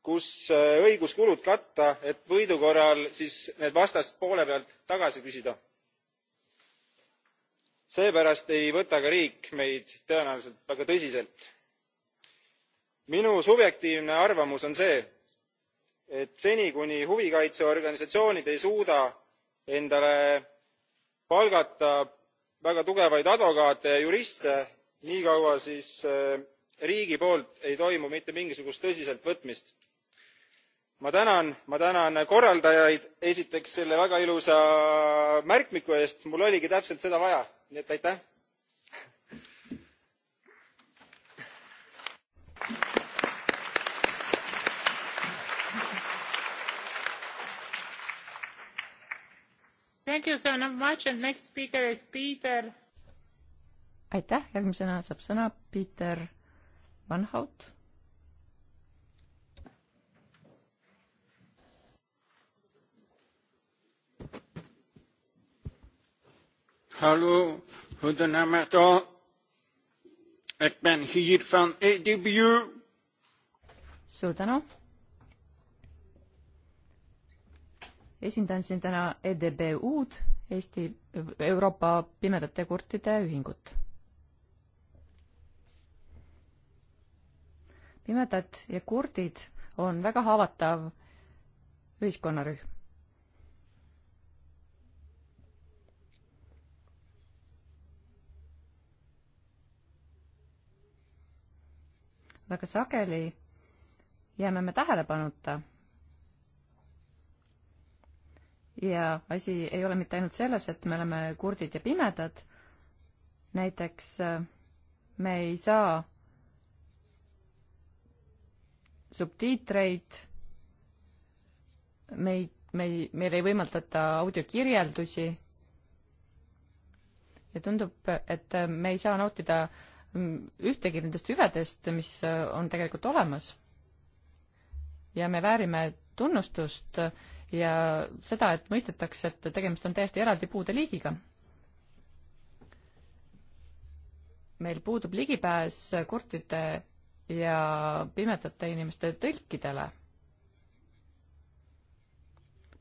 Speaker 4: kus äh, õiguskulud katta et võidu korral siis need vastast poole pealt tagasi küsida seepärast ei võta ka riik meid tõenäoliselt väga tõsiselt. minu subjektiivne arvamus on see et seni kuni huvikaitseorganisatsioonid ei suuda endale palgata väga tugevaid advokaate ja juriste niikaua siis äh, riigi poolt ei toimu mitte mingisugust tõsiseltvõtmist ma tänan ma tänan korraldajaid esiteks selle väga ilusa märkmiku eest mul oligi täpselt seda vaja nii et aitäh!
Speaker 3: aitäh järgmisena saab sõna peter van hout
Speaker 4: Hallo, goedenavond. Ik ben hier van EDBU.
Speaker 3: suur tänu. esindan siin täna EDBU-d, Eesti, Euroopa Pimedate Kurtide Ühingut. pimedad ja kurdid on väga haavatav ühiskonnarühm väga sageli jääme me tähelepanuta. ja asi ei ole mitte ainult selles, et me oleme kurdid ja pimedad, näiteks äh, me ei saa subtiitreid, me ei, me ei, meil ei võimaldata audiokirjeldusi ja tundub, et me ei saa nautida äh, ühtegi nendest hüvedest, mis äh, on tegelikult olemas. ja me väärime tunnustust ja seda, et mõistetakse, et tegemist on täiesti eraldi puudeliigiga. meil puudub ligipääs kurtide ja pimedate inimeste tõlkidele.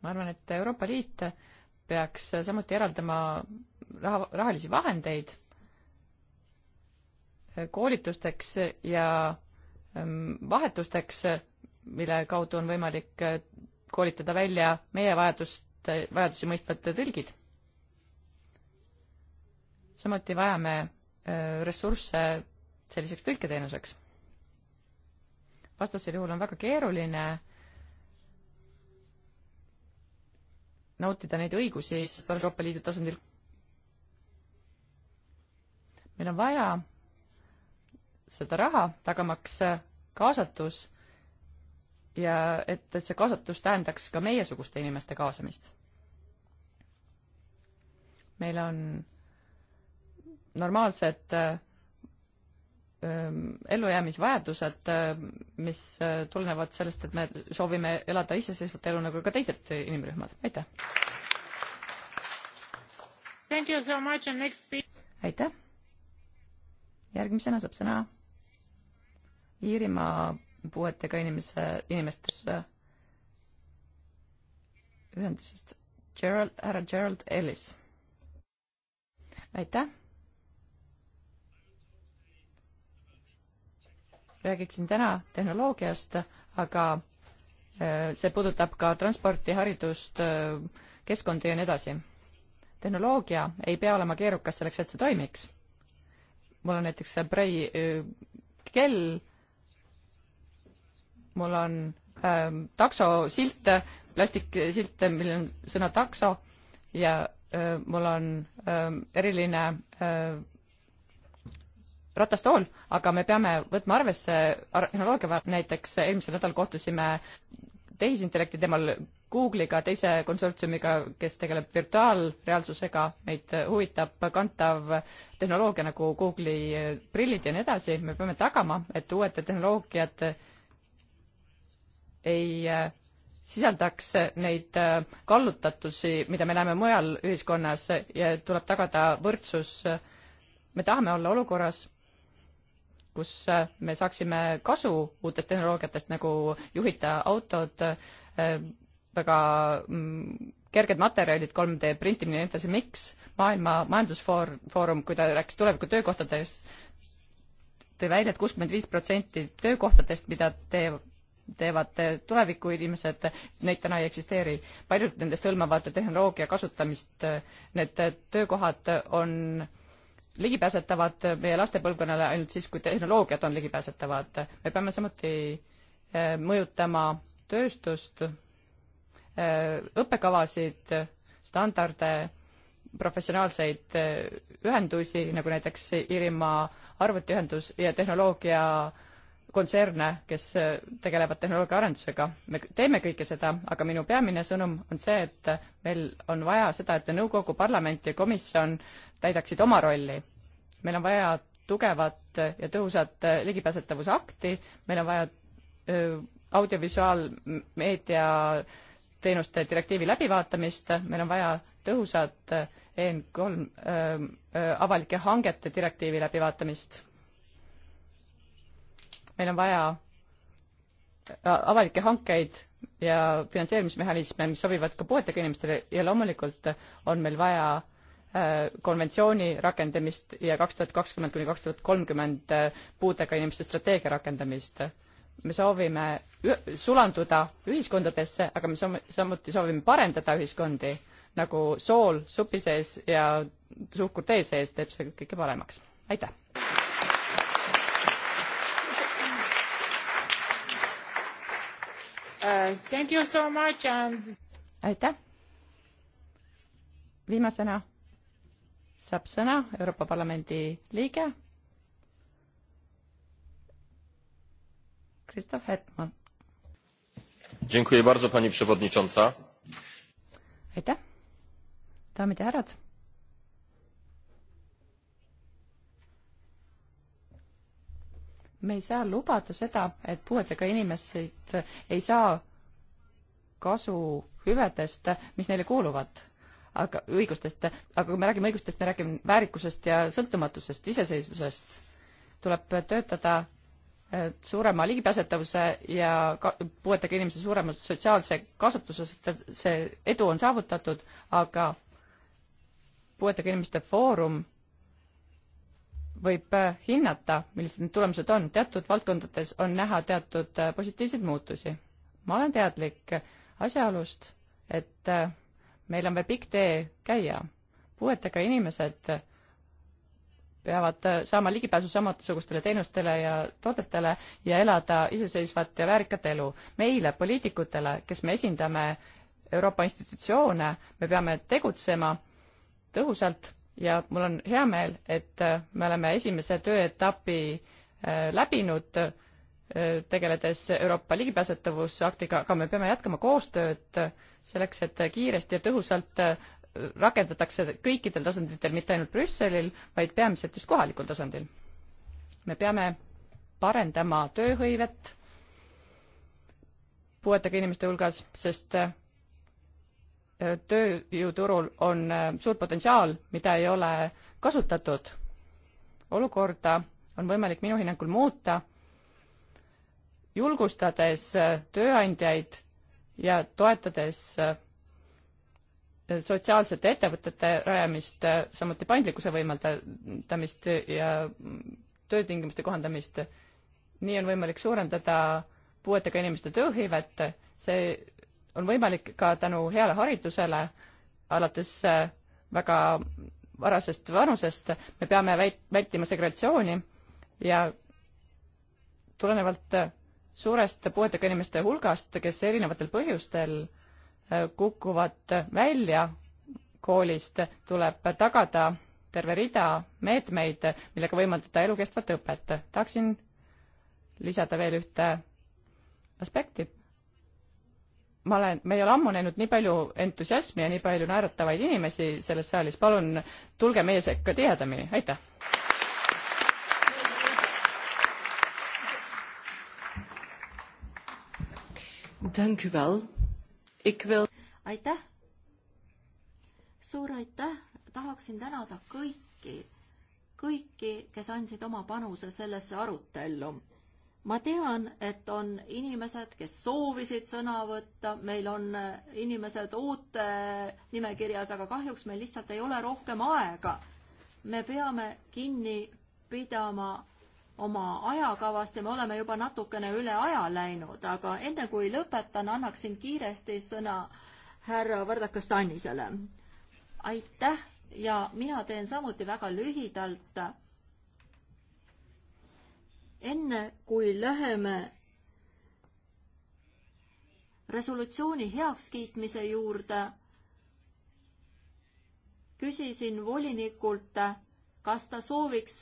Speaker 3: ma arvan, et Euroopa Liit peaks samuti eraldama raha, rahalisi vahendeid koolitusteks ja ähm, vahetusteks, mille kaudu on võimalik äh, koolitada välja meie vajadust, vajadusi mõistvad tõlgid. samuti vajame äh, ressursse selliseks tõlketeenuseks. vastasel juhul on väga keeruline nautida neid õigusi Euroopa Liidu tasandil. meil on vaja seda raha, tagamaks kaasatus ja et see kaasatus tähendaks ka meiesuguste inimeste kaasamist. meil on normaalsed äh, ähm, ellujäämisvajadused, äh, mis äh, tulenevad sellest, et me soovime elada iseseisvat elu nagu ka teised inimrühmad, aitäh! aitäh! järgmisena saab sõna Iirimaa puuetega inimese, inimestesse ühendusest Gerald, härra Gerald Ellis. aitäh. räägiksin täna tehnoloogiast, aga äh, see puudutab ka transporti, haridust, äh, keskkonda ja nii edasi. tehnoloogia ei pea olema keerukas selleks, et see toimiks. mul on näiteks Braille'i äh, kell mul on ähm, taksosilte, plastiksilte, millel on sõna takso ja äh, mul on äh, eriline äh, ratastool, aga me peame võtma arvesse tehnoloogia vajadust, näiteks eelmisel nädalal kohtusime tehisintellekti teemal Google'iga, teise konsortsiumiga, kes tegeleb virtuaalreaalsusega, meid huvitab kantav tehnoloogia nagu Google'i prillid ja nii edasi, me peame tagama, et uued tehnoloogiad ei äh, sisaldaks neid äh, kallutatusi, mida me näeme mujal ühiskonnas ja tuleb tagada võrdsus. me tahame olla olukorras, kus äh, me saaksime kasu uutest tehnoloogiatest nagu juhita autod, väga mm, kerged materjalid, 3D printimine ja nii edasi, miks Maailma Majandusfoorum, kui ta rääkis tuleviku töökohtadest, tõi välja, et kuuskümmend viis protsenti töökohtadest, mida te teevad tuleviku inimesed, neid täna ei eksisteeri. paljud nendest hõlmavad tehnoloogia kasutamist. Need töökohad on ligipääsetavad meie laste põlvkonnale ainult siis, kui tehnoloogiad on ligipääsetavad. me peame samuti eh, mõjutama tööstust, eh, õppekavasid, standarde, professionaalseid eh, ühendusi, nagu näiteks Iirimaa arvutiühendus ja tehnoloogia kontserne, kes äh, tegelevad tehnoloogia arendusega. me teeme kõike seda, aga minu peamine sõnum on see, et meil on vaja seda, et nõukogu, parlament ja komisjon täidaksid oma rolli. meil on vaja tugevat ja tõhusat äh, ligipääsetavuse akti, meil on vaja äh, audiovisuaalmeedia teenuste direktiivi läbivaatamist, meil on vaja tõhusat EN kolm avalike hangete direktiivi läbivaatamist meil on vaja äh, avalikke hankeid ja finantseerimismehhanisme, mis sobivad ka puuetega inimestele ja loomulikult on meil vaja äh, konventsiooni rakendamist ja kaks tuhat kakskümmend kuni kaks tuhat kolmkümmend äh, puudega inimeste strateegia rakendamist. me soovime sulanduda ühiskondadesse, aga me samuti soovime parendada ühiskondi, nagu sool supi sees ja suhkur tee sees teeb see kõike paremaks. aitäh!
Speaker 2: Uh, thank you so much and
Speaker 3: aitäh! viimasena saab sõna Euroopa Parlamendi liige Kristof Hetman.
Speaker 4: Dziękuję bardzo pani przewodnicząca.
Speaker 3: aitäh, daamid ja härrad me ei saa lubada seda, et puuetega inimesed ei saa kasu hüvedest, mis neile kuuluvad, aga õigustest, aga kui me räägime õigustest, me räägime väärikusest ja sõltumatusest, iseseisvusest. tuleb töötada äh, suurema ligipääsetavuse ja ka, puuetega inimese suurema sotsiaalse kasutuse, sest see edu on saavutatud, aga puuetega inimeste foorum võib äh, hinnata, millised need tulemused on, teatud valdkondades on näha teatud äh, positiivseid muutusi. ma olen teadlik asjaolust, et äh, meil on veel pikk tee käia. puuetega inimesed peavad saama ligipääsu samasugustele teenustele ja toodetele ja elada iseseisvat ja väärikat elu. meile, poliitikutele, kes me esindame Euroopa institutsioone, me peame tegutsema tõhusalt ja mul on hea meel, et äh, me oleme esimese tööetapi äh, läbinud, äh, tegeledes Euroopa ligipääsetavusaktiga, aga me peame jätkama koostööd selleks, et kiiresti ja tõhusalt rakendatakse kõikidel tasanditel, mitte ainult Brüsselil, vaid peamiselt just kohalikul tasandil. me peame parendama tööhõivet puuetega inimeste hulgas, sest tööjõuturul on äh, suur potentsiaal, mida ei ole kasutatud. olukorda on võimalik minu hinnangul muuta, julgustades äh, tööandjaid ja toetades äh, sotsiaalsete ettevõtete rajamist, samuti paindlikkuse võimaldamist ja töötingimuste kohandamist. nii on võimalik suurendada puuetega inimeste tööhõivet, see on võimalik ka tänu heale haridusele alates äh, väga varasest vanusest, me peame väit-, vältima segregatsiooni ja tulenevalt äh, suurest puuetega inimeste hulgast, kes erinevatel põhjustel äh, kukuvad välja koolist, tuleb tagada terve rida meetmeid, millega võimaldada elukestvat õpet. tahaksin lisada veel ühte aspekti ma olen, me ei ole ammu näinud nii palju entusiasmi ja nii palju naeratavaid inimesi selles saalis, palun tulge meie sekka tihedamini, aitäh!
Speaker 1: aitäh! suur aitäh, tahaksin tänada kõiki, kõiki, kes andsid oma panuse sellesse arutellu ma tean, et on inimesed, kes soovisid sõna võtta, meil on eh, inimesed uute eh, nimekirjas, aga kahjuks meil lihtsalt ei ole rohkem aega. me peame kinni pidama oma ajakavast ja me oleme juba natukene üle aja läinud, aga enne kui lõpetan, annaksin kiiresti sõna härra Vardakas Tannisele. aitäh ja mina teen samuti väga lühidalt enne kui läheme resolutsiooni heakskiitmise juurde, küsisin volinikult, kas ta sooviks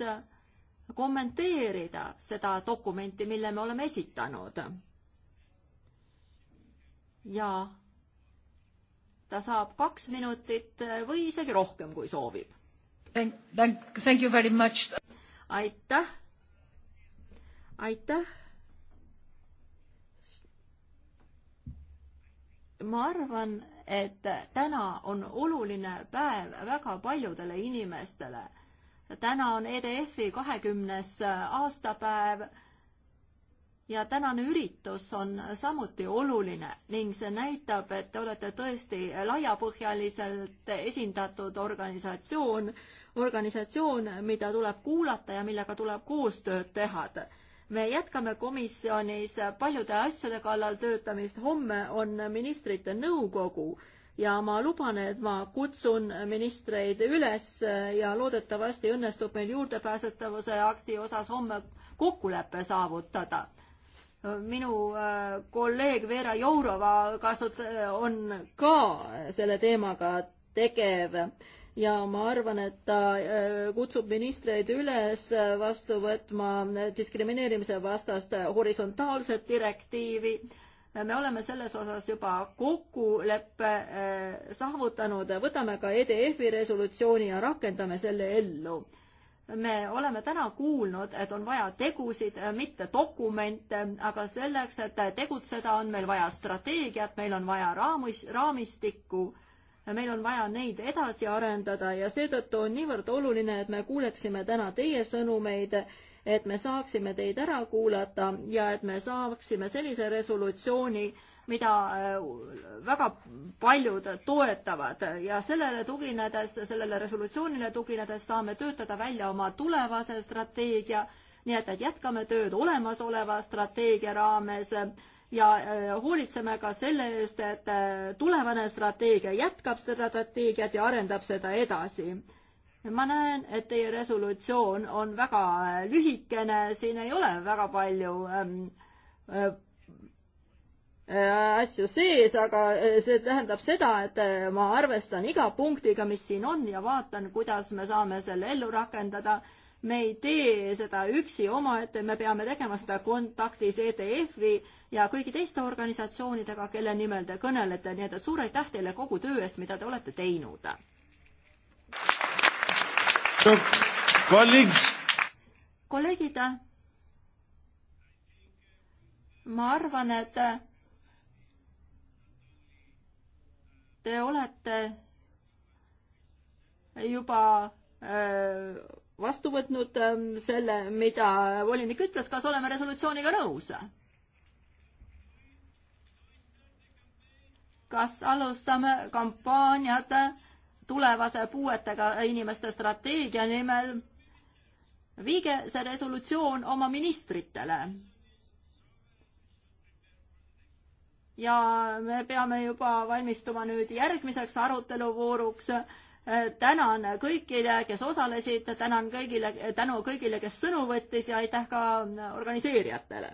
Speaker 1: kommenteerida seda dokumenti, mille me oleme esitanud. ja ta saab kaks minutit või isegi rohkem, kui soovib. aitäh aitäh. ma arvan, et täna on oluline päev väga paljudele inimestele. täna on EDF-i kahekümnes aastapäev ja tänane üritus on samuti oluline ning see näitab, et te olete tõesti laiapõhjaliselt esindatud organisatsioon, organisatsioon, mida tuleb kuulata ja millega tuleb koostööd teha me jätkame komisjonis paljude asjade kallal töötamist, homme on ministrite nõukogu ja ma luban, et ma kutsun ministreid üles ja loodetavasti õnnestub meil juurdepääsetavuse akti osas homme kokkulepe saavutada. minu äh, kolleeg Vera Jourova kasut-, on ka selle teemaga tegev ja ma arvan, et ta äh, kutsub ministreid üles äh, vastu võtma äh, diskrimineerimise vastast horisontaalset direktiivi me oleme selles osas juba kokkuleppe saavutanud, võtame ka EDF-i resolutsiooni ja rakendame selle ellu. me oleme täna kuulnud, et on vaja tegusid, mitte dokumente, aga selleks, et tegutseda, on meil vaja strateegiat, meil on vaja raamis, raamistikku meil on vaja neid edasi arendada ja seetõttu on niivõrd oluline, et me kuuleksime täna teie sõnumeid, et me saaksime teid ära kuulata ja et me saaksime sellise resolutsiooni, mida äh, väga paljud toetavad ja sellele tuginedes, sellele resolutsioonile tuginedes saame töötada välja oma tulevase strateegia, nii et, et jätkame tööd olemasoleva strateegia raames ja äh, hoolitseme ka selle eest, et äh, tulevane strateegia jätkab seda strateegiat ja arendab seda edasi. ma näen, et teie resolutsioon on väga äh, lühikene, siin ei ole väga palju ähm, äh, asju sees, aga see tähendab seda, et ma arvestan iga punktiga, mis siin on ja vaatan, kuidas me saame selle ellu rakendada me ei tee seda üksi omaette, me peame tegema seda kontaktis ETF-i ja kõigi teiste organisatsioonidega, kelle nimel te kõnelete, nii et, et suur aitäh teile kogu töö eest, mida te olete teinud. kolleegid, ma arvan, et te olete juba öö, äh, vastu võtnud ähm, selle, mida volinik ütles, kas oleme resolutsiooniga nõus? kas alustame kampaaniat tulevase puuetega inimeste strateegia nimel? viige see resolutsioon oma ministritele. ja me peame juba valmistuma nüüd järgmiseks aruteluvooruks Äh, tänan kõikile, kes osalesid, tänan kõigile, tänu kõigile, kes sõnu võttis ja aitäh ka äh, organiseerijatele.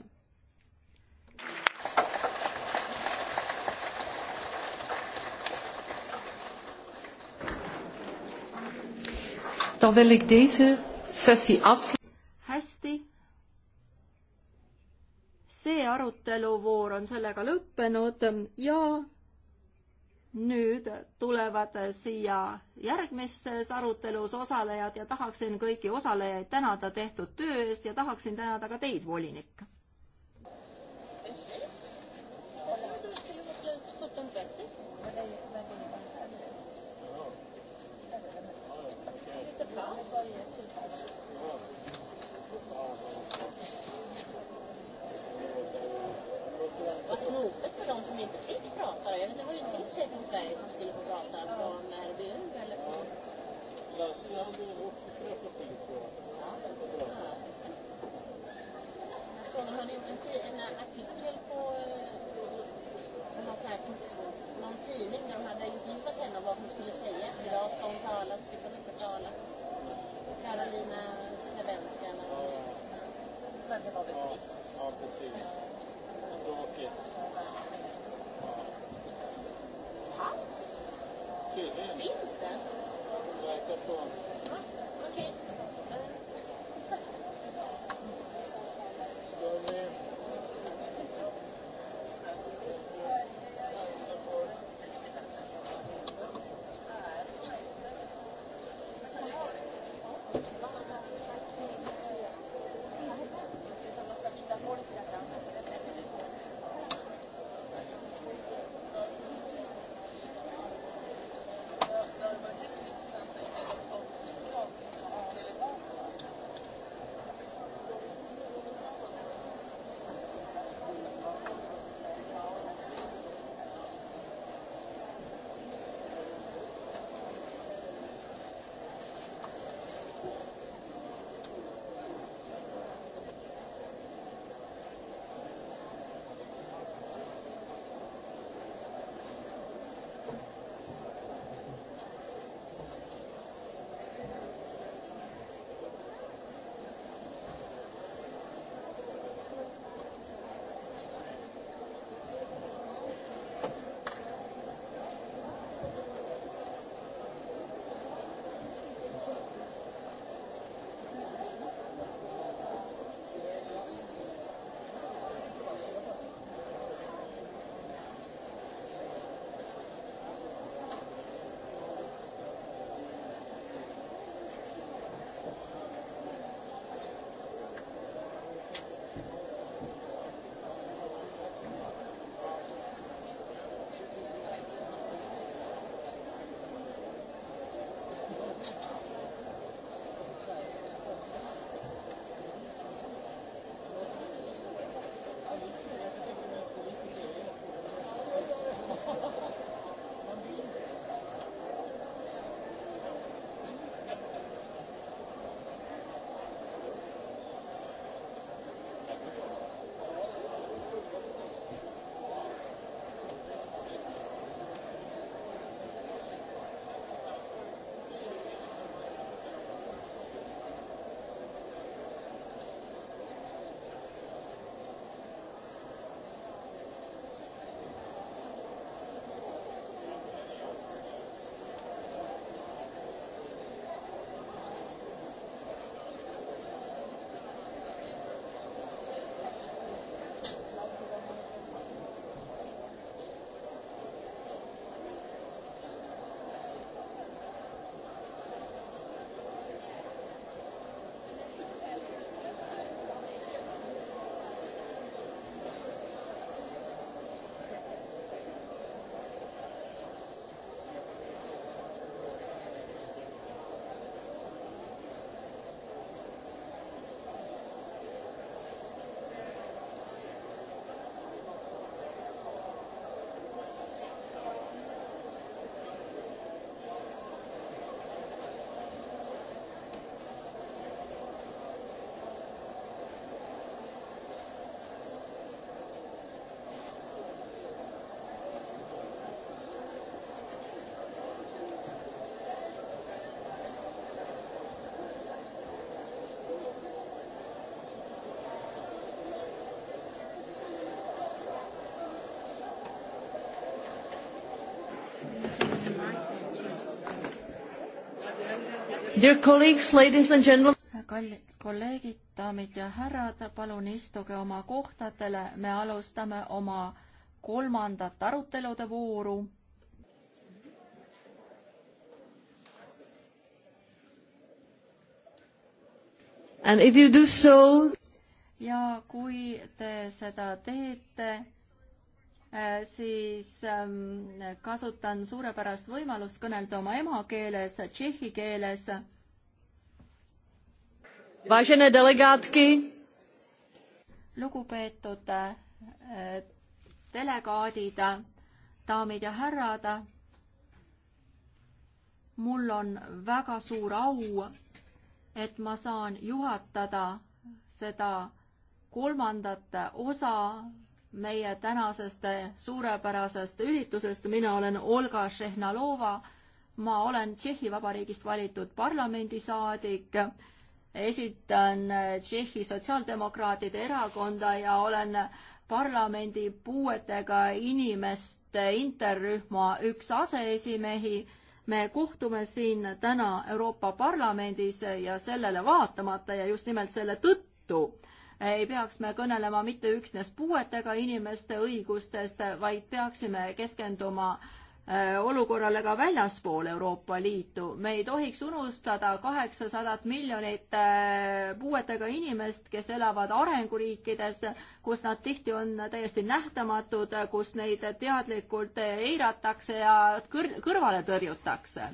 Speaker 1: hästi. see aruteluvoor on sellega lõppenud ja nüüd tulevad siia järgmises arutelus osalejad ja tahaksin kõiki osalejaid tänada tehtud töö eest ja tahaksin tänada ka teid, volinik en artikel på eh, någon, här, någon tidning där de hade intervjuat henne om vad hon skulle säga. Idag ska hon tala, så fick hon inte tala. Karolina Svenska eller vad ja. Så det var väl ja, trist. Ja, precis. Tråkigt. Ja.
Speaker 4: Paus? Tydligen. Finns det? Verkar så.
Speaker 1: Ja, okej. Okay.
Speaker 4: Ska vi...
Speaker 1: Dear colleagues, ladies and gentlemen. kallid kolleegid, daamid ja härrad, palun istuge oma kohtadele, me alustame oma kolmandat arutelude vooru. And if you do so. ja kui te seda teete Äh, siis ähm, kasutan suurepärast võimalust kõnelda oma emakeeles, tšehhi keeles. lugupeetud äh, delegaadid, daamid ja härrad. mul on väga suur au, et ma saan juhatada seda kolmandat osa meie tänasest suurepärasest üritusest. mina olen Olga Šehnalova, ma olen Tšehhi Vabariigist valitud parlamendisaadik, esitan Tšehhi Sotsiaaldemokraatide Erakonda ja olen parlamendi puuetega inimeste interrühma üks aseesimehi. me kohtume siin täna Euroopa Parlamendis ja sellele vaatamata ja just nimelt selle tõttu ei peaks me kõnelema mitte üksnes puuetega inimeste õigustest, vaid peaksime keskenduma äh, olukorrale ka väljaspool Euroopa Liitu. me ei tohiks unustada kaheksasadat miljonit äh, puuetega inimest, kes elavad arenguriikides, kus nad tihti on täiesti nähtamatud, kus neid teadlikult eiratakse ja kõr-, kõrvale tõrjutakse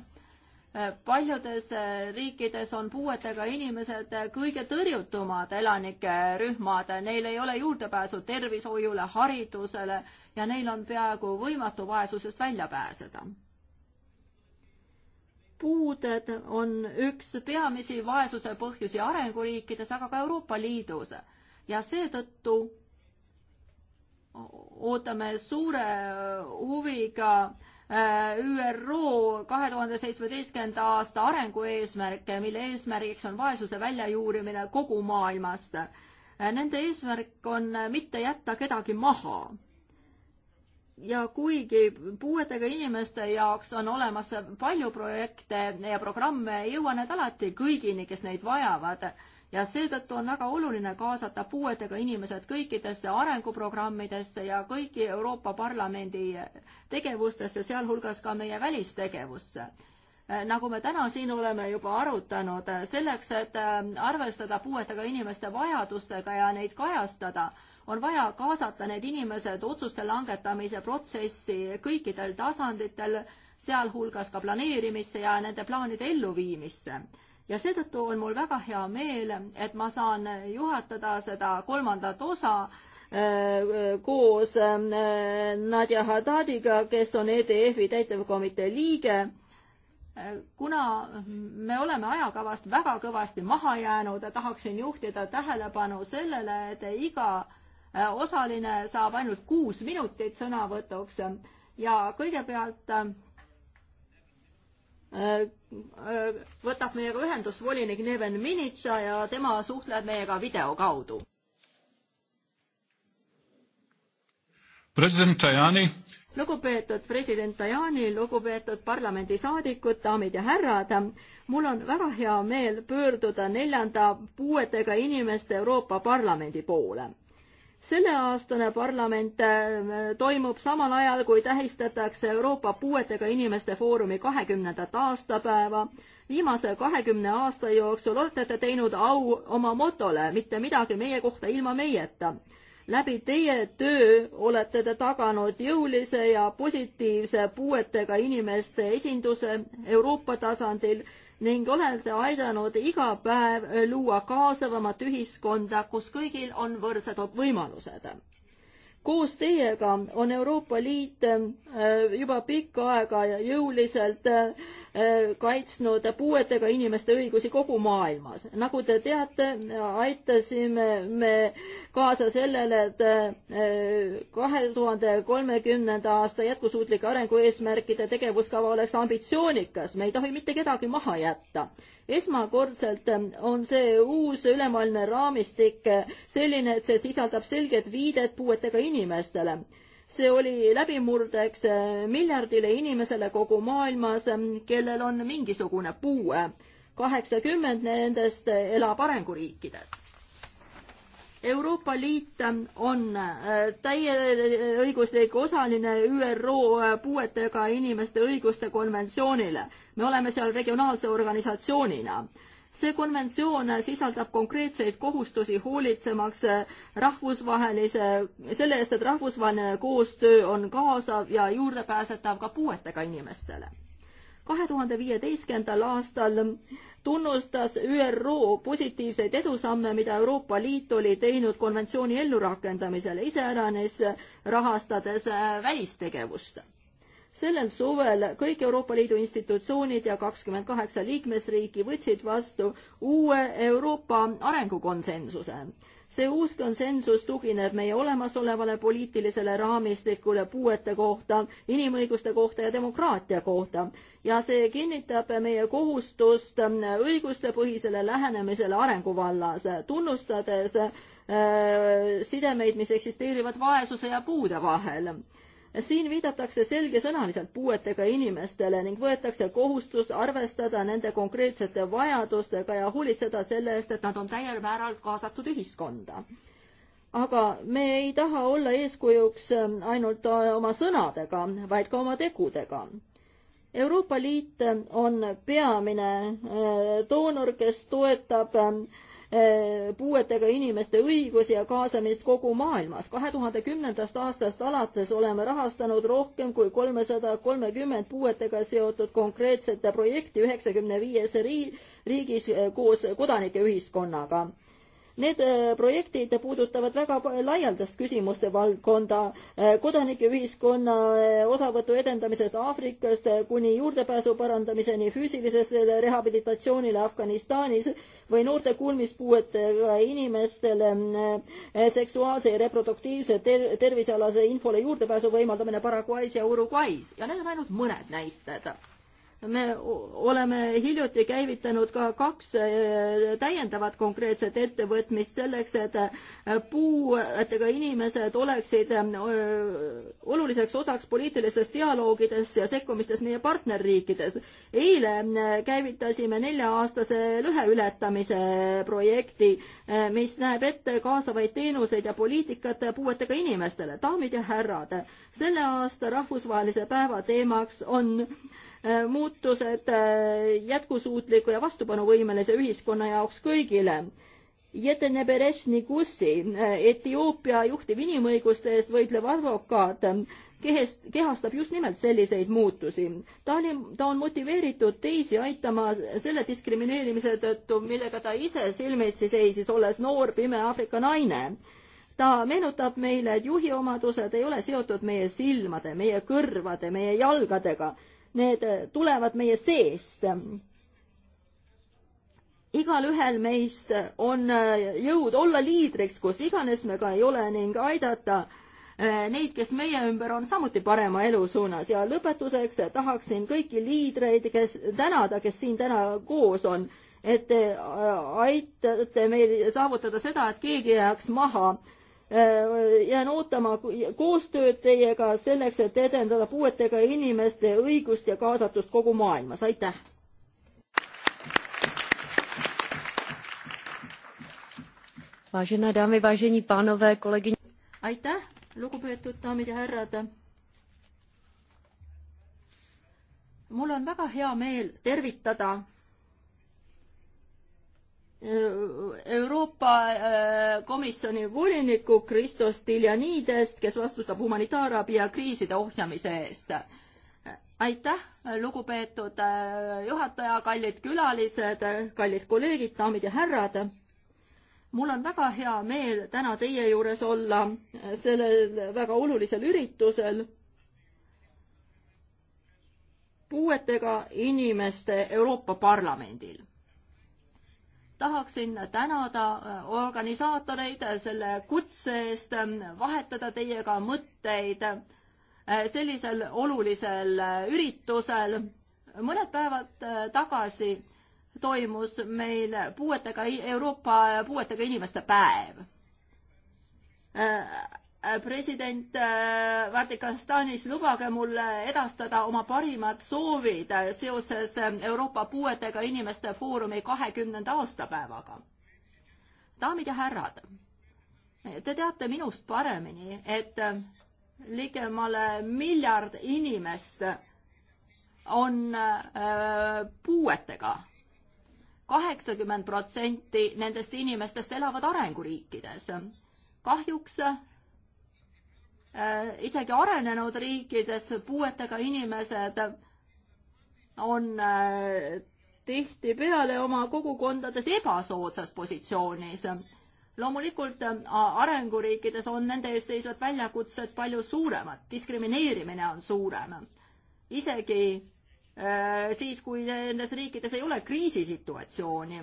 Speaker 1: paljudes äh, riikides on puuetega inimesed äh, kõige tõrjutumad elanike rühmad, neil ei ole juurdepääsu tervishoiule, haridusele ja neil on peaaegu võimatu vaesusest välja pääseda. puuded on üks peamisi vaesuse põhjusi arenguriikides, aga ka Euroopa Liidus ja seetõttu ootame suure huviga Äh, ÜRO kahe tuhande seitsmeteistkümnenda aasta arengueesmärke, mille eesmärgiks on vaesuse väljajuurimine kogu maailmast. Äh, nende eesmärk on äh, mitte jätta kedagi maha ja kuigi puuetega inimeste jaoks on olemas palju projekte ja programme, ei jõua need alati kõigini, kes neid vajavad ja seetõttu on väga oluline kaasata puuetega inimesed kõikidesse arenguprogrammidesse ja kõigi Euroopa Parlamendi tegevustesse, sealhulgas ka meie välistegevusse eh, nagu me täna siin oleme juba arutanud, eh, selleks, et eh, arvestada puuetega inimeste vajadustega ja neid kajastada, on vaja kaasata need inimesed otsuste langetamise protsessi kõikidel tasanditel, sealhulgas ka planeerimisse ja nende plaanide elluviimisse ja seetõttu on mul väga hea meel, et ma saan juhatada seda kolmandat osa äh, äh, koos äh, Nadja Haddadiga, kes on EDF-i täitevkomitee liige. kuna me oleme ajakavast väga kõvasti maha jäänud, tahaksin juhtida tähelepanu sellele, et iga osaline saab ainult kuus minutit sõnavõtuks ja kõigepealt Äh, äh, võtab meiega ühendust volinik Neven Minitša ja tema suhtleb meiega video kaudu.
Speaker 3: president Tajani.
Speaker 1: lugupeetud president Tajani, lugupeetud parlamendisaadikud, daamid ja härrad. mul on väga hea meel pöörduda neljanda puuetega inimeste Euroopa Parlamendi poole selleaastane parlament äh, toimub samal ajal, kui tähistatakse Euroopa Puuetega Inimeste Foorumi kahekümnendat aastapäeva. viimase kahekümne aasta jooksul olete te teinud au oma motole Mitte midagi meie kohta ilma meieta. läbi teie töö olete te taganud jõulise ja positiivse puuetega inimeste esinduse Euroopa tasandil ning olete aidanud iga päev luua kaasavamat ühiskonda, kus kõigil on võrdsed võimalused. koos teiega on Euroopa Liit äh, juba pikka aega jõuliselt äh, Äh, kaitsnud puuetega inimeste õigusi kogu maailmas. nagu te teate, aitasime me kaasa sellele, et äh, kahe tuhande kolmekümnenda aasta jätkusuutlike arengueesmärkide tegevuskava oleks ambitsioonikas, me ei tohi mitte kedagi maha jätta esmakordselt on see uus ülemaailmne raamistik selline, et see sisaldab selget viidet puuetega inimestele see oli läbimurdeks eh, miljardile inimesele kogu maailmas, eh, kellel on mingisugune puue. kaheksakümmend nendest elab arenguriikides. Euroopa Liit eh, on täieõiguslik osaline ÜRO puuetega inimeste õiguste konventsioonile. me oleme seal regionaalse organisatsioonina see konventsioon sisaldab konkreetseid kohustusi hoolitsemaks rahvusvahelise, selle eest, et rahvusvaheline koostöö on kaasav ja juurdepääsetav ka puuetega inimestele. kahe tuhande viieteistkümnendal aastal tunnustas ÜRO positiivseid edusamme, mida Euroopa Liit oli teinud konventsiooni ellurakendamisel, iseäranis rahastades välistegevust sellel suvel kõik Euroopa Liidu institutsioonid ja kakskümmend kaheksa liikmesriiki võtsid vastu uue Euroopa arengukonsensuse. see uus konsensus tugineb meie olemasolevale poliitilisele raamistikule puuete kohta, inimõiguste kohta ja demokraatia kohta ja see kinnitab meie kohustust õigustepõhisele lähenemisele arengu vallas, tunnustades äh, sidemeid, mis eksisteerivad vaesuse ja puude vahel siin viidatakse selgesõnaliselt puuetega inimestele ning võetakse kohustus arvestada nende konkreetsete vajadustega ja hoolitseda selle eest, et nad on täiel määral kaasatud ühiskonda. aga me ei taha olla eeskujuks ainult oma sõnadega, vaid ka oma tegudega. Euroopa Liit on peamine eh, doonor, kes toetab äh, Eh, puuetega inimeste õigusi ja kaasamist kogu maailmas. kahe tuhande kümnendast aastast alates oleme rahastanud rohkem kui kolmesada kolmekümmend puuetega seotud konkreetsete projekti üheksakümne viies riigis eh, koos kodanikeühiskonnaga Need äh, projektid puudutavad väga laialdast küsimuste valdkonda, äh, kodanikeühiskonna äh, osavõtu edendamisest Aafrikast kuni juurdepääsu parandamiseni füüsilisele rehabilitatsioonile Afganistanis või noorte kuulmispuuetega inimestele seksuaalse ja reproduktiivse ter tervisealase infole juurdepääsu võimaldamine Paraguay's ja Uruguay's ja need on ainult mõned näited me oleme hiljuti käivitanud ka kaks eh, täiendavat konkreetset ettevõtmist selleks, et eh, puuetega inimesed oleksid eh, oluliseks osaks poliitilistes dialoogides ja sekkumistes meie partnerriikides. eile käivitasime nelja-aastase lõheületamise projekti, mis näeb ette kaasavaid teenuseid ja poliitikat puuetega inimestele. daamid ja härrad, selle aasta rahvusvahelise päeva teemaks on Äh, muutused äh, jätkusuutliku ja vastupanuvõimelise ühiskonna jaoks kõigile. Jetene Bereshni Kussi, äh, Etioopia juhtiv inimõiguste eest võitlev advokaat, kehest, kehastab just nimelt selliseid muutusi. ta oli, ta on motiveeritud teisi aitama selle diskrimineerimise tõttu, millega ta ise silmitsi seisis, olles noor pime Aafrika naine. ta meenutab meile, et juhi omadused ei ole seotud meie silmade, meie kõrvade, meie jalgadega need äh, tulevad meie seest. igalühel meist on äh, jõud olla liidriks, kus iganes me ka ei ole ning aidata äh, neid, kes meie ümber on, samuti parema elu suunas ja lõpetuseks tahaksin kõiki liidreid, kes tänada, kes siin täna koos on, et te aitate meil saavutada seda, et keegi ei jääks maha Äh, jään ootama koostööd teiega selleks, et edendada puuetega inimeste õigust ja kaasatust kogu maailmas, aitäh! Vážené dámy, vážení pánové, kolegyně. Aitäh, lugupeetud daamid ja härrad. mul on väga hea meel tervitada Euroopa äh, Komisjoni voliniku Kristos Stiljanidest, kes vastutab humanitaarabi ja kriiside ohjamise eest. aitäh, lugupeetud äh, juhataja, kallid külalised, kallid kolleegid, daamid ja härrad. mul on väga hea meel täna teie juures olla äh, sellel väga olulisel üritusel puuetega inimeste Euroopa Parlamendil tahaksin tänada äh, organisaatoreid selle kutse eest, ähm, vahetada teiega mõtteid äh, sellisel olulisel äh, üritusel. mõned päevad tagasi toimus meil puuetega, Euroopa puuetega inimeste päev president äh, Vatikastanis, lubage mul edastada oma parimad soovid äh, seoses äh, Euroopa Puuetega Inimeste Foorumi kahekümnenda aastapäevaga. daamid ja härrad, te teate minust paremini, et ligemale miljard inimest on puuetega. kaheksakümmend protsenti nendest inimestest elavad arenguriikides. kahjuks Äh, isegi arenenud riikides puuetega inimesed on äh, tihtipeale oma kogukondades ebasoodsas positsioonis. loomulikult äh, arenguriikides on nende ees seisvad väljakutsed palju suuremad, diskrimineerimine on suurem. isegi siis, kui nendes riikides ei ole kriisisituatsiooni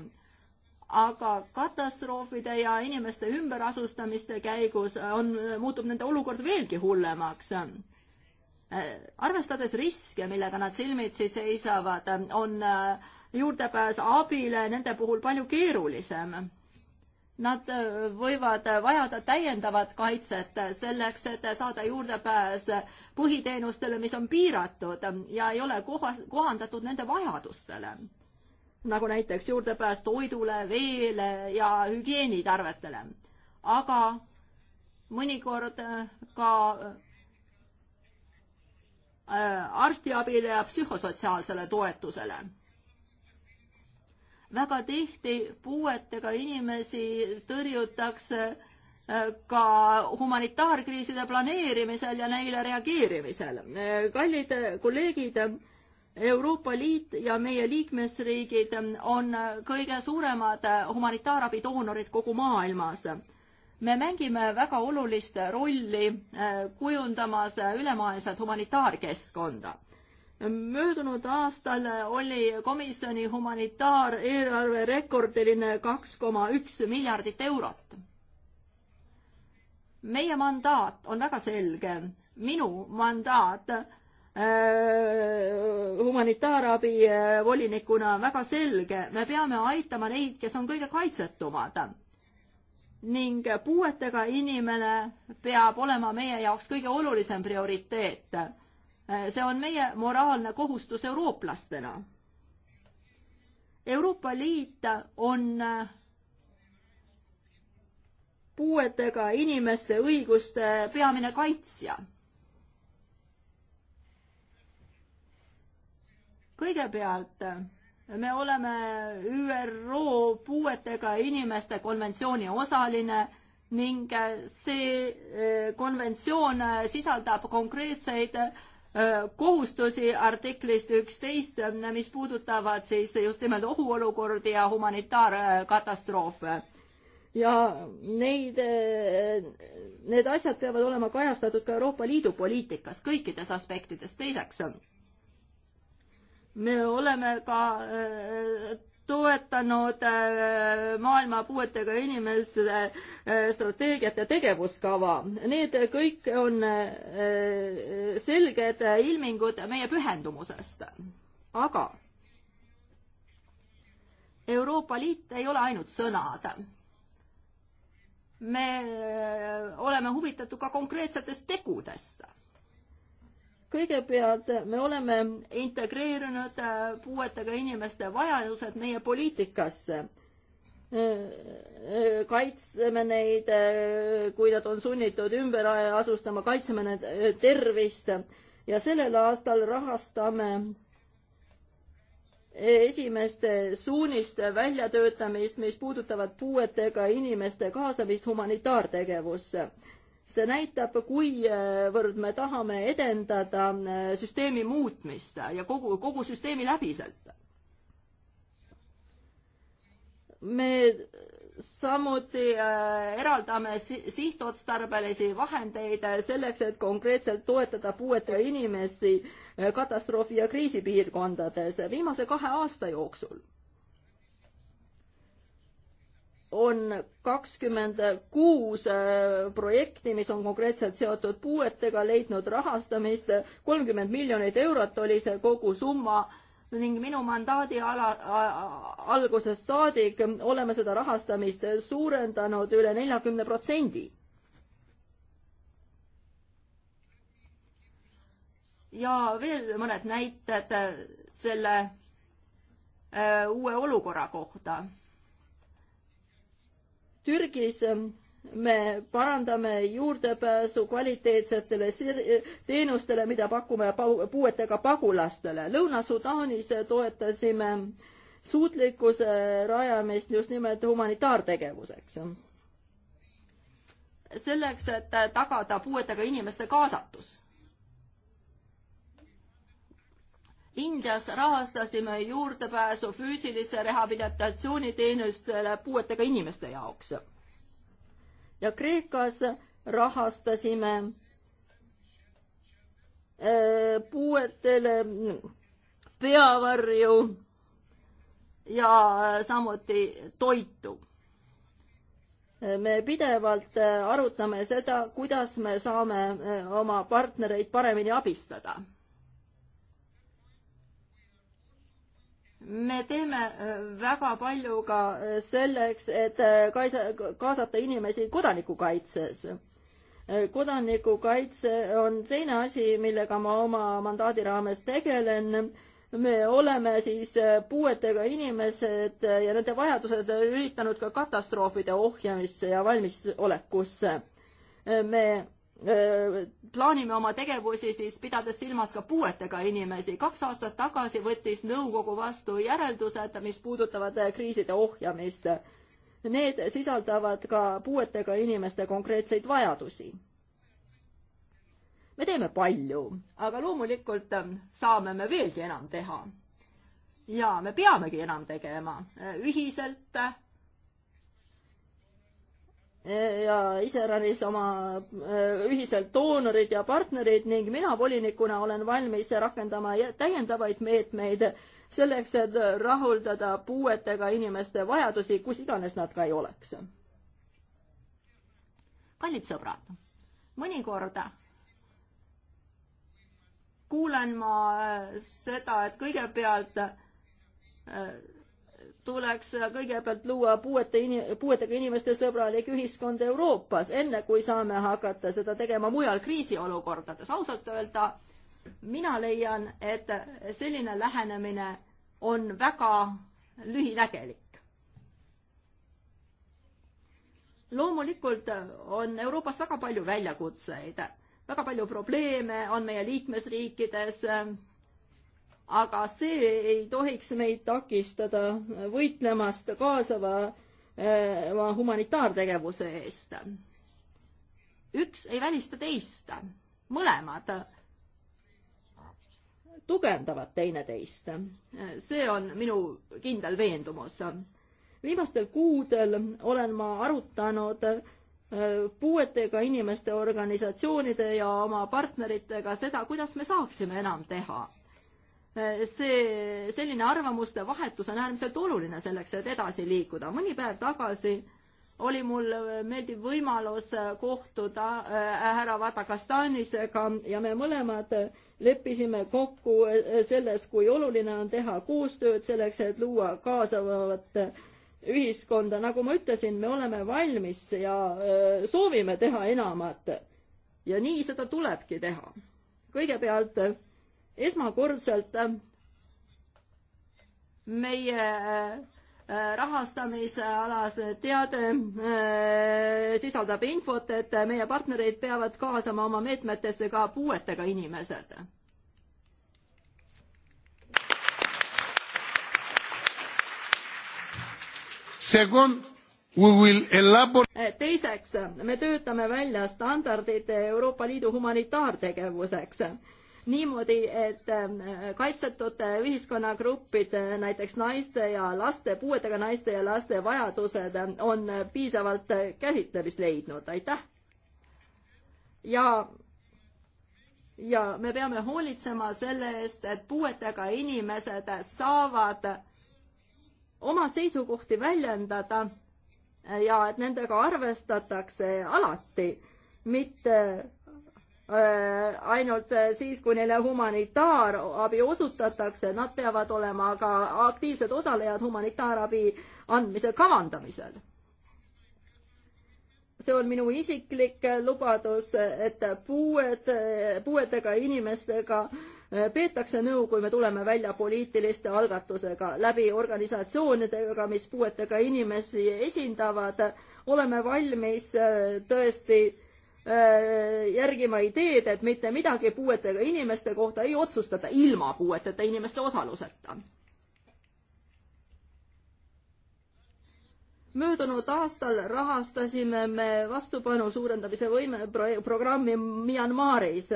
Speaker 1: aga katastroofide ja inimeste ümberasustamise käigus äh, on, äh, muutub nende olukord veelgi hullemaks äh, arvestades riske, millega nad silmitsi seisavad, on juurdepääs abile nende puhul palju keerulisem. Nad võivad vajada täiendavat kaitset selleks, et saada juurdepääs põhiteenustele, mis on piiratud ja ei ole kohas, kohandatud nende vajadustele nagu näiteks juurdepääs toidule, veele ja hügieenitarvetele. aga mõnikord ka äh, arstiabile ja psühhosotsiaalsele toetusele. väga tihti puuetega inimesi tõrjutakse äh, ka humanitaarkriiside planeerimisel ja neile reageerimisel. Äh, kallid kolleegid Euroopa Liit ja meie liikmesriigid on kõige suuremad humanitaarabi doonorid kogu maailmas. me mängime väga olulist rolli eh, kujundamas ülemaailmset humanitaarkeskkonda möödunud aastal oli komisjoni humanitaareelarve rekordiline kaks koma üks miljardit eurot. meie mandaat on väga selge. minu mandaat Äh, humanitaarabi äh, volinikuna on väga selge, me peame aitama neid, kes on kõige kaitsetumad. ning puuetega inimene peab olema meie jaoks kõige olulisem prioriteet. Äh, see on meie moraalne kohustus eurooplastena. Euroopa Liit on puuetega inimeste õiguste peamine kaitsja kõigepealt äh, me oleme ÜRO puuetega inimeste konventsiooni osaline ning äh, see äh, konventsioon sisaldab konkreetseid kohustusi artiklist üksteist, mis puudutavad siis just nimelt ohuolukordi ja humanitaarkatastroofe. ja neid, need asjad peavad olema kajastatud ka Euroopa Liidu poliitikas kõikides aspektides. teiseks me oleme ka äh, toetanud äh, maailma puuetega inimeste äh, strateegiat ja tegevuskava. Need kõik on selged ilmingud meie pühendumusest. aga Euroopa Liit ei ole ainult sõnad. me oleme huvitatud ka konkreetsetest tegudest kõigepealt me oleme integreerinud äh, puuetega inimeste vajadused meie poliitikasse. Äh, äh, kaitseme neid, kui nad on sunnitud ümber asustama, kaitseme nende tervist ja sellel aastal rahastame esimeste suuniste väljatöötamist, mis puudutavad puuetega inimeste kaasamist humanitaartegevusse see näitab, kuivõrd äh, me tahame edendada äh, süsteemi muutmist ja kogu, kogu süsteemi läbiselt. me samuti äh, eraldame sihtotstarbelisi vahendeid selleks, et konkreetselt toetada puuetega inimesi katastroofi- ja kriisipiirkondades viimase kahe aasta jooksul on kakskümmend kuus äh, projekti, mis on konkreetselt seotud puuetega, leidnud rahastamist, kolmkümmend miljonit eurot oli see kogusumma ning minu mandaadi ala, algusest saadik oleme seda rahastamist suurendanud üle neljakümne protsendi. ja veel mõned näited selle äh, uue olukorra kohta Türgis ähm, me parandame juurdepääsu kvaliteetsetele teenustele, mida pakume puuetega pagulastele. Lõuna-Sudaanis toetasime suutlikkuse rajamist just nimelt humanitaartegevuseks. selleks, et tagada puuetega inimeste kaasatus Indias rahastasime juurdepääsu füüsilise rehabilitatsiooniteenustele puuetega inimeste jaoks. ja Kreekas rahastasime äh, puuetele peavarju ja samuti toitu. me pidevalt äh, arutame seda, kuidas me saame äh, oma partnereid paremini abistada me teeme äh, väga palju ka äh, selleks, et äh, kaisa, kaasata inimesi kodanikukaitses. kodanikukaitse on teine asi, millega ma oma mandaadi raames tegelen. me oleme siis puuetega inimesed ja nende vajadused üritanud ka katastroofide ohjamisse ja valmisolekusse. me plaanime oma tegevusi siis pidades silmas ka puuetega inimesi. kaks aastat tagasi võttis nõukogu vastu järeldused, mis puudutavad äh, kriiside ohjamist. Need sisaldavad ka puuetega inimeste konkreetseid vajadusi. me teeme palju, aga loomulikult ähm, saame me veelgi enam teha. ja me peamegi enam tegema äh, ühiselt äh, ja iseäranis oma äh, ühiselt doonorid ja partnerid ning mina volinikuna olen valmis rakendama täiendavaid meetmeid selleks, et rahuldada puuetega inimeste vajadusi, kus iganes nad ka ei oleks. kallid sõbrad, mõnikord kuulen ma äh, seda, et kõigepealt äh, tuleks kõigepealt luua puuete in-, puuetega inimeste sõbralik ühiskond Euroopas, enne kui saame hakata seda tegema mujal kriisiolukordades. ausalt öelda, mina leian, et selline lähenemine on väga lühinägelik. loomulikult on Euroopas väga palju väljakutseid, väga palju probleeme on meie liikmesriikides aga see ei tohiks meid takistada võitlemast kaasava eh, humanitaartegevuse eest. üks ei välista teist, mõlemad tugevdavad teineteist. see on minu kindel veendumus. viimastel kuudel olen ma arutanud eh, puuetega inimeste organisatsioonide ja oma partneritega seda, kuidas me saaksime enam teha Eh, see, selline arvamuste vahetus on äärmiselt oluline selleks, et edasi liikuda. mõni päev tagasi oli mul eh, meeldiv võimalus eh, kohtuda härra Vatakastanisega ja me mõlemad leppisime kokku selles, kui oluline on teha koostööd selleks, et luua kaasavat ühiskonda. nagu ma ütlesin, me oleme valmis ja soovime teha enamat. ja nii seda tulebki teha. kõigepealt esmakordselt äh, meie äh, äh, rahastamisalase teade sisaldab infot, et meie partnereid peavad kaasama oma meetmetesse ka puuetega inimesed
Speaker 4: Second,
Speaker 1: teiseks, me töötame välja standardid Euroopa Liidu humanitaartegevuseks niimoodi, et ähm, kaitsetute äh, ühiskonnagruppide, äh, näiteks naiste ja laste, puuetega naiste ja laste vajadused ähm, on äh, piisavalt käsitlemist leidnud, aitäh! ja ja me peame hoolitsema selle eest, et puuetega inimesed saavad oma seisukohti väljendada ja et nendega arvestatakse alati, mitte Äh, ainult siis, kui neile humanitaarabi osutatakse, nad peavad olema ka aktiivsed osalejad humanitaarabi andmise kavandamisel. see on minu isiklik lubadus, et puued, puuetega inimestega peetakse nõu, kui me tuleme välja poliitiliste algatusega läbi organisatsioonidega, mis puuetega inimesi esindavad, oleme valmis äh, tõesti Äh, järgima ideed, et mitte midagi puuetega inimeste kohta ei otsustata ilma puueteta inimeste osaluseta. möödunud aastal rahastasime me vastupanu suurendamise võime pro programmi Myanmaris.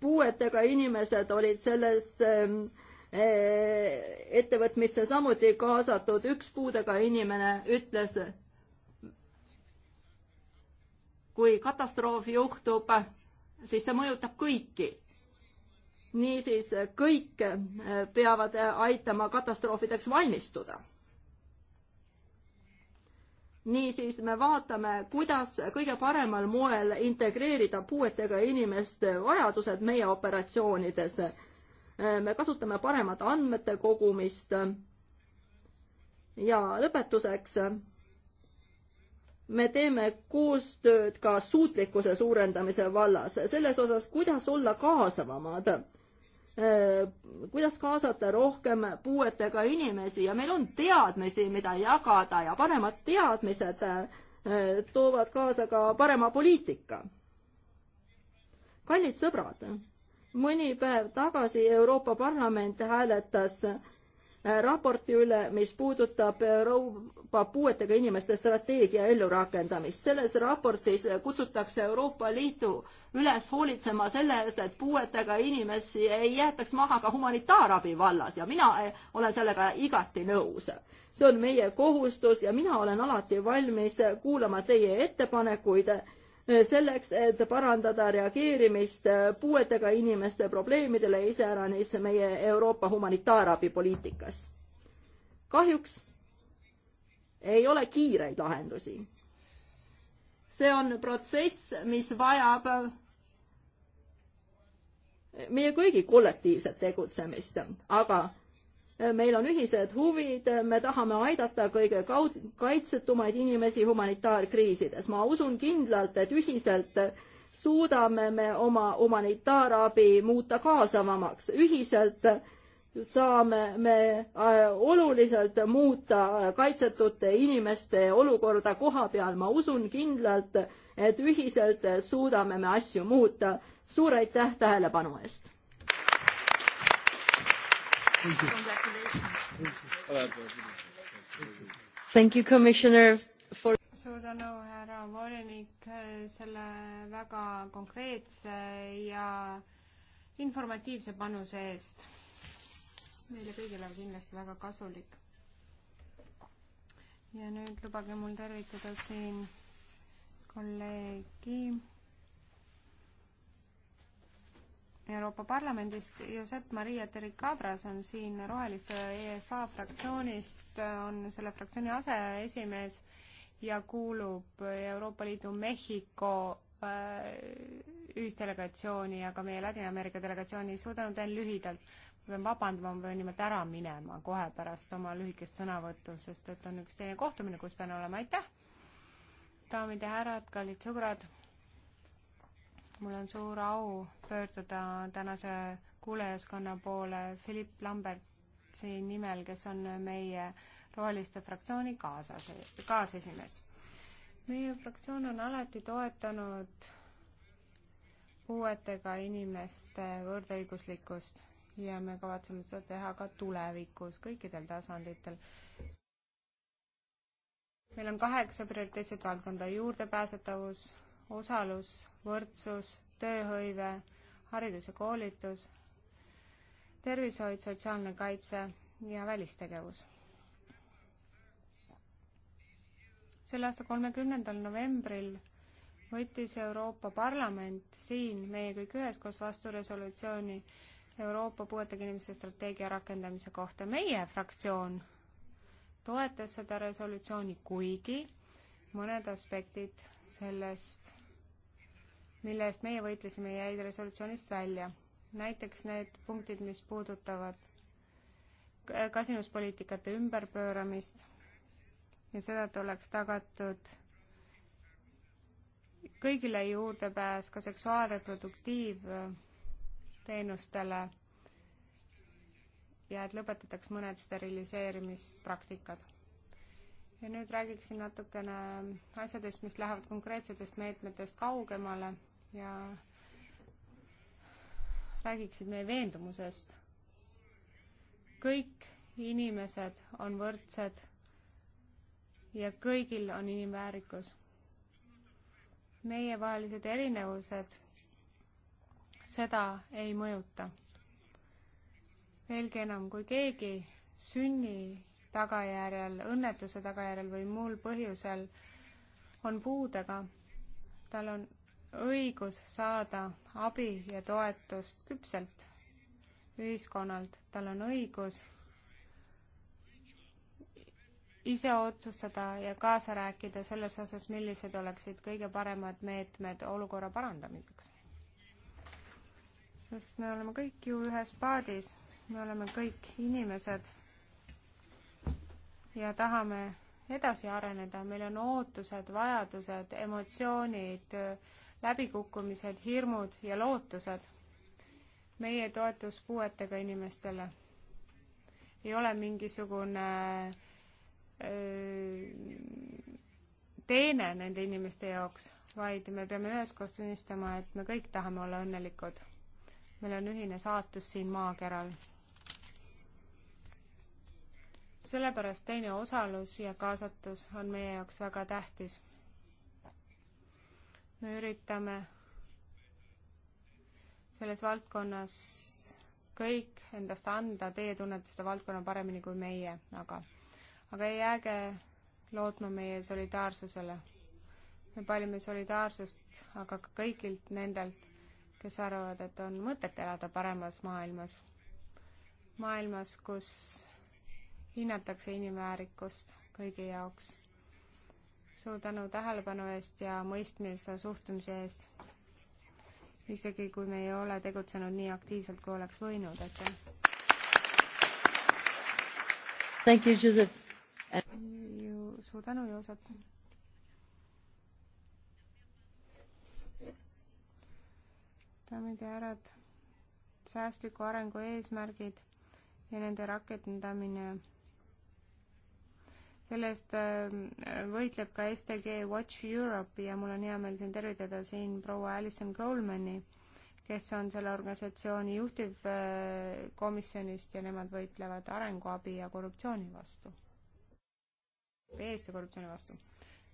Speaker 1: puuetega inimesed olid selles ähm, äh, ettevõtmisse samuti kaasatud, üks puudega inimene ütles, kui katastroof juhtub, siis see mõjutab kõiki. niisiis kõik äh, peavad äh, aitama katastroofideks valmistuda. niisiis me vaatame, kuidas kõige paremal moel integreerida puuetega inimeste vajadused meie operatsioonides. Äh, me kasutame paremat andmete kogumist. ja lõpetuseks me teeme koostööd ka suutlikkuse suurendamise vallas, selles osas, kuidas olla kaasavamad, äh, kuidas kaasata rohkem puuetega inimesi ja meil on teadmisi, mida jagada ja paremad teadmised äh, toovad kaasa ka parema poliitika. kallid sõbrad, mõni päev tagasi Euroopa Parlament hääletas Äh, raporti üle, mis puudutab Euroopa puuetega inimeste strateegia ellurakendamist. selles raportis kutsutakse Euroopa Liitu üles hoolitsema selle eest, et puuetega inimesi ei jäetaks maha ka humanitaarabi vallas ja mina eh, olen sellega igati nõus. see on meie kohustus ja mina olen alati valmis kuulama teie ettepanekuid selleks, et parandada reageerimist puuetega inimeste probleemidele, iseäranis meie Euroopa humanitaarabipoliitikas. kahjuks ei ole kiireid lahendusi. see on protsess, mis vajab meie kõigi kollektiivset tegutsemist, aga meil on ühised huvid, me tahame aidata kõige kaud-, kaitsetumaid inimesi humanitaarkriisides. ma usun kindlalt, et ühiselt suudame me oma humanitaarabi muuta kaasavamaks, ühiselt saame me äh, oluliselt muuta kaitsetute inimeste olukorda koha peal, ma usun kindlalt, et ühiselt suudame me asju muuta. suur aitäh tähelepanu eest! Thank you. Thank you, Commissioner, for
Speaker 2: suur tänu, härra volinik, selle väga konkreetse ja informatiivse panuse eest. meile kõigile on kindlasti väga kasulik. ja nüüd lubage mul tervitada siin kolleegi Euroopa Parlamendist. Josep Maria Tericabras on siin Roheliste EFA fraktsioonist, on selle fraktsiooni aseesimees ja kuulub Euroopa Liidu Mehhiko äh, ühisdelegatsiooni ja ka meie Ladina-Ameerika delegatsiooni. suur tänu, teen lühidalt. ma pean vabandama, ma pean nimelt ära minema kohe pärast oma lühikest sõnavõttu, sest et on üks teine kohtumine, kus pean olema. aitäh! daamid ja härrad, kallid sõbrad mul on suur au pöörduda tänase kuulajaskonna poole Philipp Lambertsi nimel, kes on meie Roheliste fraktsiooni kaasas, kaasesimees. meie fraktsioon on alati toetanud puuetega inimeste võrdõiguslikkust ja me kavatseme seda teha ka tulevikus kõikidel tasanditel. meil on kaheksa prioriteetset valdkonda, juurdepääsetavus, osalus, võrdsus, tööhõive, haridus ja koolitus, tervishoid, sotsiaalne kaitse ja välistegevus. selle aasta kolmekümnendal novembril võttis Euroopa Parlament siin meie kõik üheskoos vastu resolutsiooni Euroopa puuetega inimeste strateegia rakendamise kohta. meie fraktsioon toetas seda resolutsiooni, kuigi mõned aspektid sellest mille eest meie võitlesime, jäid resolutsioonist välja. näiteks need punktid, mis puudutavad kasinuspoliitikate ümberpööramist ja seda, et oleks tagatud kõigile juurdepääs ka seksuaalreproduktiivteenustele ja et lõpetataks mõned steriliseerimispraktikad. ja nüüd räägiksin natukene asjadest, mis lähevad konkreetsetest meetmetest kaugemale ja räägiksid meie veendumusest. kõik inimesed on võrdsed ja kõigil on inimväärikus. meievahelised erinevused seda ei mõjuta. veelgi enam, kui keegi sünni tagajärjel, õnnetuse tagajärjel või muul põhjusel on puudega, tal on õigus saada abi ja toetust küpselt ühiskonnalt, tal on õigus ise otsustada ja kaasa rääkida selles osas, millised oleksid kõige paremad meetmed olukorra parandamiseks. sest me oleme kõik ju ühes paadis, me oleme kõik inimesed ja tahame edasi areneda, meil on ootused, vajadused, emotsioonid, läbikukkumised, hirmud ja lootused. meie toetus puuetega inimestele ei ole mingisugune äh, teene nende inimeste jaoks, vaid me peame üheskoos tunnistama, et me kõik tahame olla õnnelikud. meil on ühine saatus siin maakeral. sellepärast teine osalus ja kaasatus on meie jaoks väga tähtis me üritame selles valdkonnas kõik endast anda, teie tunnete seda valdkonna paremini kui meie, aga, aga ei jääge lootma meie solidaarsusele. me palime solidaarsust aga ka kõigilt nendelt, kes arvavad, et on mõtet elada paremas maailmas. maailmas, kus hinnatakse inimväärikust kõigi jaoks suur tänu tähelepanu eest ja mõistmise suhtumise eest. isegi kui me ei ole tegutsenud nii aktiivselt, kui oleks võinud, aitäh.
Speaker 1: Thank you, Joseph.
Speaker 2: ju suur tänu, Joosep. daamid ja härrad, säästliku arengu eesmärgid ja nende rakendamine selle eest äh, võitleb ka STG Watch Europe ja mul on hea meel siin tervitada siin proua Alison Colemani, kes on selle organisatsiooni juhtivkomisjonist äh, ja nemad võitlevad arenguabi ja korruptsiooni vastu. eest ja korruptsiooni vastu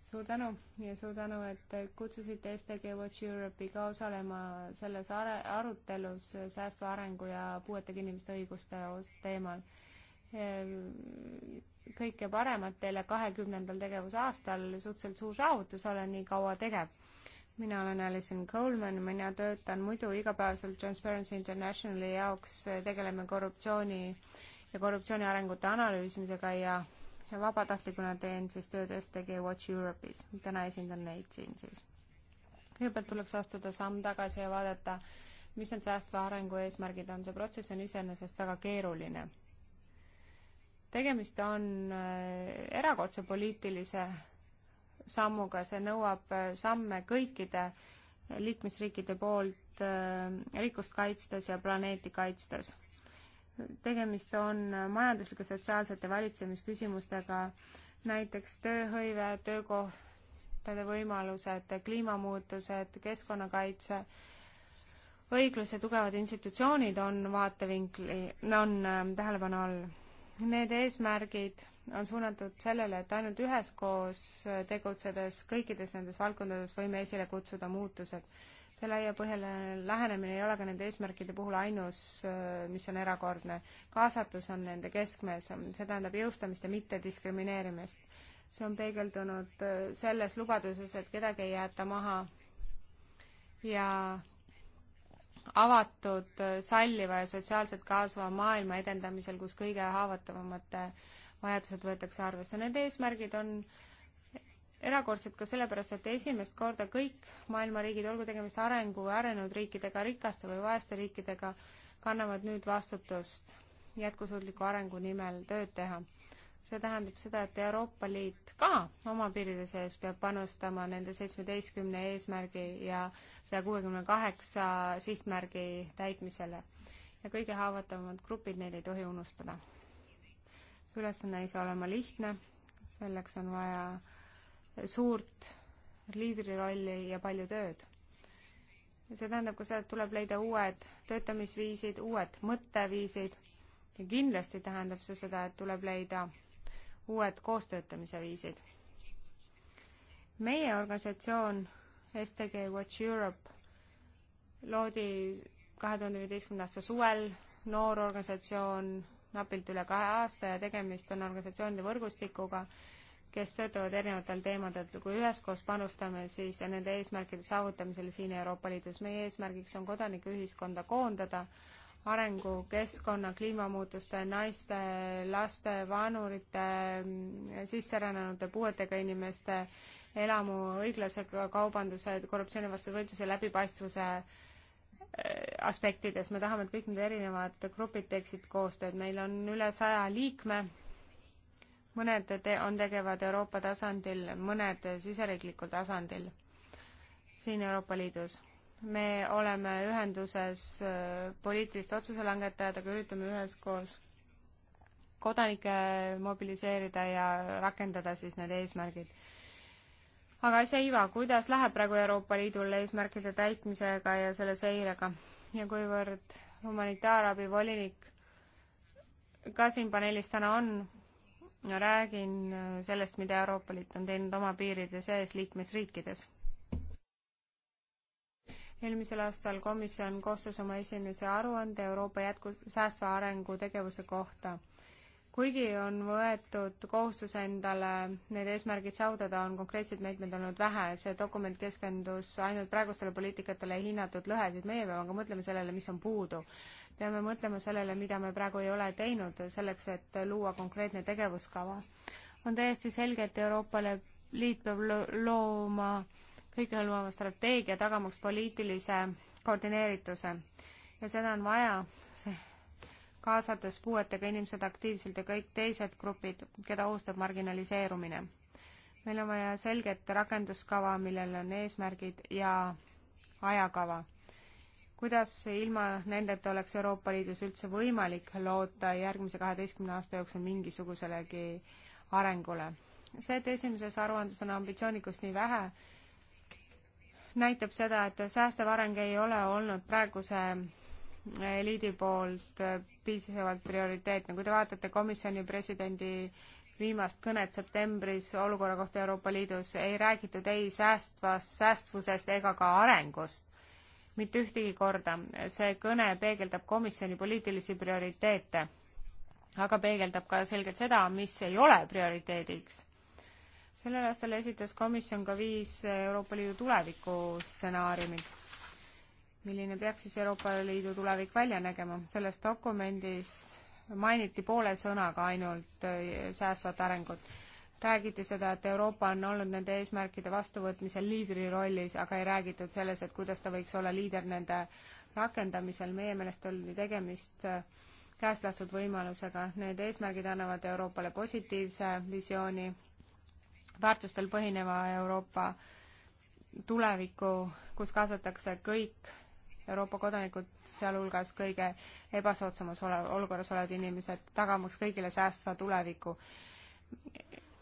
Speaker 2: suur tänu ja suur tänu, et kutsusite STG Watch Europe'i ka osalema selles are-, arutelus säästva arengu ja puuetega inimeste õiguste teemal. Äh, kõike paremat teile kahekümnendal tegevusaastal, suhteliselt suur saavutus, olen nii kaua tegev. mina olen Alison Coleman, mina töötan muidu igapäevaselt Transparency Internationali jaoks, tegeleme korruptsiooni ja korruptsiooni arengute analüüsimisega ja ja vabatahtlikuna teen siis tööd STG Watch Europe'is. täna esindan neid siin siis. kõigepealt tuleks astuda samm tagasi ja vaadata, mis need säästva arengu eesmärgid on. see protsess on iseenesest väga keeruline tegemist on äh, erakordse poliitilise sammuga, see nõuab äh, samme kõikide liikmesriikide poolt äh, rikkust kaitstes ja planeeti kaitstes. tegemist on majanduslike, sotsiaalsete valitsemisküsimustega, näiteks tööhõive, töökohtade võimalused, kliimamuutused, keskkonnakaitse, õigluse tugevad institutsioonid on vaatevinkli, on tähelepanu all Need eesmärgid on suunatud sellele, et ainult üheskoos tegutsedes kõikides nendes valdkondades võime esile kutsuda muutused. see laiapõhjaline lähenemine ei ole ka nende eesmärkide puhul ainus, äh, mis on erakordne. kaasatus on nende keskmes, see tähendab jõustamist ja mittediskrimineerimist. see on peegeldunud äh, selles lubaduses, et kedagi ei jäeta maha ja avatud, salliva ja sotsiaalselt kaasava maailma edendamisel, kus kõige haavatavamate vajadused võetakse arvesse. Need eesmärgid on erakordsed ka sellepärast, et esimest korda kõik maailma riigid, olgu tegemist arengu ja arenenud riikidega, rikaste või vaeste riikidega, kannavad nüüd vastutust jätkusuutliku arengu nimel tööd teha see tähendab seda, et Euroopa Liit ka oma piiride sees peab panustama nende seitsmeteistkümne eesmärgi ja saja kuuekümne kaheksa sihtmärgi täitmisele. ja kõige haavatavamad grupid, neid ei tohi unustada. see ülesanne ei saa olema lihtne, selleks on vaja suurt liidrirolli ja palju tööd. ja see tähendab ka seda, et tuleb leida uued töötamisviisid, uued mõtteviisid ja kindlasti tähendab see seda, et tuleb leida uued koostöötamise viisid. meie organisatsioon STG Watch Europe loodi kahe tuhande viieteistkümnenda aasta suvel, noor organisatsioon, napilt üle kahe aasta ja tegemist on organisatsioonide võrgustikuga, kes töötavad erinevatel teemadel, kui üheskoos panustame, siis nende eesmärkide saavutamisele siin Euroopa Liidus. meie eesmärgiks on kodanikuühiskonda koondada, arengukeskkonna, kliimamuutuste, naiste, laste, vanurite, sisserännanute, puuetega inimeste, elamu õiglase kaubanduse, korruptsioonivastase võitluse läbipaistvuse äh, aspektides, me tahame, et kõik need erinevad grupid teeksid koostööd, meil on üle saja liikme, mõned te-, on tegevad Euroopa tasandil, mõned siseriiklikul tasandil siin Euroopa Liidus me oleme ühenduses äh, poliitiliste otsuse langetajatega, üritame üheskoos kodanikke mobiliseerida ja rakendada siis need eesmärgid. aga asja iva, kuidas läheb praegu Euroopa Liidul eesmärkide täitmisega ja selle seirega ja kuivõrd humanitaarabi volinik ka siin paneelis täna on, räägin äh, sellest, mida Euroopa Liit on teinud oma piiride sees liikmesriikides eelmisel aastal komisjon koostas oma esimese aruande Euroopa jätku-, säästva arengu tegevuse kohta. kuigi on võetud kohustus endale need eesmärgid saavutada, on konkreetseid meetmeid olnud vähe, see dokument keskendus ainult praegustele poliitikatele hinnatud lõhesid, meie peame aga mõtlema sellele, mis on puudu. peame mõtlema sellele, mida me praegu ei ole teinud, selleks et luua konkreetne tegevuskava. on täiesti selge, et Euroopale Liit peab looma lo kõikehõlmava strateegia tagamaks poliitilise koordineerituse ja seda on vaja, kaasates puuetega inimesed aktiivselt ja kõik teised grupid, keda ohustab marginaliseerumine. meil on vaja selget rakenduskava, millel on eesmärgid ja ajakava. kuidas ilma nendeta oleks Euroopa Liidus üldse võimalik loota järgmise kaheteistkümne aasta jooksul mingisuguselegi arengule? see, et esimeses aruandes on ambitsioonikust nii vähe, näitab seda, et säästev areng ei ole olnud praeguse eh, eliidi poolt eh, piisavalt prioriteetne. kui te vaatate komisjoni presidendi viimast kõnet septembris olukorra kohta Euroopa Liidus, ei räägitud ei säästvast, säästvusest ega ka arengust. mitte ühtegi korda. see kõne peegeldab komisjoni poliitilisi prioriteete, aga peegeldab ka selgelt seda, mis ei ole prioriteediks sellel aastal esitas komisjon ka viis Euroopa Liidu tuleviku stsenaariumit, milline peaks siis Euroopa Liidu tulevik välja nägema. selles dokumendis mainiti poole sõnaga ainult äh, säästvat arengut. räägiti seda, et Euroopa on olnud nende eesmärkide vastuvõtmisel liidri rollis, aga ei räägitud selles, et kuidas ta võiks olla liider nende rakendamisel. meie meelest oli tegemist äh, käest lastud võimalusega. Need eesmärgid annavad Euroopale positiivse visiooni väärtustel põhineva Euroopa tulevikku, kus kaasatakse kõik Euroopa kodanikud, sealhulgas kõige ebasoodsamas ole-, olukorras olevad inimesed, tagamaks kõigile säästva tuleviku.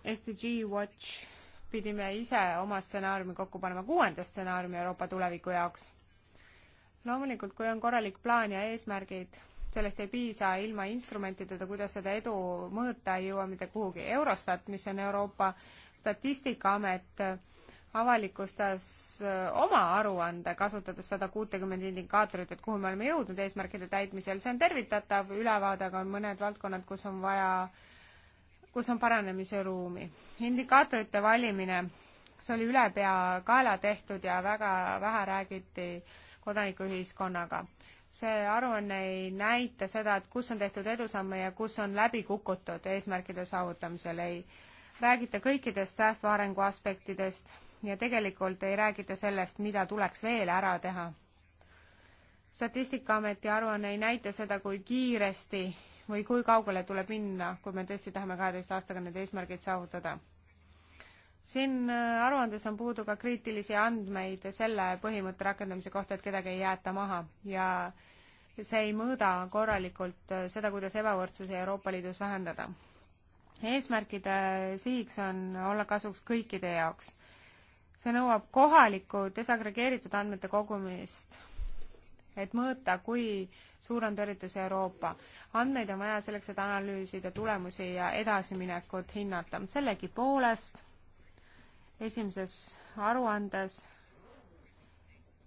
Speaker 2: SDG Watch pidime ise oma stsenaariumi kokku panema, kuuenda stsenaariumi Euroopa tuleviku jaoks. loomulikult, kui on korralik plaan ja eesmärgid, sellest ei piisa ilma instrumentideta, kuidas seda edu mõõta, ei jõua mitte kuhugi. Eurostat, mis on Euroopa äh, Statistikaamet avalikustas äh, oma aruande, kasutades sada kuutekümmet indikaatorit, et kuhu me oleme jõudnud eesmärkide täitmisel, see on tervitatav ülevaade, aga on mõned valdkonnad, kus on vaja, kus on paranemise ruumi. indikaatorite valimine, see oli ülepeakaela tehtud ja väga vähe räägiti kodanikuühiskonnaga see aruanne ei näita seda, et kus on tehtud edusamme ja kus on läbi kukutud eesmärkide saavutamisel, ei räägite kõikidest säästva arengu aspektidest ja tegelikult ei räägita sellest, mida tuleks veel ära teha. statistikaameti aruanne ei näita seda, kui kiiresti või kui kaugele tuleb minna, kui me tõesti tahame kaheteist aastaga need eesmärgid saavutada. siin äh, aruandes on puudu ka kriitilisi andmeid selle põhimõtte rakendamise kohta, et kedagi ei jäeta maha ja see ei mõõda korralikult äh, seda, kuidas ebavõrdsuse Euroopa Liidus vähendada eesmärkide sihiks on olla kasuks kõikide jaoks. see nõuab kohalikku desagregeeritud andmete kogumist, et mõõta, kui suur on tõrjutus Euroopa. andmeid on vaja selleks, et analüüsida tulemusi ja edasiminekut hinnata. sellegipoolest esimeses aruandes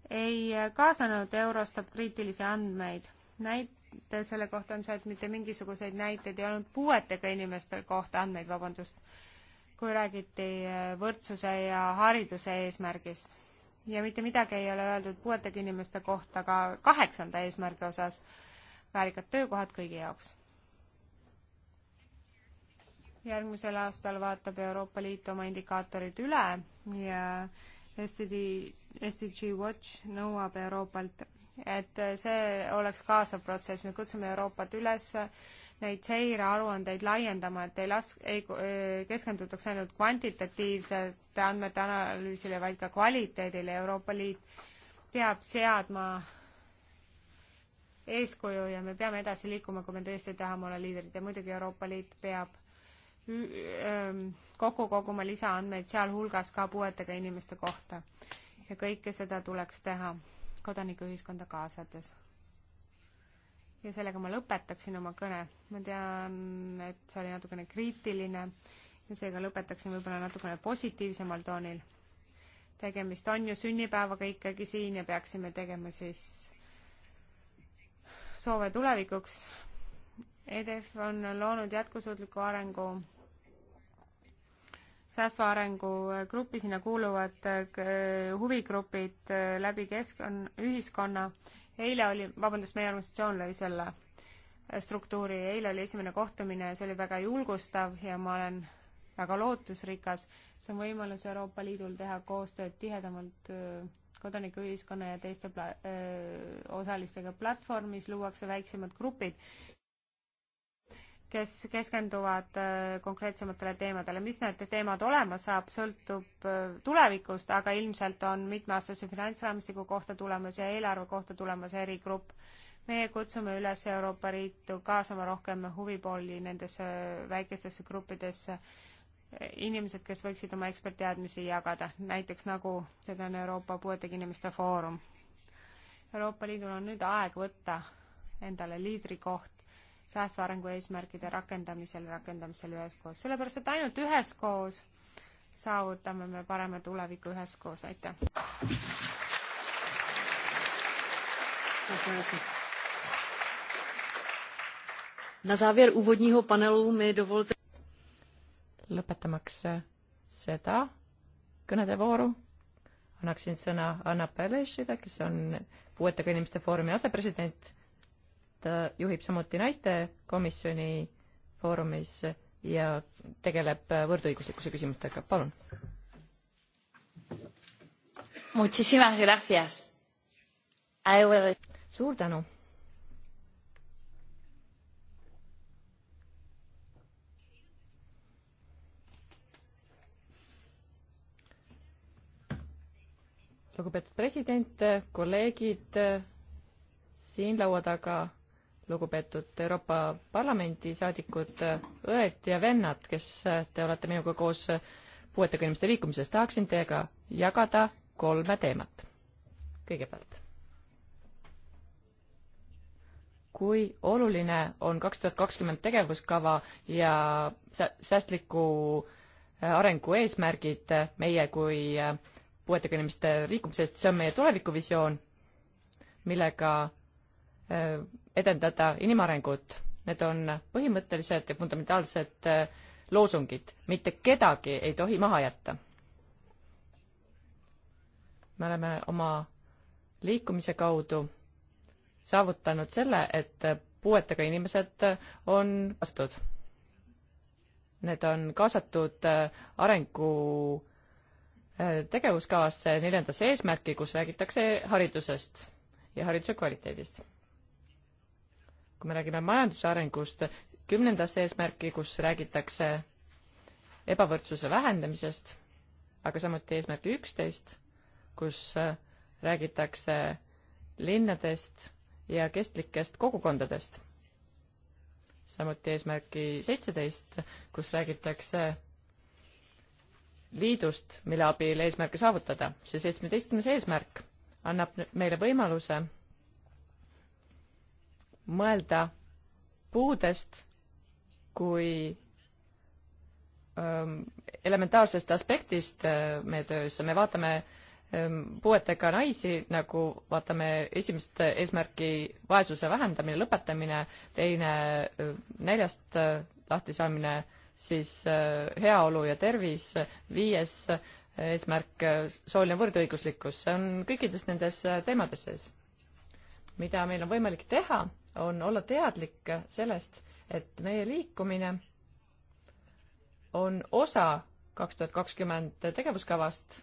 Speaker 2: ei kaasanud Eurostat kriitilisi andmeid. näit-, näite selle kohta on see, et mitte mingisuguseid näiteid ei olnud puuetega inimeste kohta andmeid, vabandust, kui räägiti äh, võrdsuse ja hariduse eesmärgist. ja mitte midagi ei ole öeldud puuetega inimeste kohta ka kaheksanda eesmärgi osas, väärikad töökohad kõigi jaoks. järgmisel aastal vaatab Euroopa Liit oma indikaatorid üle ja STD, STG Watch nõuab Euroopalt et see oleks kaasav protsess, me kutsume Euroopat üles neid seirearuandeid laiendama, et ei las-, ei keskendutaks ainult kvantitatiivsete andmete analüüsile, vaid ka kvaliteedile. Euroopa Liit peab seadma eeskuju ja me peame edasi liikuma, kui me tõesti tahame olla liidrid ja muidugi Euroopa Liit peab kokku koguma lisaandmeid, sealhulgas ka puuetega inimeste kohta. ja kõike seda tuleks teha kodanikuühiskonda kaasates. ja sellega ma lõpetaksin oma kõne. ma tean, et see oli natukene kriitiline ja seega lõpetaksin võib-olla natukene positiivsemal toonil. tegemist on ju sünnipäevaga ikkagi siin ja peaksime tegema siis soove tulevikuks. EDF on loonud jätkusuutliku arengu säästva arengu gruppi, sinna kuuluvad äh, huvigrupid äh, läbi keskkonna, ühiskonna. eile oli, vabandust, meie organisatsioon lõi selle äh, struktuuri, eile oli esimene kohtumine ja see oli väga julgustav ja ma olen väga lootusrikas. see on võimalus Euroopa Liidul teha koostööd tihedamalt kodanikuühiskonna ja teiste pla-, öö, osalistega platvormis luuakse väiksemad grupid kes keskenduvad äh, konkreetsematele teemadele. mis need teemad olema saab, sõltub äh, tulevikust, aga ilmselt on mitmeaastase finantsraamistiku kohta tulemas ja eelarve kohta tulemas erigrupp. meie kutsume üles Euroopa Liitu kaasama rohkem huvipooli nendesse äh, väikestesse gruppidesse, inimesed, kes võiksid oma ekspertteadmisi jagada, näiteks nagu seda on Euroopa Puuetega Inimeste Foorum. Euroopa Liidul on nüüd aeg võtta endale liidrikoht säästva arengu eesmärkide rakendamisel, rakendamisel üheskoos, sellepärast et ainult üheskoos saavutame me parema tuleviku üheskoos, aitäh!
Speaker 1: Na závěr úvodního panelu mi dovolte
Speaker 3: lõpetamaks eh, seda kõnede vooru annaksin sõna Anna Pelešile, kes on puuetega inimeste foorumi asepresident Äh, juhib samuti naistekomisjoni foorumis ja tegeleb äh, võrdõiguslikkuse küsimustega, palun. Will... suur tänu. lugupeetud president, kolleegid äh, siin laua taga lugupeetud Euroopa Parlamendi saadikud, õed ja vennad, kes te olete minuga koos puuetega inimeste liikumises, tahaksin teiega jagada kolme teemat. kõigepealt, kui oluline on kaks tuhat kakskümmend tegevuskava ja säästliku äh, arengu eesmärgid meie kui äh, puuetega inimeste liikumisest, see on meie tulevikuvisioon, millega äh, edendada inimarengut. Need on põhimõttelised ja fundamentaalsed äh, loosungid, mitte kedagi ei tohi maha jätta. me oleme oma liikumise kaudu saavutanud selle, et puuetega inimesed on kastud. Need on kaasatud äh, arengu äh, tegevuskavasse neljandasse eesmärki, kus räägitakse haridusest ja hariduse kvaliteedist kui me räägime majanduse arengust, kümnendasse eesmärki, kus räägitakse ebavõrdsuse vähendamisest, aga samuti eesmärgi üksteist, kus äh, räägitakse linnadest ja kestlikest kogukondadest. samuti eesmärgi seitseteist, kus räägitakse liidust, mille abil eesmärke saavutada. see seitsmeteistkümnes eesmärk annab meile võimaluse mõelda puudest kui ähm, elementaarsest aspektist äh, meie töös, me vaatame ähm, puuetega naisi, nagu vaatame esimest eesmärki, vaesuse vähendamine, lõpetamine, teine äh, näljast äh, lahtisaamine, siis heaolu ja tervis, viies eesmärk, sooline võrdõiguslikkus, see on kõikides nendes teemades sees. mida meil on võimalik teha on olla teadlik sellest, et meie liikumine on osa kaks tuhat kakskümmend tegevuskavast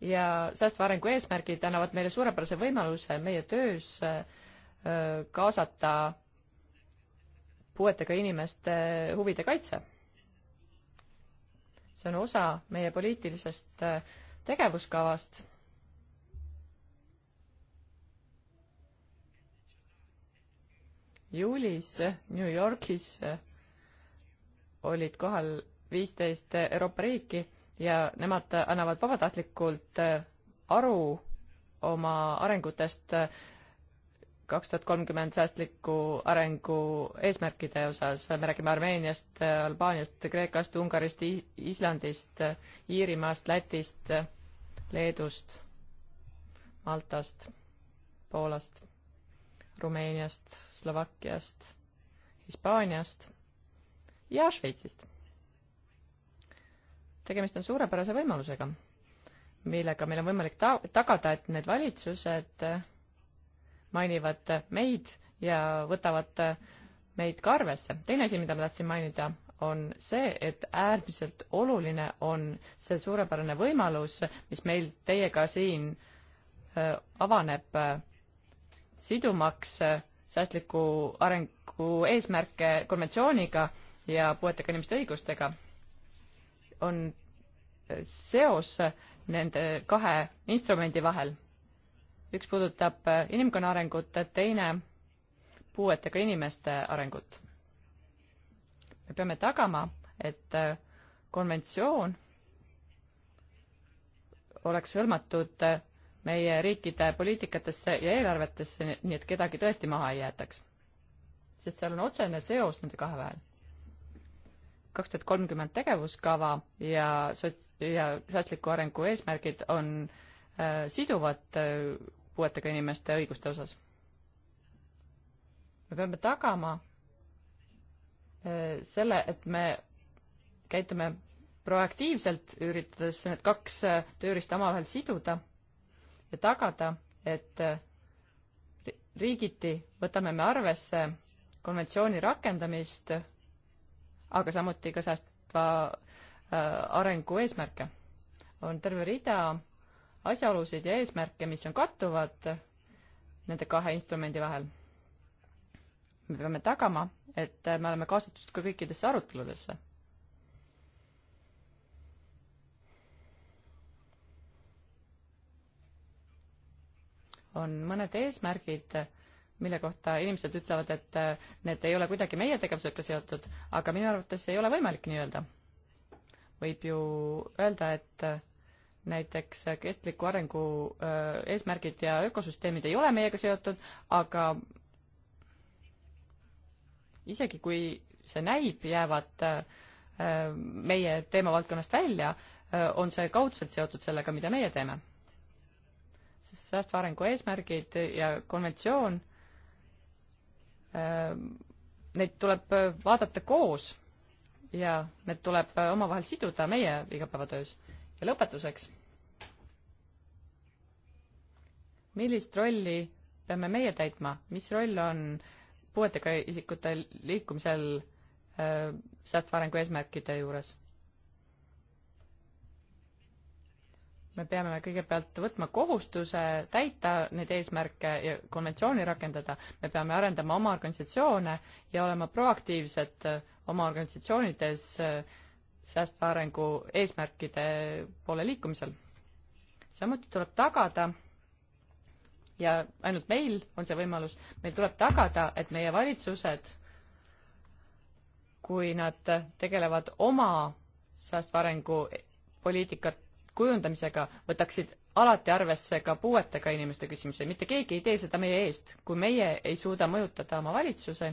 Speaker 3: ja säästva arengu eesmärgid annavad meile suurepärase võimaluse meie töös äh, kaasata puuetega inimeste huvide kaitse. see on osa meie poliitilisest äh, tegevuskavast juulis eh, New Yorgis eh, olid kohal viisteist eh, Euroopa riiki ja nemad annavad vabatahtlikult aru oma arengutest kaks tuhat kolmkümmend säästliku arengu eesmärkide osas, me räägime Armeeniast, Albaaniast, Kreekast, Ungarist, Islandist, Iirimaast, Lätist, Leedust, Maltast, Poolast Rumeeniast, Slovakkiast, Hispaaniast ja Šveitsist. tegemist on suurepärase võimalusega, millega meil on võimalik ta-, tagada, et need valitsused mainivad meid ja võtavad meid ka arvesse. teine asi, mida ma tahtsin mainida, on see, et äärmiselt oluline on see suurepärane võimalus, mis meil teiega siin äh, avaneb sidumaks äh, säästliku arengu eesmärke konventsiooniga ja puuetega inimeste õigustega, on äh, seos äh, nende kahe instrumendi vahel. üks puudutab inimkonna arengut, teine puuetega inimeste arengut. me peame tagama, et konventsioon oleks hõlmatud meie riikide poliitikatesse ja eelarvetesse, nii et kedagi tõesti maha ei jäetaks. sest seal on otsene seos nende kahe vahel. kaks tuhat kolmkümmend tegevuskava ja sots-, ja säästliku arengu eesmärgid on äh, siduvad äh, puuetega inimeste õiguste osas. me peame tagama äh, selle, et me käitume proaktiivselt, üritades need kaks äh, tööriista omavahel siduda ja tagada, et riigiti võtame me arvesse konventsiooni rakendamist, aga samuti ka säästva äh, arengu eesmärke. on terve rida asjaolusid ja eesmärke, mis on kattuvad nende kahe instrumendi vahel. me peame tagama, et me oleme kaasatud ka kõikidesse aruteludesse on mõned eesmärgid, mille kohta inimesed ütlevad, et äh, need ei ole kuidagi meie tegevusega seotud, aga minu arvates ei ole võimalik nii öelda. võib ju öelda, et äh, näiteks kestliku arengu äh, eesmärgid ja ökosüsteemid ei ole meiega seotud, aga isegi kui see näib, jäävad meie teemavaldkonnast välja, on see kaudselt seotud sellega, mida meie teeme siis säästva arengu eesmärgid ja konventsioon, ähm, neid tuleb äh, vaadata koos ja need tuleb äh, omavahel siduda meie igapäevatöös. ja lõpetuseks, millist rolli peame meie täitma, mis roll on puuetega isikute liikumisel äh, säästva arengu eesmärkide juures? me peame kõigepealt võtma kohustuse täita neid eesmärke ja konventsiooni rakendada, me peame arendama oma organisatsioone ja olema proaktiivsed oma organisatsioonides äh, säästva arengu eesmärkide poole liikumisel. samuti tuleb tagada ja ainult meil on see võimalus, meil tuleb tagada, et meie valitsused, kui nad tegelevad oma säästva arengu poliitikat kujundamisega võtaksid alati arvesse ka puuetega inimeste küsimusi, mitte keegi ei tee seda meie eest. kui meie ei suuda mõjutada oma valitsuse,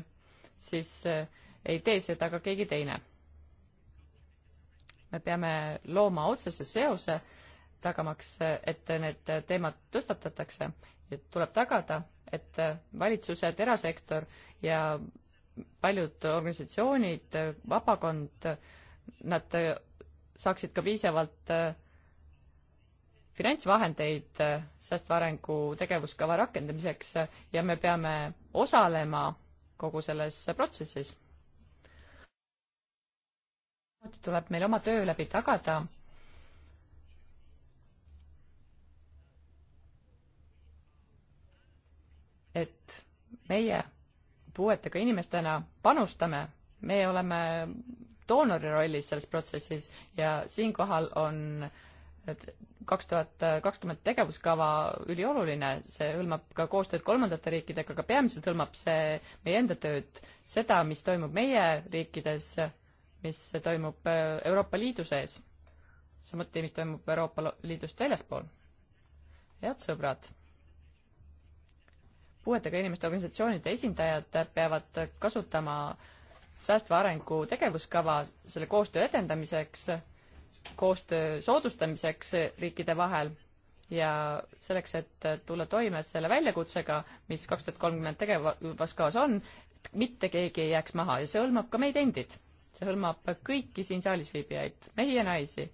Speaker 3: siis äh, ei tee seda ka keegi teine. me peame looma otsese seose, tagamaks, et need teemad tõstatatakse ja tuleb tagada, et valitsused, erasektor ja paljud organisatsioonid, vabakond, nad saaksid ka piisavalt äh, finantsvahendeid äh, säästva arengu tegevuskava rakendamiseks äh, ja me peame osalema kogu selles protsessis. samuti tuleb meil oma töö läbi tagada et meie puuetega inimestena panustame, me oleme doonori rollis selles protsessis ja siinkohal on kaks tuhat kakskümmend tegevuskava ülioluline, see hõlmab ka koostööd kolmandate riikidega, aga peamiselt hõlmab see meie enda tööd, seda, mis toimub meie riikides, mis toimub äh, Euroopa Liidu sees, samuti mis toimub Euroopa Liidust väljaspool. head sõbrad, puuetega inimeste organisatsioonide esindajad peavad kasutama säästva arengu tegevuskava selle koostöö edendamiseks koostöö soodustamiseks riikide vahel ja selleks, et tulla toime selle väljakutsega, mis kaks tuhat kolmkümmend tegevuskavas on, mitte keegi ei jääks maha ja see hõlmab ka meid endid. see hõlmab kõiki siin saalis viibijaid, mehi ja naisi.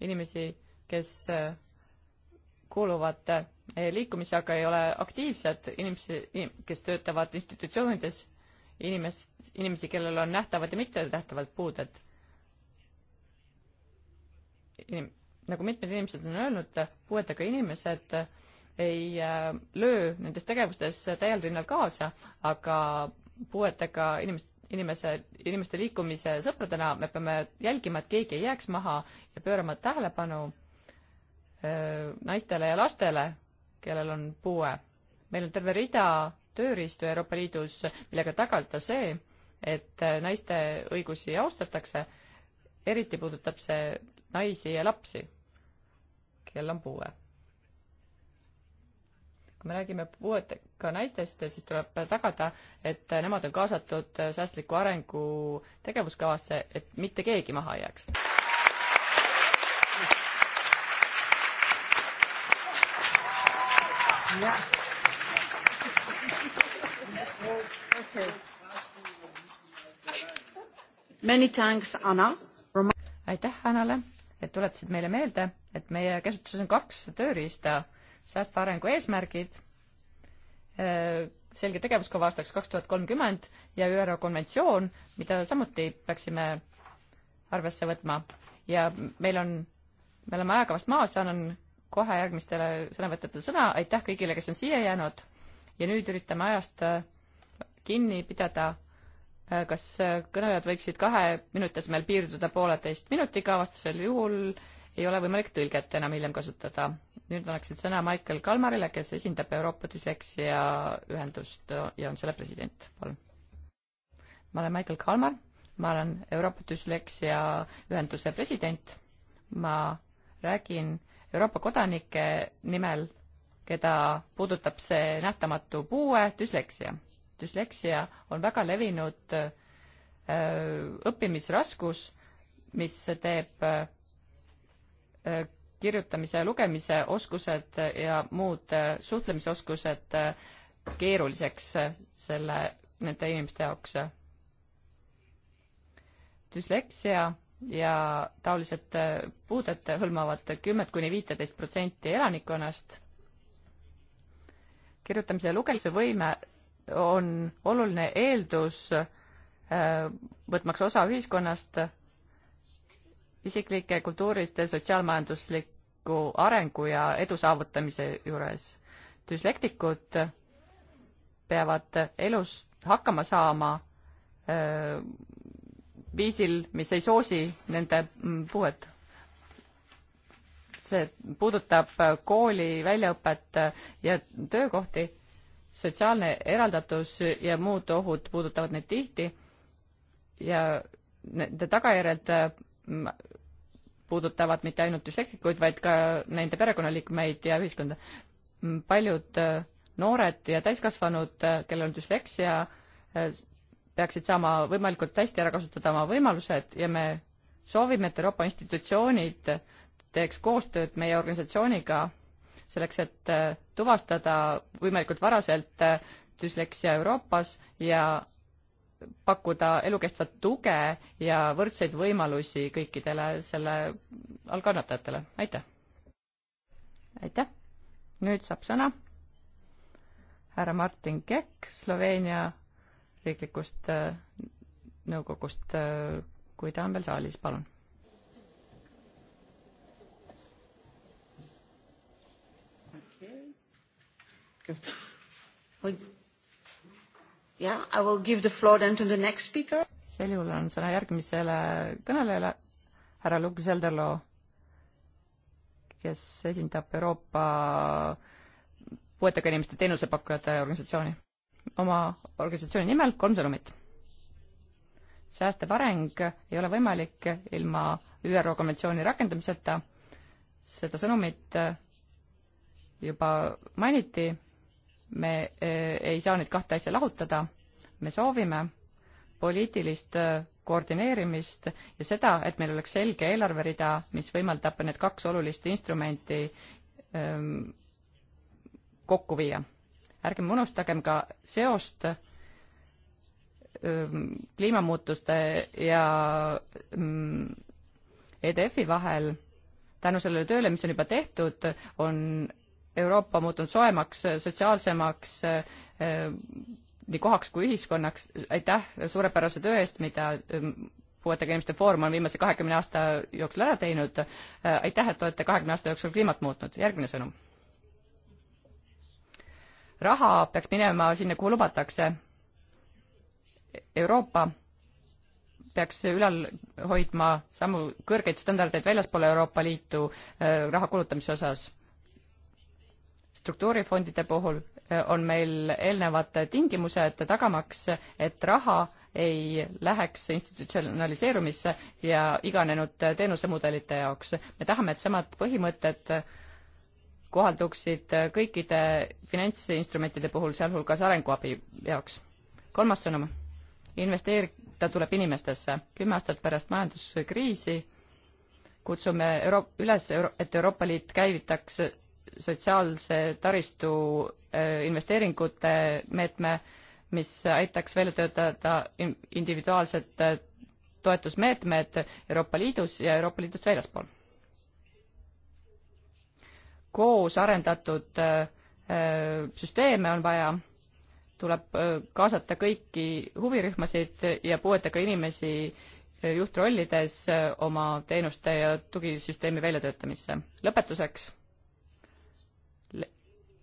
Speaker 3: inimesi, kes eh, kuuluvad eh, liikumisse, aga ei ole aktiivsed, inimesi, kes töötavad institutsioonides inimest, inimesi, kellel on nähtavad ja mittenähtavad puuded. inim-, nagu mitmed inimesed on öelnud, puuetega inimesed ei äh, löö nendes tegevustes täiel rinnal kaasa, aga puuetega inimesed inimese, inimeste liikumise sõpradena me peame jälgima, et keegi ei jääks maha ja pöörama tähelepanu öö, äh, naistele ja lastele, kellel on puue. meil on terve rida tööriistu Euroopa Liidus, millega tagada see, et naiste õigusi austatakse, eriti puudutab see naisi ja lapsi, kellel on puue. kui me räägime puuetega naistest, siis tuleb tagada, et nemad on kaasatud säästliku arengu tegevuskavasse, et mitte keegi maha ei jääks. Yeah. Okay. Many thanks, Anna. aitäh Annale, et tuletasid meile meelde, et meie käsutuses on kaks tööriista, säästva arengu eesmärgid, äh, selge tegevuskava aastaks kaks tuhat kolmkümmend ja ÜRO konventsioon, mida samuti peaksime arvesse võtma. ja meil on, me oleme ajakavast maas, annan kohe järgmistele sõnavõtjatele sõna, aitäh kõigile, kes on siia jäänud ja nüüd üritame ajast äh, kinni pidada. Äh, kas äh, kõnelejad võiksid kahe minuti asemel piirduda pooleteist minutiga, vastasel juhul ei ole võimalik tõlget enam hiljem kasutada. nüüd annaksin sõna Michael Kalmarile, kes esindab Euroopa Düsleksia Ühendust ja on selle president, palun. ma olen Michael Kalmar, ma olen Euroopa Düsleksia Ühenduse president, ma räägin Euroopa kodanike nimel, keda puudutab see nähtamatu puue, düsleksia düsleksia on väga levinud äh, õppimisraskus, mis teeb äh, äh, kirjutamise ja lugemise oskused ja muud suhtlemisoskused keeruliseks selle, nende inimeste jaoks. düsleksia ja taolised puuded hõlmavad kümmet kuni viiteist protsenti elanikkonnast. kirjutamise ja lugemise võime on oluline eeldus äh, võtmaks osa ühiskonnast isiklike kultuuriliste sotsiaalmajandusliku arengu ja edu saavutamise juures. düslektikud peavad elus hakkama saama öö, äh, viisil, mis ei soosi nende mm, puuet. see puudutab äh, kooli, väljaõpet ja töökohti sotsiaalne eraldatus ja muud ohud puudutavad neid tihti ja nende tagajärjed äh, puudutavad mitte ainult düslektikuid, vaid ka nende perekonnaliikmeid ja ühiskonda. paljud äh, noored ja täiskasvanud, äh, kellel on düsleksia, peaksid saama võimalikult hästi ära kasutada oma võimalused ja me soovime, et Euroopa institutsioonid teeks koostööd meie organisatsiooniga selleks, et äh, tuvastada võimalikult varaselt äh, düsleksia Euroopas ja pakkuda elukestvat tuge ja võrdseid võimalusi kõikidele selle all kannatajatele, aitäh! aitäh! nüüd saab sõna härra Martin Kekk Sloveenia riiklikust äh, nõukogust, kui ta on veel saalis, palun Yeah, I will give the floor then to the next speaker. sel juhul on sõna järgmisele kõnelejale, härra Luke Zelderlo, kes esindab Euroopa puuetega inimeste teenusepakkujate organisatsiooni. oma organisatsiooni nimel kolm sõnumit. säästev areng ei ole võimalik ilma ÜRO konventsiooni rakendamiseta, seda sõnumit juba mainiti me äh, ei saa neid kahte asja lahutada, me soovime poliitilist äh, koordineerimist ja seda, et meil oleks selge eelarverida, mis võimaldab need kaks olulist instrumenti ähm, kokku viia. ärgem unustagem ka seost ähm, kliimamuutuste ja ähm, EDF-i vahel. tänu sellele tööle, mis on juba tehtud, on Euroopa muutunud soojemaks, sotsiaalsemaks eh, nii kohaks kui ühiskonnaks, aitäh suurepärase töö eest, mida eh, puuetega inimeste foorum on viimase kahekümne aasta jooksul ära teinud, eh, aitäh, et olete kahekümne aasta jooksul kliimat muutnud, järgmine sõnum. raha peaks minema sinna, kuhu lubatakse. Euroopa peaks ülal hoidma samu kõrgeid standardeid väljaspool Euroopa Liitu raha kulutamise osas struktuurifondide puhul eh, on meil eelnevad tingimused tagamaks, et raha ei läheks institutsionaliseerumisse ja iganenud teenusemudelite jaoks. me tahame, et samad põhimõtted kohalduksid kõikide finantsinstrumentide puhul, sealhulgas arenguabi jaoks. kolmas sõnum, investeerida tuleb inimestesse. kümme aastat pärast majanduskriisi kutsume Euro-, üles, et Euroopa Liit käivitaks sotsiaalse taristu äh, investeeringute meetme, mis aitaks välja töötada individuaalsed äh, toetusmeetmed Euroopa Liidus ja Euroopa Liidust väljaspool. koos arendatud äh, süsteeme on vaja, tuleb kaasata kõiki huvirühmasid ja puuetega inimesi juhtrollides oma teenuste ja tugisüsteemi väljatöötamisse. lõpetuseks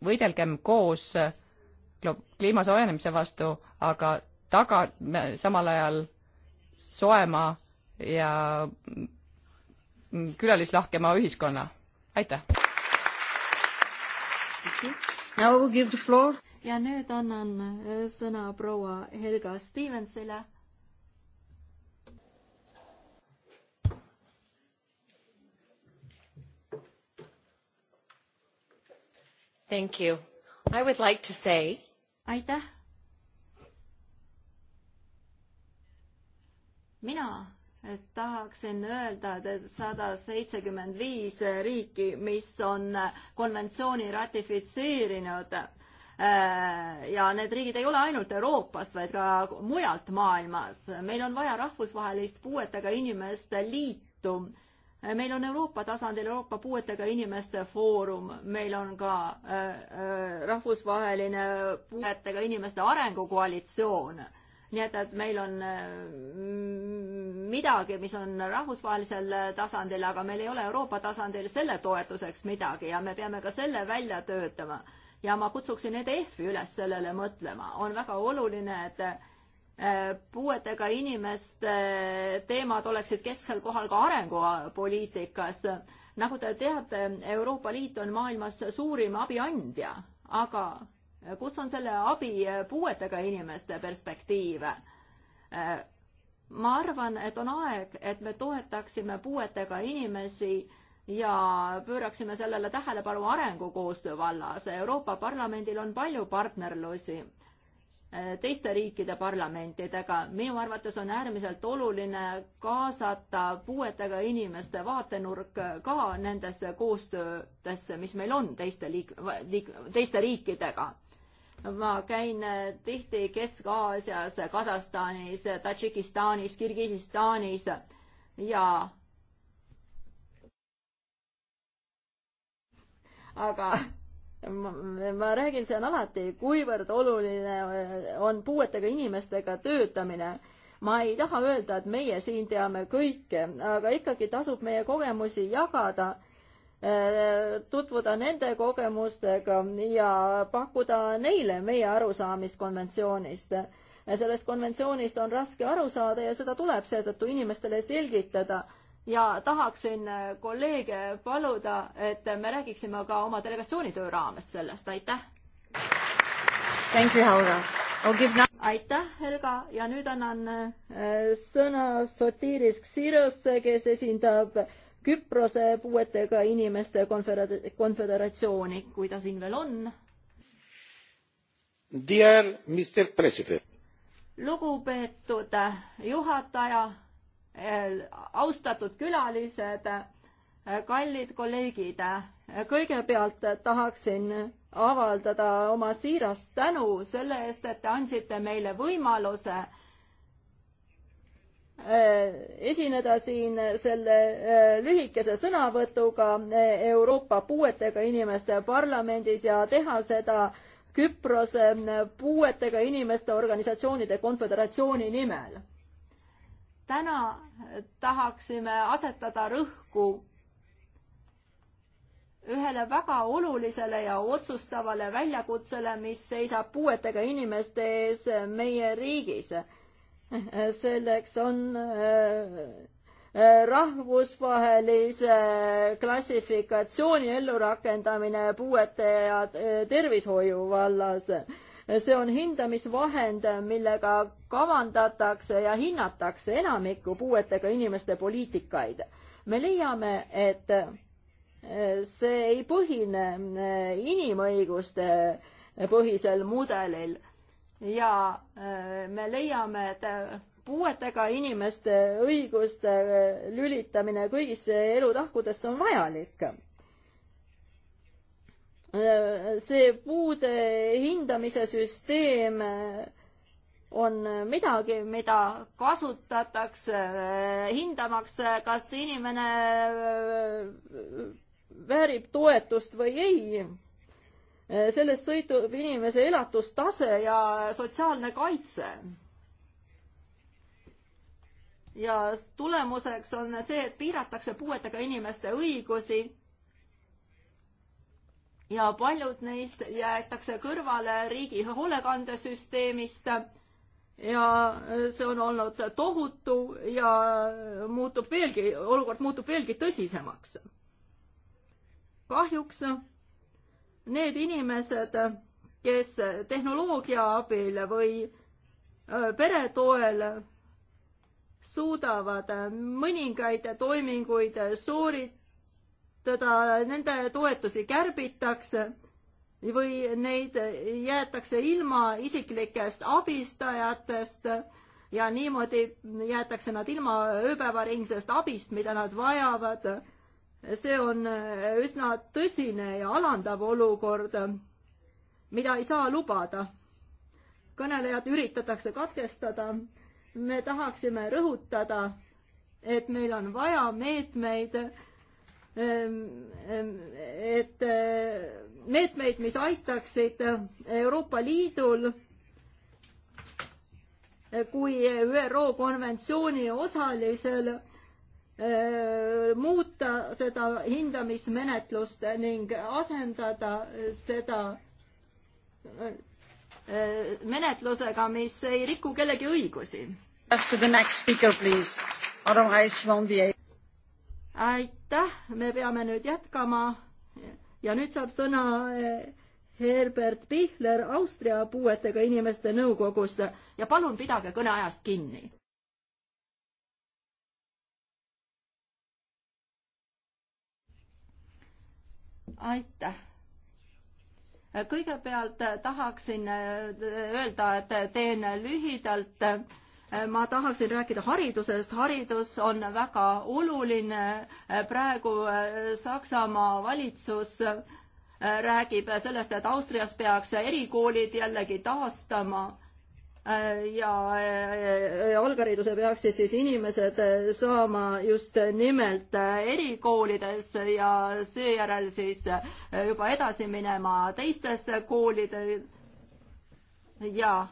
Speaker 3: võidelgem koos äh, kliima soojenemise vastu, aga taga, samal ajal soema ja mm, külalislahkema ühiskonna. aitäh!
Speaker 1: ja nüüd annan äh, sõna proua Helga Stevensile
Speaker 2: Thank you. I would like to say.
Speaker 1: aitäh. mina tahaksin öelda, et sada seitsekümmend viis riiki, mis on konventsiooni ratifitseerinud äh, ja need riigid ei ole ainult Euroopast, vaid ka mujalt maailmas. meil on vaja rahvusvahelist puuetega inimeste liitu meil on Euroopa tasandil Euroopa Puuetega Inimeste Foorum, meil on ka äh, äh rahvusvaheline puuetega inimeste arengukoalitsioon. nii et, et meil on äh, midagi, mis on rahvusvahelisel tasandil, aga meil ei ole Euroopa tasandil selle toetuseks midagi ja me peame ka selle välja töötama. ja ma kutsuksin EDF-i üles sellele mõtlema, on väga oluline, et puuetega inimeste teemad oleksid kesksel kohal ka arengupoliitikas. nagu te teate, Euroopa Liit on maailmas suurim abiandja, aga kus on selle abi puuetega inimeste perspektiiv? ma arvan, et on aeg, et me toetaksime puuetega inimesi ja pööraksime sellele tähelepanu arengukoostöö vallas. Euroopa Parlamendil on palju partnerlusi Äh, teiste riikide parlamentidega. minu arvates on äärmiselt oluline kaasata puuetega inimeste vaatenurk ka nendesse koostöödesse, mis meil on teiste liik-, liik-, teiste riikidega. ma käin äh, tihti Kesk-Aasias, Kasahstanis, Tadžikistanis, Kirgisistanis ja aga ma räägin, see on alati, kuivõrd oluline eh, on puuetega inimestega töötamine. ma ei taha öelda, et meie siin teame kõike, aga ikkagi tasub meie kogemusi jagada, eh, tutvuda nende kogemustega ja pakkuda neile meie arusaamist konventsioonist. Eh, sellest konventsioonist on raske aru saada ja seda tuleb seetõttu inimestele selgitada ja tahaksin äh, kolleege paluda, et me räägiksime ka oma delegatsiooni töö raames sellest, aitäh!
Speaker 2: Now...
Speaker 1: aitäh, Helga, ja nüüd annan äh, sõna Sotiris Xirosse, kes esindab Küprose puuetega inimeste konfeder-, konföderatsiooni, kui ta siin veel on.
Speaker 4: Dear Mr President.
Speaker 1: lugupeetud juhataja Äh, austatud külalised, äh, kallid kolleegid, äh, kõigepealt tahaksin avaldada oma siirast tänu selle eest, et te andsite meile võimaluse esineda siin selle lühikese sõnavõtuga Euroopa puuetega inimeste parlamendis ja teha seda Küprose puuetega inimeste organisatsioonide konföderatsiooni nimel täna tahaksime asetada rõhku ühele väga olulisele ja otsustavale väljakutsele, mis seisab puuetega inimeste ees meie riigis. selleks on äh, rahvusvahelise klassifikatsiooni ellurakendamine puuete ja äh, tervishoiu vallas see on hindamisvahend, millega kavandatakse ja hinnatakse enamikku puuetega inimeste poliitikaid. me leiame, et eh, see ei põhine eh, inimõiguste eh, põhisel mudelil ja me leiame, et puuetega inimeste õiguste lülitamine kõigisse elutahkudesse on vajalik see puude hindamise süsteem on midagi, mida kasutatakse hindamaks, kas inimene väärib toetust või ei. sellest sõltub inimese elatustase ja sotsiaalne kaitse ja tulemuseks on see, et piiratakse puuetega inimeste õigusi ja paljud neist jäetakse kõrvale riigi hoolekandesüsteemist ja see on olnud tohutu ja muutub veelgi, olukord muutub veelgi tõsisemaks. kahjuks need inimesed, kes tehnoloogia abil või äh, pere toel suudavad mõningaid toiminguid sooritada, kasutada, nende toetusi kärbitakse või neid jäetakse ilma isiklikest abistajatest ja niimoodi jäetakse nad ilma ööpäevaringsest abist, mida nad vajavad. see on üsna tõsine ja alandav olukord, mida ei saa lubada. kõnelejad üritatakse katkestada. me tahaksime rõhutada, et meil on vaja meetmeid Ehm, ehm, et eh, meetmeid, mis aitaksid eh, Euroopa Liidul eh, kui ÜRO konventsiooni osalisel muuta seda hindamismenetlust ning asendada seda menetlusega, mis ei riku kellegi õigusi. aitäh aitäh, me peame nüüd jätkama. ja nüüd saab sõna eh, Herbert Pihler Austria puuetega inimeste nõukogust ja palun pidage kõneajast kinni. aitäh kõigepealt tahaksin eh, öelda, et teen lühidalt eh, Äh, ma tahaksin rääkida haridusest, haridus on väga oluline, äh, praegu äh, Saksamaa valitsus räägib sellest, et Austrias peaks erikoolid jällegi taastama ja alghariduse peaksid siis inimesed saama just nimelt erikoolides ja seejärel siis juba edasi minema teistesse koolide ja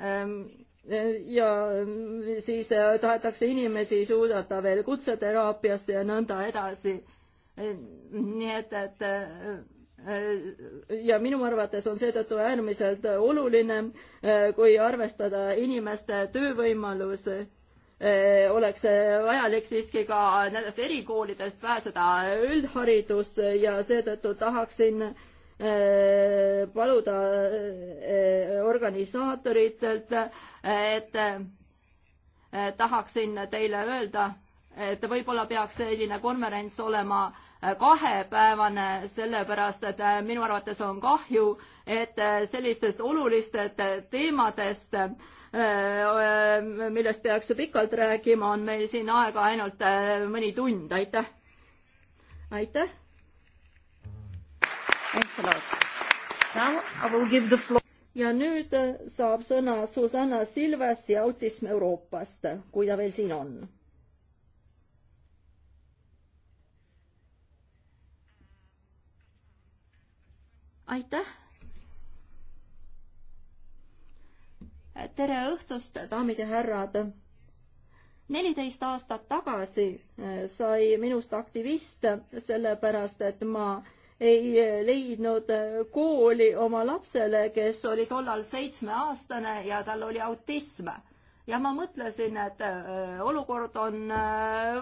Speaker 1: ähm, ja mm, siis äh, tahetakse inimesi suudata veel kutseteraapiasse ja nõnda edasi. Äh, nii et, et äh, ja minu arvates on seetõttu äärmiselt oluline, kui arvestada inimeste töövõimalusi oleks vajalik siiski ka nendest erikoolidest pääseda üldharidusse ja seetõttu tahaksin äh, Äh, paluda äh, organisaatoritelt, et äh, tahaksin teile öelda, et võib-olla peaks selline konverents olema kahepäevane, sellepärast et minu arvates on kahju, et sellistest olulistest teemadest, millest peaks pikalt rääkima, on meil siin aega ainult mõni tund, aitäh. aitäh ja nüüd äh, saab sõna Susanna Silves ja Autism Euroopast, kui ta veel siin on. aitäh. tere õhtust, daamid ja härrad neliteist aastat tagasi äh, sai minust aktivist, sellepärast et ma ei eh, leidnud eh, kooli oma lapsele, kes oli tollal seitsmeaastane ja tal oli autism. ja ma mõtlesin, et eh, olukord on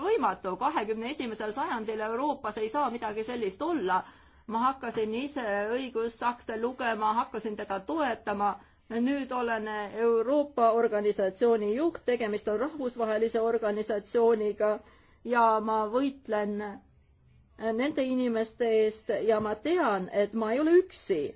Speaker 1: võimatu, kahekümne esimesel sajandil Euroopas ei saa midagi sellist olla. ma hakkasin ise õigusakte lugema, hakkasin teda toetama nüüd olen Euroopa organisatsiooni juht, tegemist on rahvusvahelise organisatsiooniga ja ma võitlen nende inimeste eest ja ma tean, et ma ei ole üksi.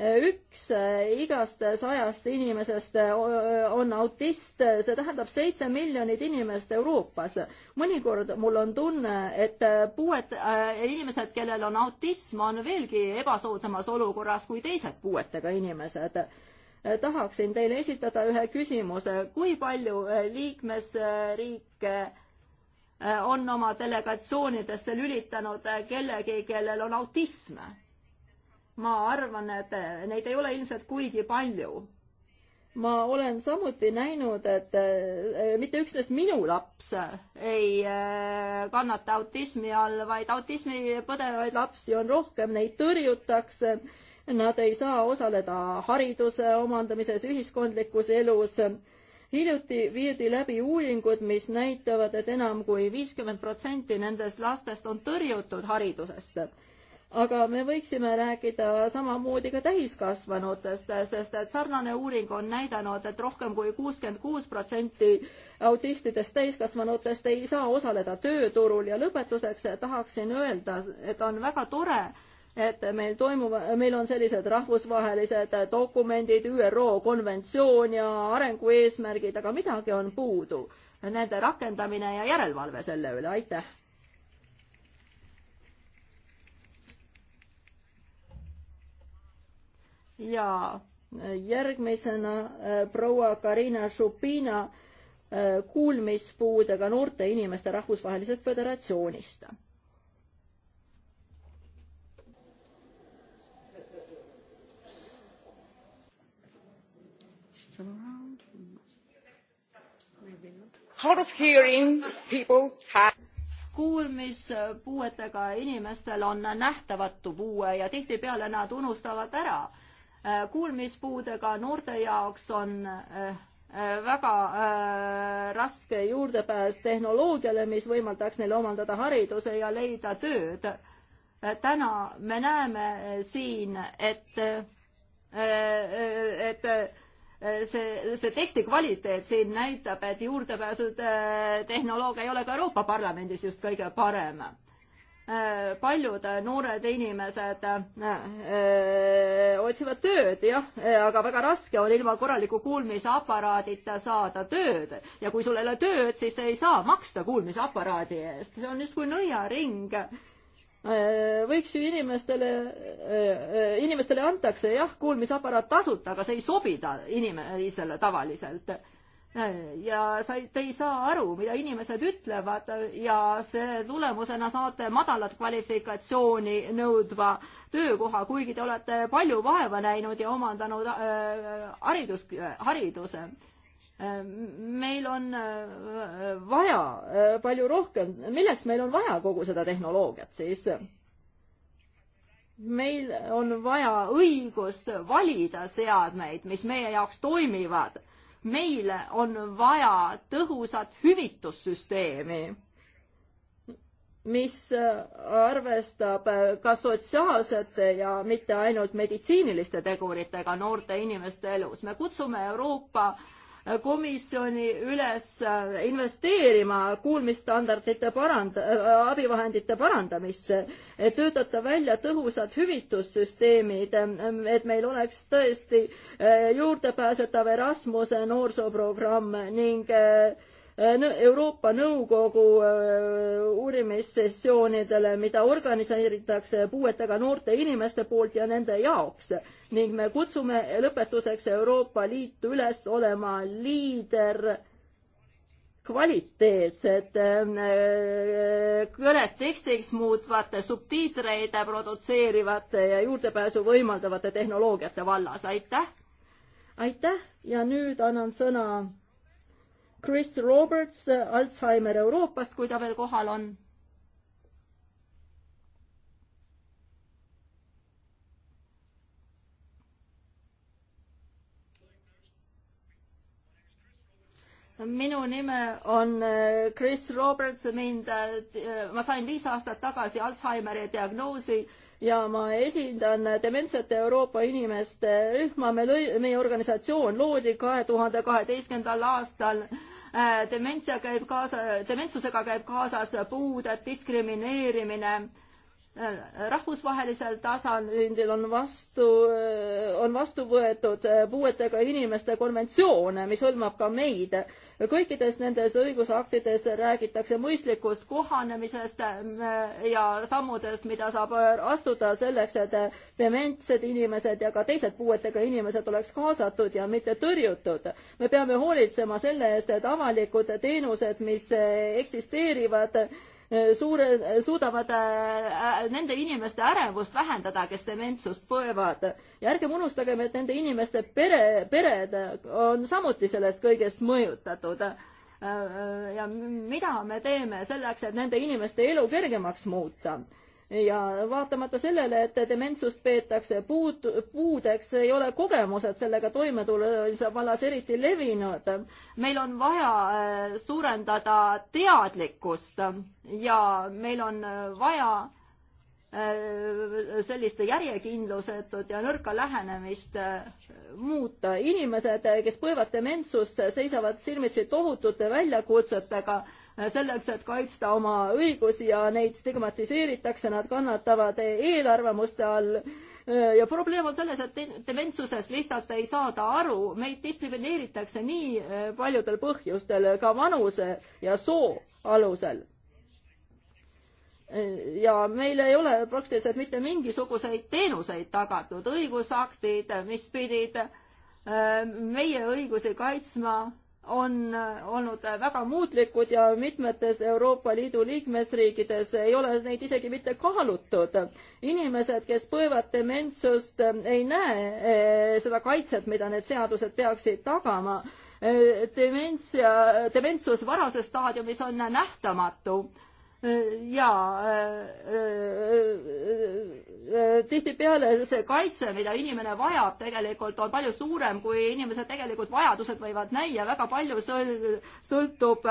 Speaker 1: üks äh, igast sajast inimesest äh, äh, on autist, see tähendab seitse miljonit inimest Euroopas. mõnikord mul on tunne, et puuet- äh,, inimesed, kellel on autism, on veelgi ebasoodsamas olukorras kui teised puuetega inimesed tahaksin teile esitada ühe küsimuse, kui palju liikmesriike Äh, on oma delegatsioonidesse lülitanud äh, kellegi, kellel on autism. ma arvan, et äh, neid ei ole ilmselt kuigi palju. ma olen samuti näinud, et mitte üksnes minu laps ei kannata autismi all, vaid autismi põdevaid lapsi on rohkem, neid tõrjutakse. Nad ei saa osaleda hariduse omandamises, ühiskondlikus elus hiljuti viidi läbi uuringud, mis näitavad, et enam kui viiskümmend protsenti nendest lastest on tõrjutud haridusest aga me võiksime rääkida samamoodi ka täiskasvanutest, sest et sarnane uuring on näidanud, et rohkem kui kuuskümmend kuus protsenti autistidest täiskasvanutest ei saa osaleda tööturul ja lõpetuseks tahaksin öelda, et on väga tore, et meil toimub, meil on sellised rahvusvahelised dokumendid, ÜRO konventsioon ja arengueesmärgid, aga midagi on puudu. Nende rakendamine ja järelevalve selle üle, aitäh. ja järgmisena äh, proua Karina Šupina äh, kuulmispuudega noorte inimeste rahvusvahelisest föderatsioonist hard of hearing people have kuulmispuuetega inimestel on nähtamatu puue ja tihtipeale nad unustavad ära. Äh, kuulmispuudega noorte jaoks on äh, äh, väga raske juurdepääs tehnoloogiale, mis võimaldaks neil omandada hariduse ja leida tööd. täna me näeme siin, et et Äh, see, see testi kvaliteet siin näitab, et juurdepääsutehnoloogia äh, ei ole ka Euroopa Parlamendis just kõige parem äh, paljud noored inimesed öö, otsivad tööd, jah, aga väga raske on ilma korraliku kuulmisaparaadita saada tööd. ja kui sul ei ole tööd, siis ei saa maksta kuulmisaparaadi eest, see on justkui nõiaring Äh, võiks ju inimestele, äh, äh, inimestele antakse jah, kuulmisaparaat tasuta, aga see ei sobi ta inimesele tavaliselt. ja sa ei, te ei saa aru, mida inimesed ütlevad ja see tulemusena saate madalat kvalifikatsiooni nõudva töökoha, kuigi te olete palju vaeva näinud ja omandanud äh, haridus, hariduse meil on äh, vaja äh, palju rohkem, milleks meil on vaja kogu seda tehnoloogiat siis? meil on vaja õigust valida seadmeid, mis meie jaoks toimivad. meil on vaja tõhusat hüvitussüsteemi, mis äh, arvestab ka sotsiaalsete ja mitte ainult meditsiiniliste teguritega noorte inimeste elus. me kutsume Euroopa äh, komisjoni üles äh, investeerima kuulmisstandardite parand-, äh, abivahendite parandamisse, et töötada välja tõhusad hüvitussüsteemid, äh, et meil oleks tõesti juurdepääsetav Erasmuse noorsooprogramm ning äh, Äh, Euroopa Nõukogu äh, uurimissessioonidele, mida organiseeritakse puuetega noorte inimeste poolt ja nende jaoks. ning me kutsume lõpetuseks Euroopa Liitu üles olema liider kvaliteetsed äh, kõned tekstiks muutvate, subtiitreid produtseerivate ja juurdepääsu võimaldavate tehnoloogiate vallas, aitäh! aitäh ja nüüd annan sõna Chris Roberts äh, Alzheimer Euroopast, kui ta veel kohal on. minu nime on äh, Chris Roberts, mind, äh, ma sain viis aastat tagasi Alzheimeri diagnoosi ja ma esindan dementsete Euroopa inimeste rühma, me lõi-, meie organisatsioon loodi kahe tuhande kaheteistkümnendal aastal äh, dementsia käib kaasa, dementsusega käib kaasas puuded, diskrimineerimine rahvusvahelisel tasandil on vastu, on vastu võetud puuetega inimeste konventsioon, mis hõlmab ka meid. kõikides nendes õigusaktides räägitakse mõistlikust kohanemisest ja sammudest, mida saab astuda selleks, et dementsed inimesed ja ka teised puuetega inimesed oleks kaasatud ja mitte tõrjutud. me peame hoolitsema selle eest, et avalikud teenused, mis eksisteerivad, suure, suudavad äh, nende inimeste ärevust vähendada, kes dementsust põevad. ja ärgem unustagem, et nende inimeste pere, pered on samuti sellest kõigest mõjutatud. Äh, äh, ja mida me teeme selleks, et nende inimeste elu kergemaks muuta? ja vaatamata sellele, et dementsust peetakse puud, puudeks, ei ole kogemused sellega toimetulemise vallas eriti levinud. meil on vaja äh, suurendada teadlikkust ja meil on äh, vaja äh, selliste järjekindlusetud ja nõrka lähenemist muuta. inimesed, kes põevad dementsust, seisavad silmitsi tohutute väljakutsetega Äh, selleks, et kaitsta oma õigusi ja neid stigmatiseeritakse, nad kannatavad eelarvamuste all äh, ja probleem on selles, et dementsuses lihtsalt ei saada aru, meid diskrimineeritakse nii äh, paljudel põhjustel, ka vanuse ja soo alusel. ja meil ei ole praktiliselt mitte mingisuguseid teenuseid tagatud, õigusaktid, mis pidid meie õigusi kaitsma on olnud väga muutlikud ja mitmetes Euroopa Liidu liikmesriikides ei ole neid isegi mitte kaalutud. inimesed, kes põevad dementsust, ei näe eh, seda kaitset, mida need seadused peaksid tagama. Eh, dements ja, dementsus varases staadiumis on nähtamatu ja äh, äh, äh, tihtipeale see kaitse, mida inimene vajab, tegelikult on palju suurem, kui inimese tegelikult vajadused võivad näia, väga palju sõltub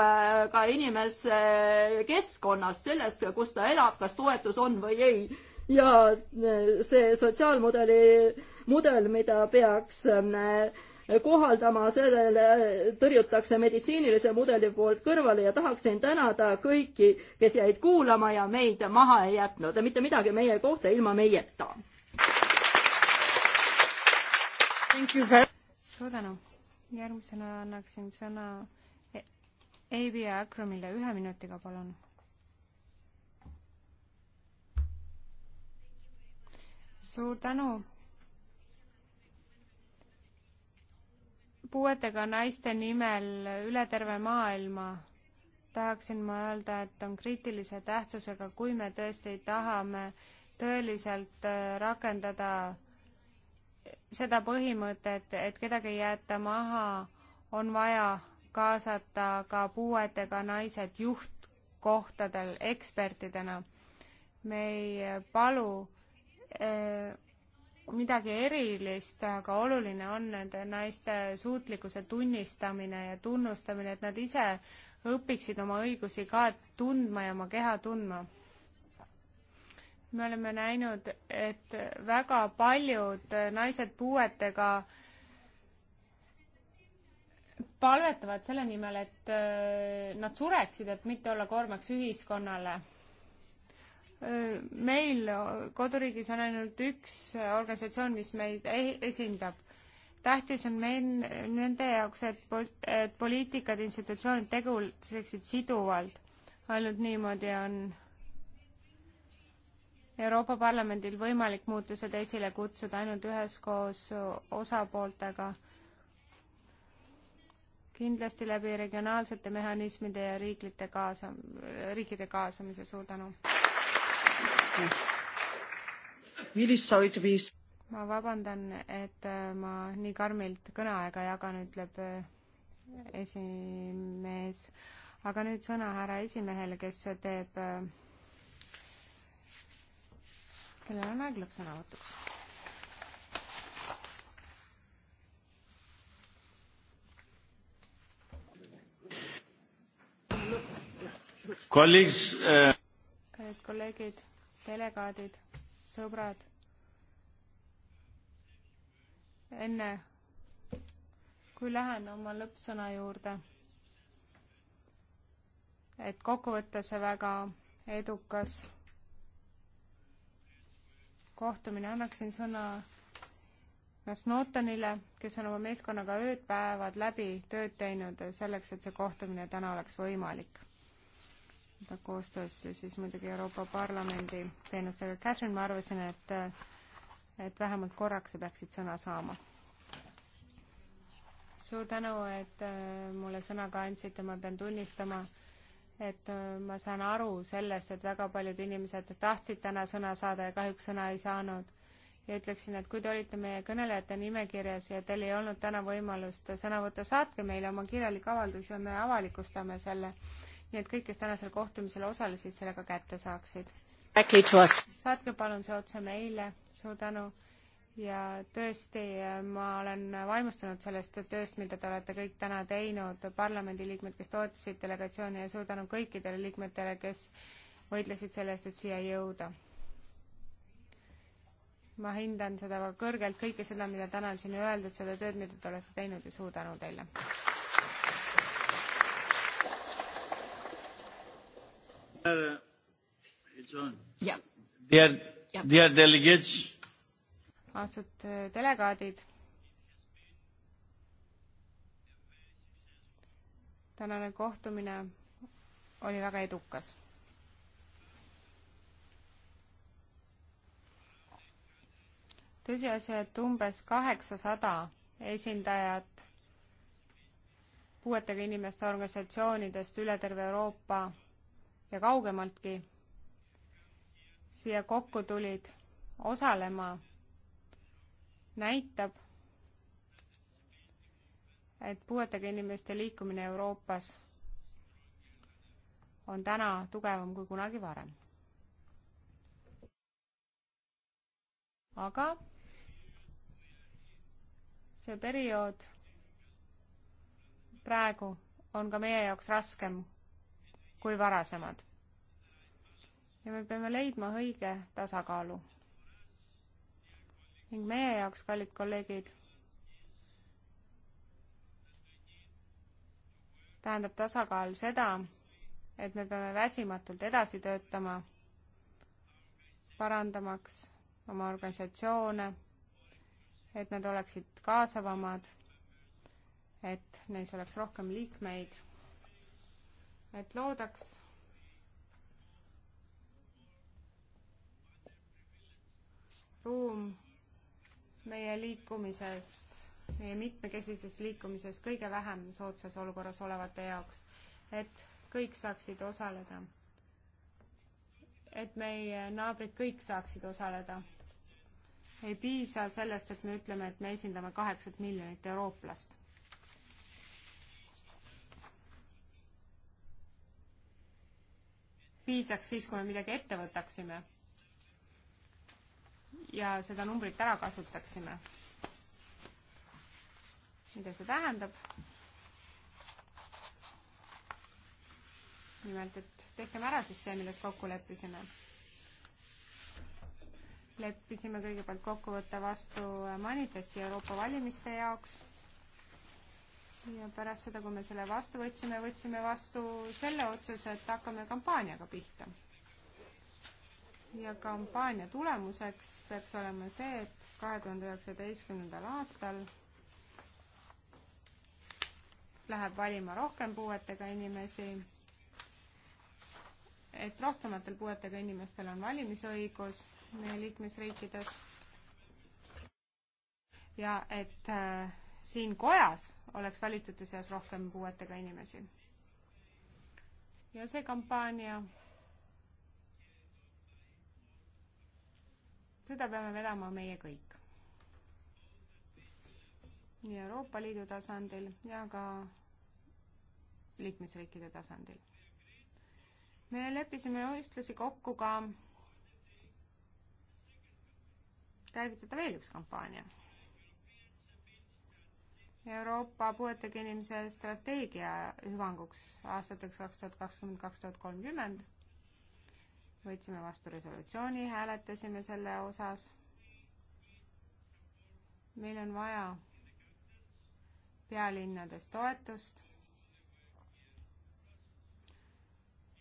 Speaker 1: ka inimese keskkonnast, sellest, kus ta elab, kas toetus on või ei. ja see sotsiaalmudeli mudel, mida peaks äh, kohaldama, sellele tõrjutakse meditsiinilise mudeli poolt kõrvale ja tahaksin tänada kõiki, kes jäid kuulama ja meid maha ei jätnud ja mitte midagi meie kohta ilma meieta.
Speaker 2: suur tänu. järgmisena annaksin sõna Eivi ja Akramile ühe minutiga, palun suur tänu, puuetega naiste nimel üle terve maailma tahaksin ma öelda, et on kriitilise tähtsusega, kui me tõesti tahame tõeliselt äh, rakendada seda põhimõtet, et kedagi ei jäeta maha, on vaja kaasata ka puuetega naised juhtkohtadel ekspertidena. me ei palu äh, midagi erilist, aga oluline on nende naiste suutlikkuse tunnistamine ja tunnustamine, et nad ise õpiksid oma õigusi ka tundma ja oma keha tundma. me oleme näinud, et väga paljud naised puuetega palvetavad selle nimel, et äh, nad sureksid, et mitte olla koormaks ühiskonnale meil koduriigis on ainult üks organisatsioon, mis meid e-, esindab. tähtis on meil nende jaoks, et, et poliitikad, institutsioonid tegutseksid siduvalt. ainult niimoodi on Euroopa Parlamendil võimalik muutused esile kutsuda ainult üheskoos osapooltega. kindlasti läbi regionaalsete mehhanismide ja riiklite kaasa, riikide kaasamise. suur tänu!
Speaker 1: Really sorry to be
Speaker 2: ma vabandan, et äh, ma nii karmilt kõneaega jagan, ütleb äh, esimees. aga nüüd sõna härra esimehele, kes teeb, äh, kellel on aeg lõppsõnavõtuks. kolleegid delegaadid, sõbrad, enne kui lähen oma lõppsõna juurde, et kokkuvõttes väga edukas kohtumine, annaksin sõna Snowtonile, kes on oma meeskonnaga ööd-päevad läbi tööd teinud selleks, et see kohtumine täna oleks võimalik seda koostöös siis muidugi Euroopa Parlamendi teenustega. Catherine, ma arvasin, et, et vähemalt korraks sa peaksid sõna saama. suur tänu, et äh, mulle sõna ka andsite, ma pean tunnistama, et äh, ma saan aru sellest, et väga paljud inimesed tahtsid täna sõna saada ja kahjuks sõna ei saanud ja ütleksin, et kui te olite meie kõnelejate nimekirjas ja teil ei olnud täna võimalust sõna võtta, saatke meile oma kirjalik avaldus ja me avalikustame selle nii et kõik, kes tänasel kohtumisel osalesid, selle ka kätte saaksid. saatke palun see otse meile, suur tänu ja tõesti, ma olen vaimustunud sellest tööst, mida te olete kõik täna teinud, parlamendiliikmed, kes toetasid delegatsiooni ja suur tänu kõikidele liikmetele, kes võitlesid selle eest, et siia jõuda. ma hindan seda kõrgelt, kõike seda, mida täna on siin öeldud, seda tööd, mida te olete teinud ja suur tänu teile! austatud äh, delegaadid. tänane kohtumine oli väga edukas. tõsiasi, et umbes kaheksasada esindajat puuetega inimeste organisatsioonidest üle terve Euroopa ja kaugemaltki siia kokku tulid osalema, näitab, et puuetega inimeste liikumine Euroopas on täna tugevam kui kunagi varem. aga see periood praegu on ka meie jaoks raskem kui varasemad. ja me peame leidma õige tasakaalu. ning meie jaoks, kallid kolleegid, tähendab tasakaal seda, et me peame väsimatult edasi töötama, parandamaks oma organisatsioone, et nad oleksid kaasavamad, et neis oleks rohkem liikmeid et loodaks ruum meie liikumises, meie mitmekesises liikumises kõige vähem soodsas olukorras olevate jaoks, et kõik saaksid osaleda. et meie naabrid kõik saaksid osaleda. ei piisa sellest, et me ütleme, et me esindame kaheksat miljonit eurooplast. piisaks siis, kui me midagi ette võtaksime ja seda numbrit ära kasutaksime. mida see tähendab? nimelt, et tehkem ära siis see, milles kokku leppisime. leppisime kõigepealt kokku võtta vastu manifesti Euroopa valimiste jaoks ja pärast seda, kui me selle vastu võtsime, võtsime vastu selle otsuse, et hakkame kampaaniaga pihta. ja kampaania tulemuseks peaks olema see, et kahe tuhande üheksateistkümnendal aastal läheb valima rohkem puuetega inimesi, et rohkematel puuetega inimestel on valimisõigus meie liikmesriikides ja et äh, siin kojas oleks valitute seas rohkem puuetega inimesi. ja see kampaania, seda peame vedama meie kõik. nii Euroopa Liidu tasandil ja ka liikmesriikide tasandil. me leppisime ühtlasi kokku ka käivitada veel üks kampaania Euroopa puuetega inimese strateegia hüvanguks aastateks kaks tuhat kakskümmend, kaks tuhat kolmkümmend. võtsime vastu resolutsiooni, hääletasime selle osas. meil on vaja pealinnades toetust.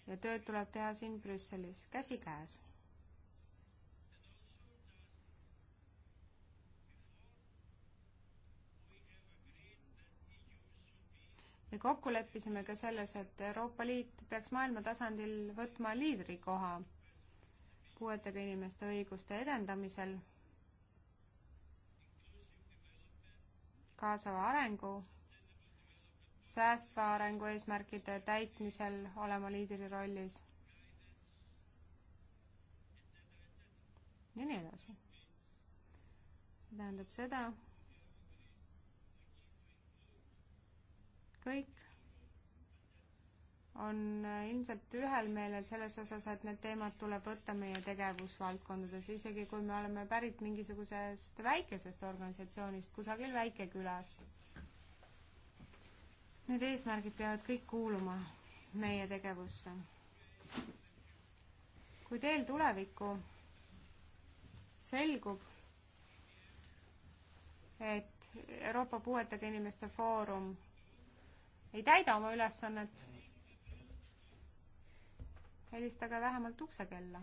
Speaker 2: ja tööd tuleb teha siin Brüsselis käsikäes me kokku leppisime ka selles, et Euroopa Liit peaks maailma tasandil võtma liidrikoha puuetega inimeste õiguste edendamisel, kaasava arengu, säästva arengu eesmärkide täitmisel olema liidri rollis ja nii edasi. see tähendab seda, kõik on äh, ilmselt ühel meelel selles osas, et need teemad tuleb võtta meie tegevusvaldkondades, isegi kui me oleme pärit mingisugusest väikesest organisatsioonist kusagil väikekülast. Need eesmärgid peavad kõik kuuluma meie tegevusse. kui teel tulevikku selgub, et Euroopa Puuetega Inimeste Foorum ei täida oma ülesannet, helistage vähemalt uksekella.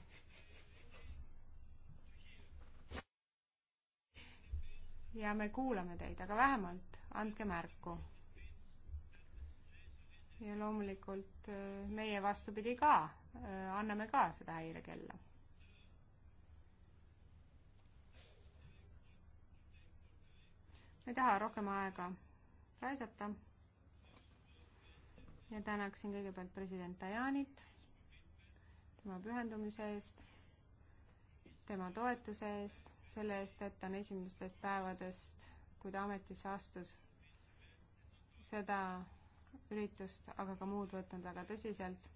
Speaker 2: ja me kuulame teid, aga vähemalt andke märku. ja loomulikult äh, meie vastupidi ka, äh, anname ka seda häirekella ei taha rohkem aega raisata ja tänaksin kõigepealt president Tajanit tema pühendumise eest, tema toetuse eest, selle eest, et ta on esimestest päevadest, kui ta ametisse astus, seda üritust, aga ka muud võtnud väga tõsiselt.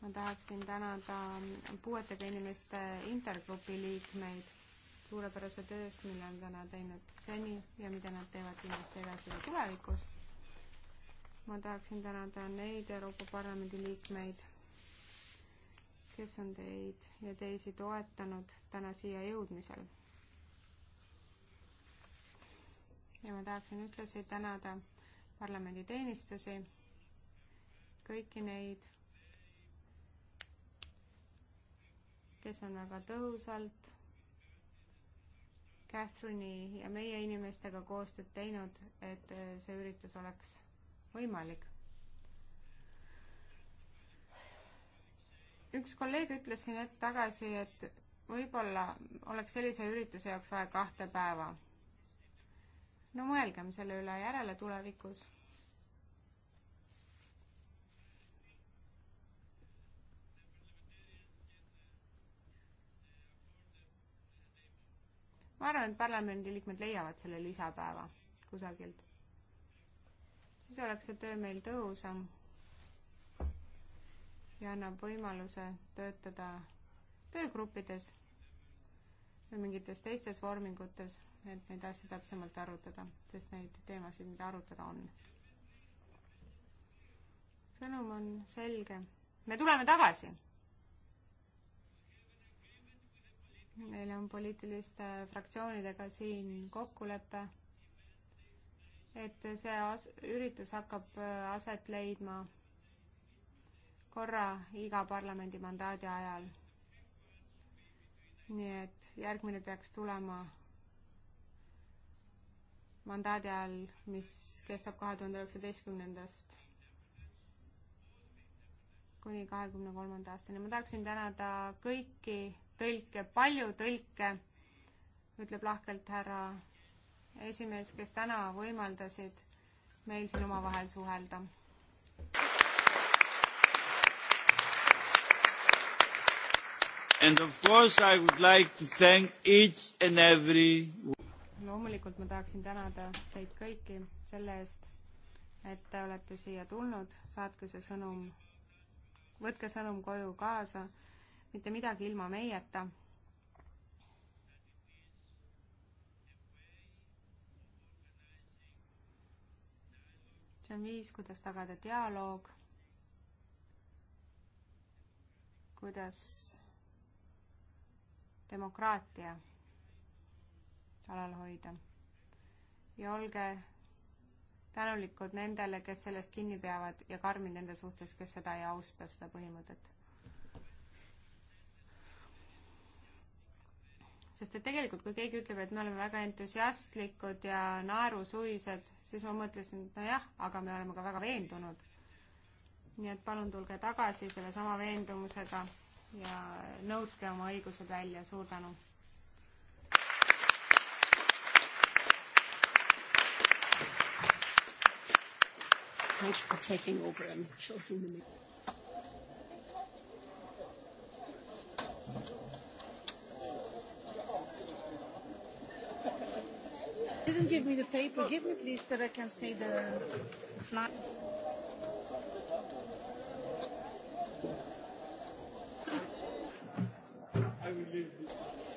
Speaker 2: ma tahaksin tänada puuetega inimeste intergrupi liikmeid suurepärase tööst, mille on täna teinud seni ja mida nad teevad kindlasti edasi ka tulevikus ma tahaksin tänada neid Euroopa Parlamendi liikmeid, kes on teid ja teisi toetanud täna siia jõudmisel. ja ma tahaksin ühtlasi tänada parlamendi teenistusi, kõiki neid, kes on väga tõhusalt Catherine'i ja meie inimestega koostööd teinud, et eh, see üritus oleks võimalik. üks kolleeg ütles siin hetk tagasi, et võib-olla oleks sellise ürituse jaoks vaja kahte päeva. no mõelgem selle üle järele tulevikus ma arvan, et parlamendiliikmed leiavad selle lisapäeva kusagilt siis oleks see töö meil tõhusam ja annab võimaluse töötada töögruppides või mingites teistes vormingutes, et neid asju täpsemalt arutada, sest neid teemasid, mida arutada on. sõnum on selge. me tuleme tagasi. meil on poliitiliste fraktsioonidega siin kokkulepe et see as-, üritus hakkab äh, aset leidma korra iga parlamendi mandaadi ajal. nii et järgmine peaks tulema mandaadi ajal, mis kestab kahe tuhande üheksateistkümnendast kuni kahekümne kolmanda aastani. ma tahaksin tänada kõiki tõlke, palju tõlke, ütleb lahkelt härra esimees, kes täna võimaldasid meil siin omavahel suhelda.
Speaker 4: And of course I would like to thank each and every
Speaker 2: loomulikult ma tahaksin tänada teid kõiki selle eest, et te olete siia tulnud, saatke see sõnum, võtke sõnum koju kaasa, mitte midagi ilma meieta see on viis, kuidas tagada dialoog, kuidas demokraatia alal hoida. ja olge tänulikud nendele, kes sellest kinni peavad ja karmid nende suhtes, kes seda ei austa, seda põhimõtet sest et tegelikult, kui keegi ütleb, et me oleme väga entusiastlikud ja naerusuised, siis ma mõtlesin, et nojah, aga me oleme ka väga veendunud. nii et palun tulge tagasi sellesama veendumusega ja nõudke oma õigused välja, suur tänu.
Speaker 1: Thank you for taking over and choosing the meeting. the paper? Give me, please, that I can see the flag.
Speaker 4: I will leave this.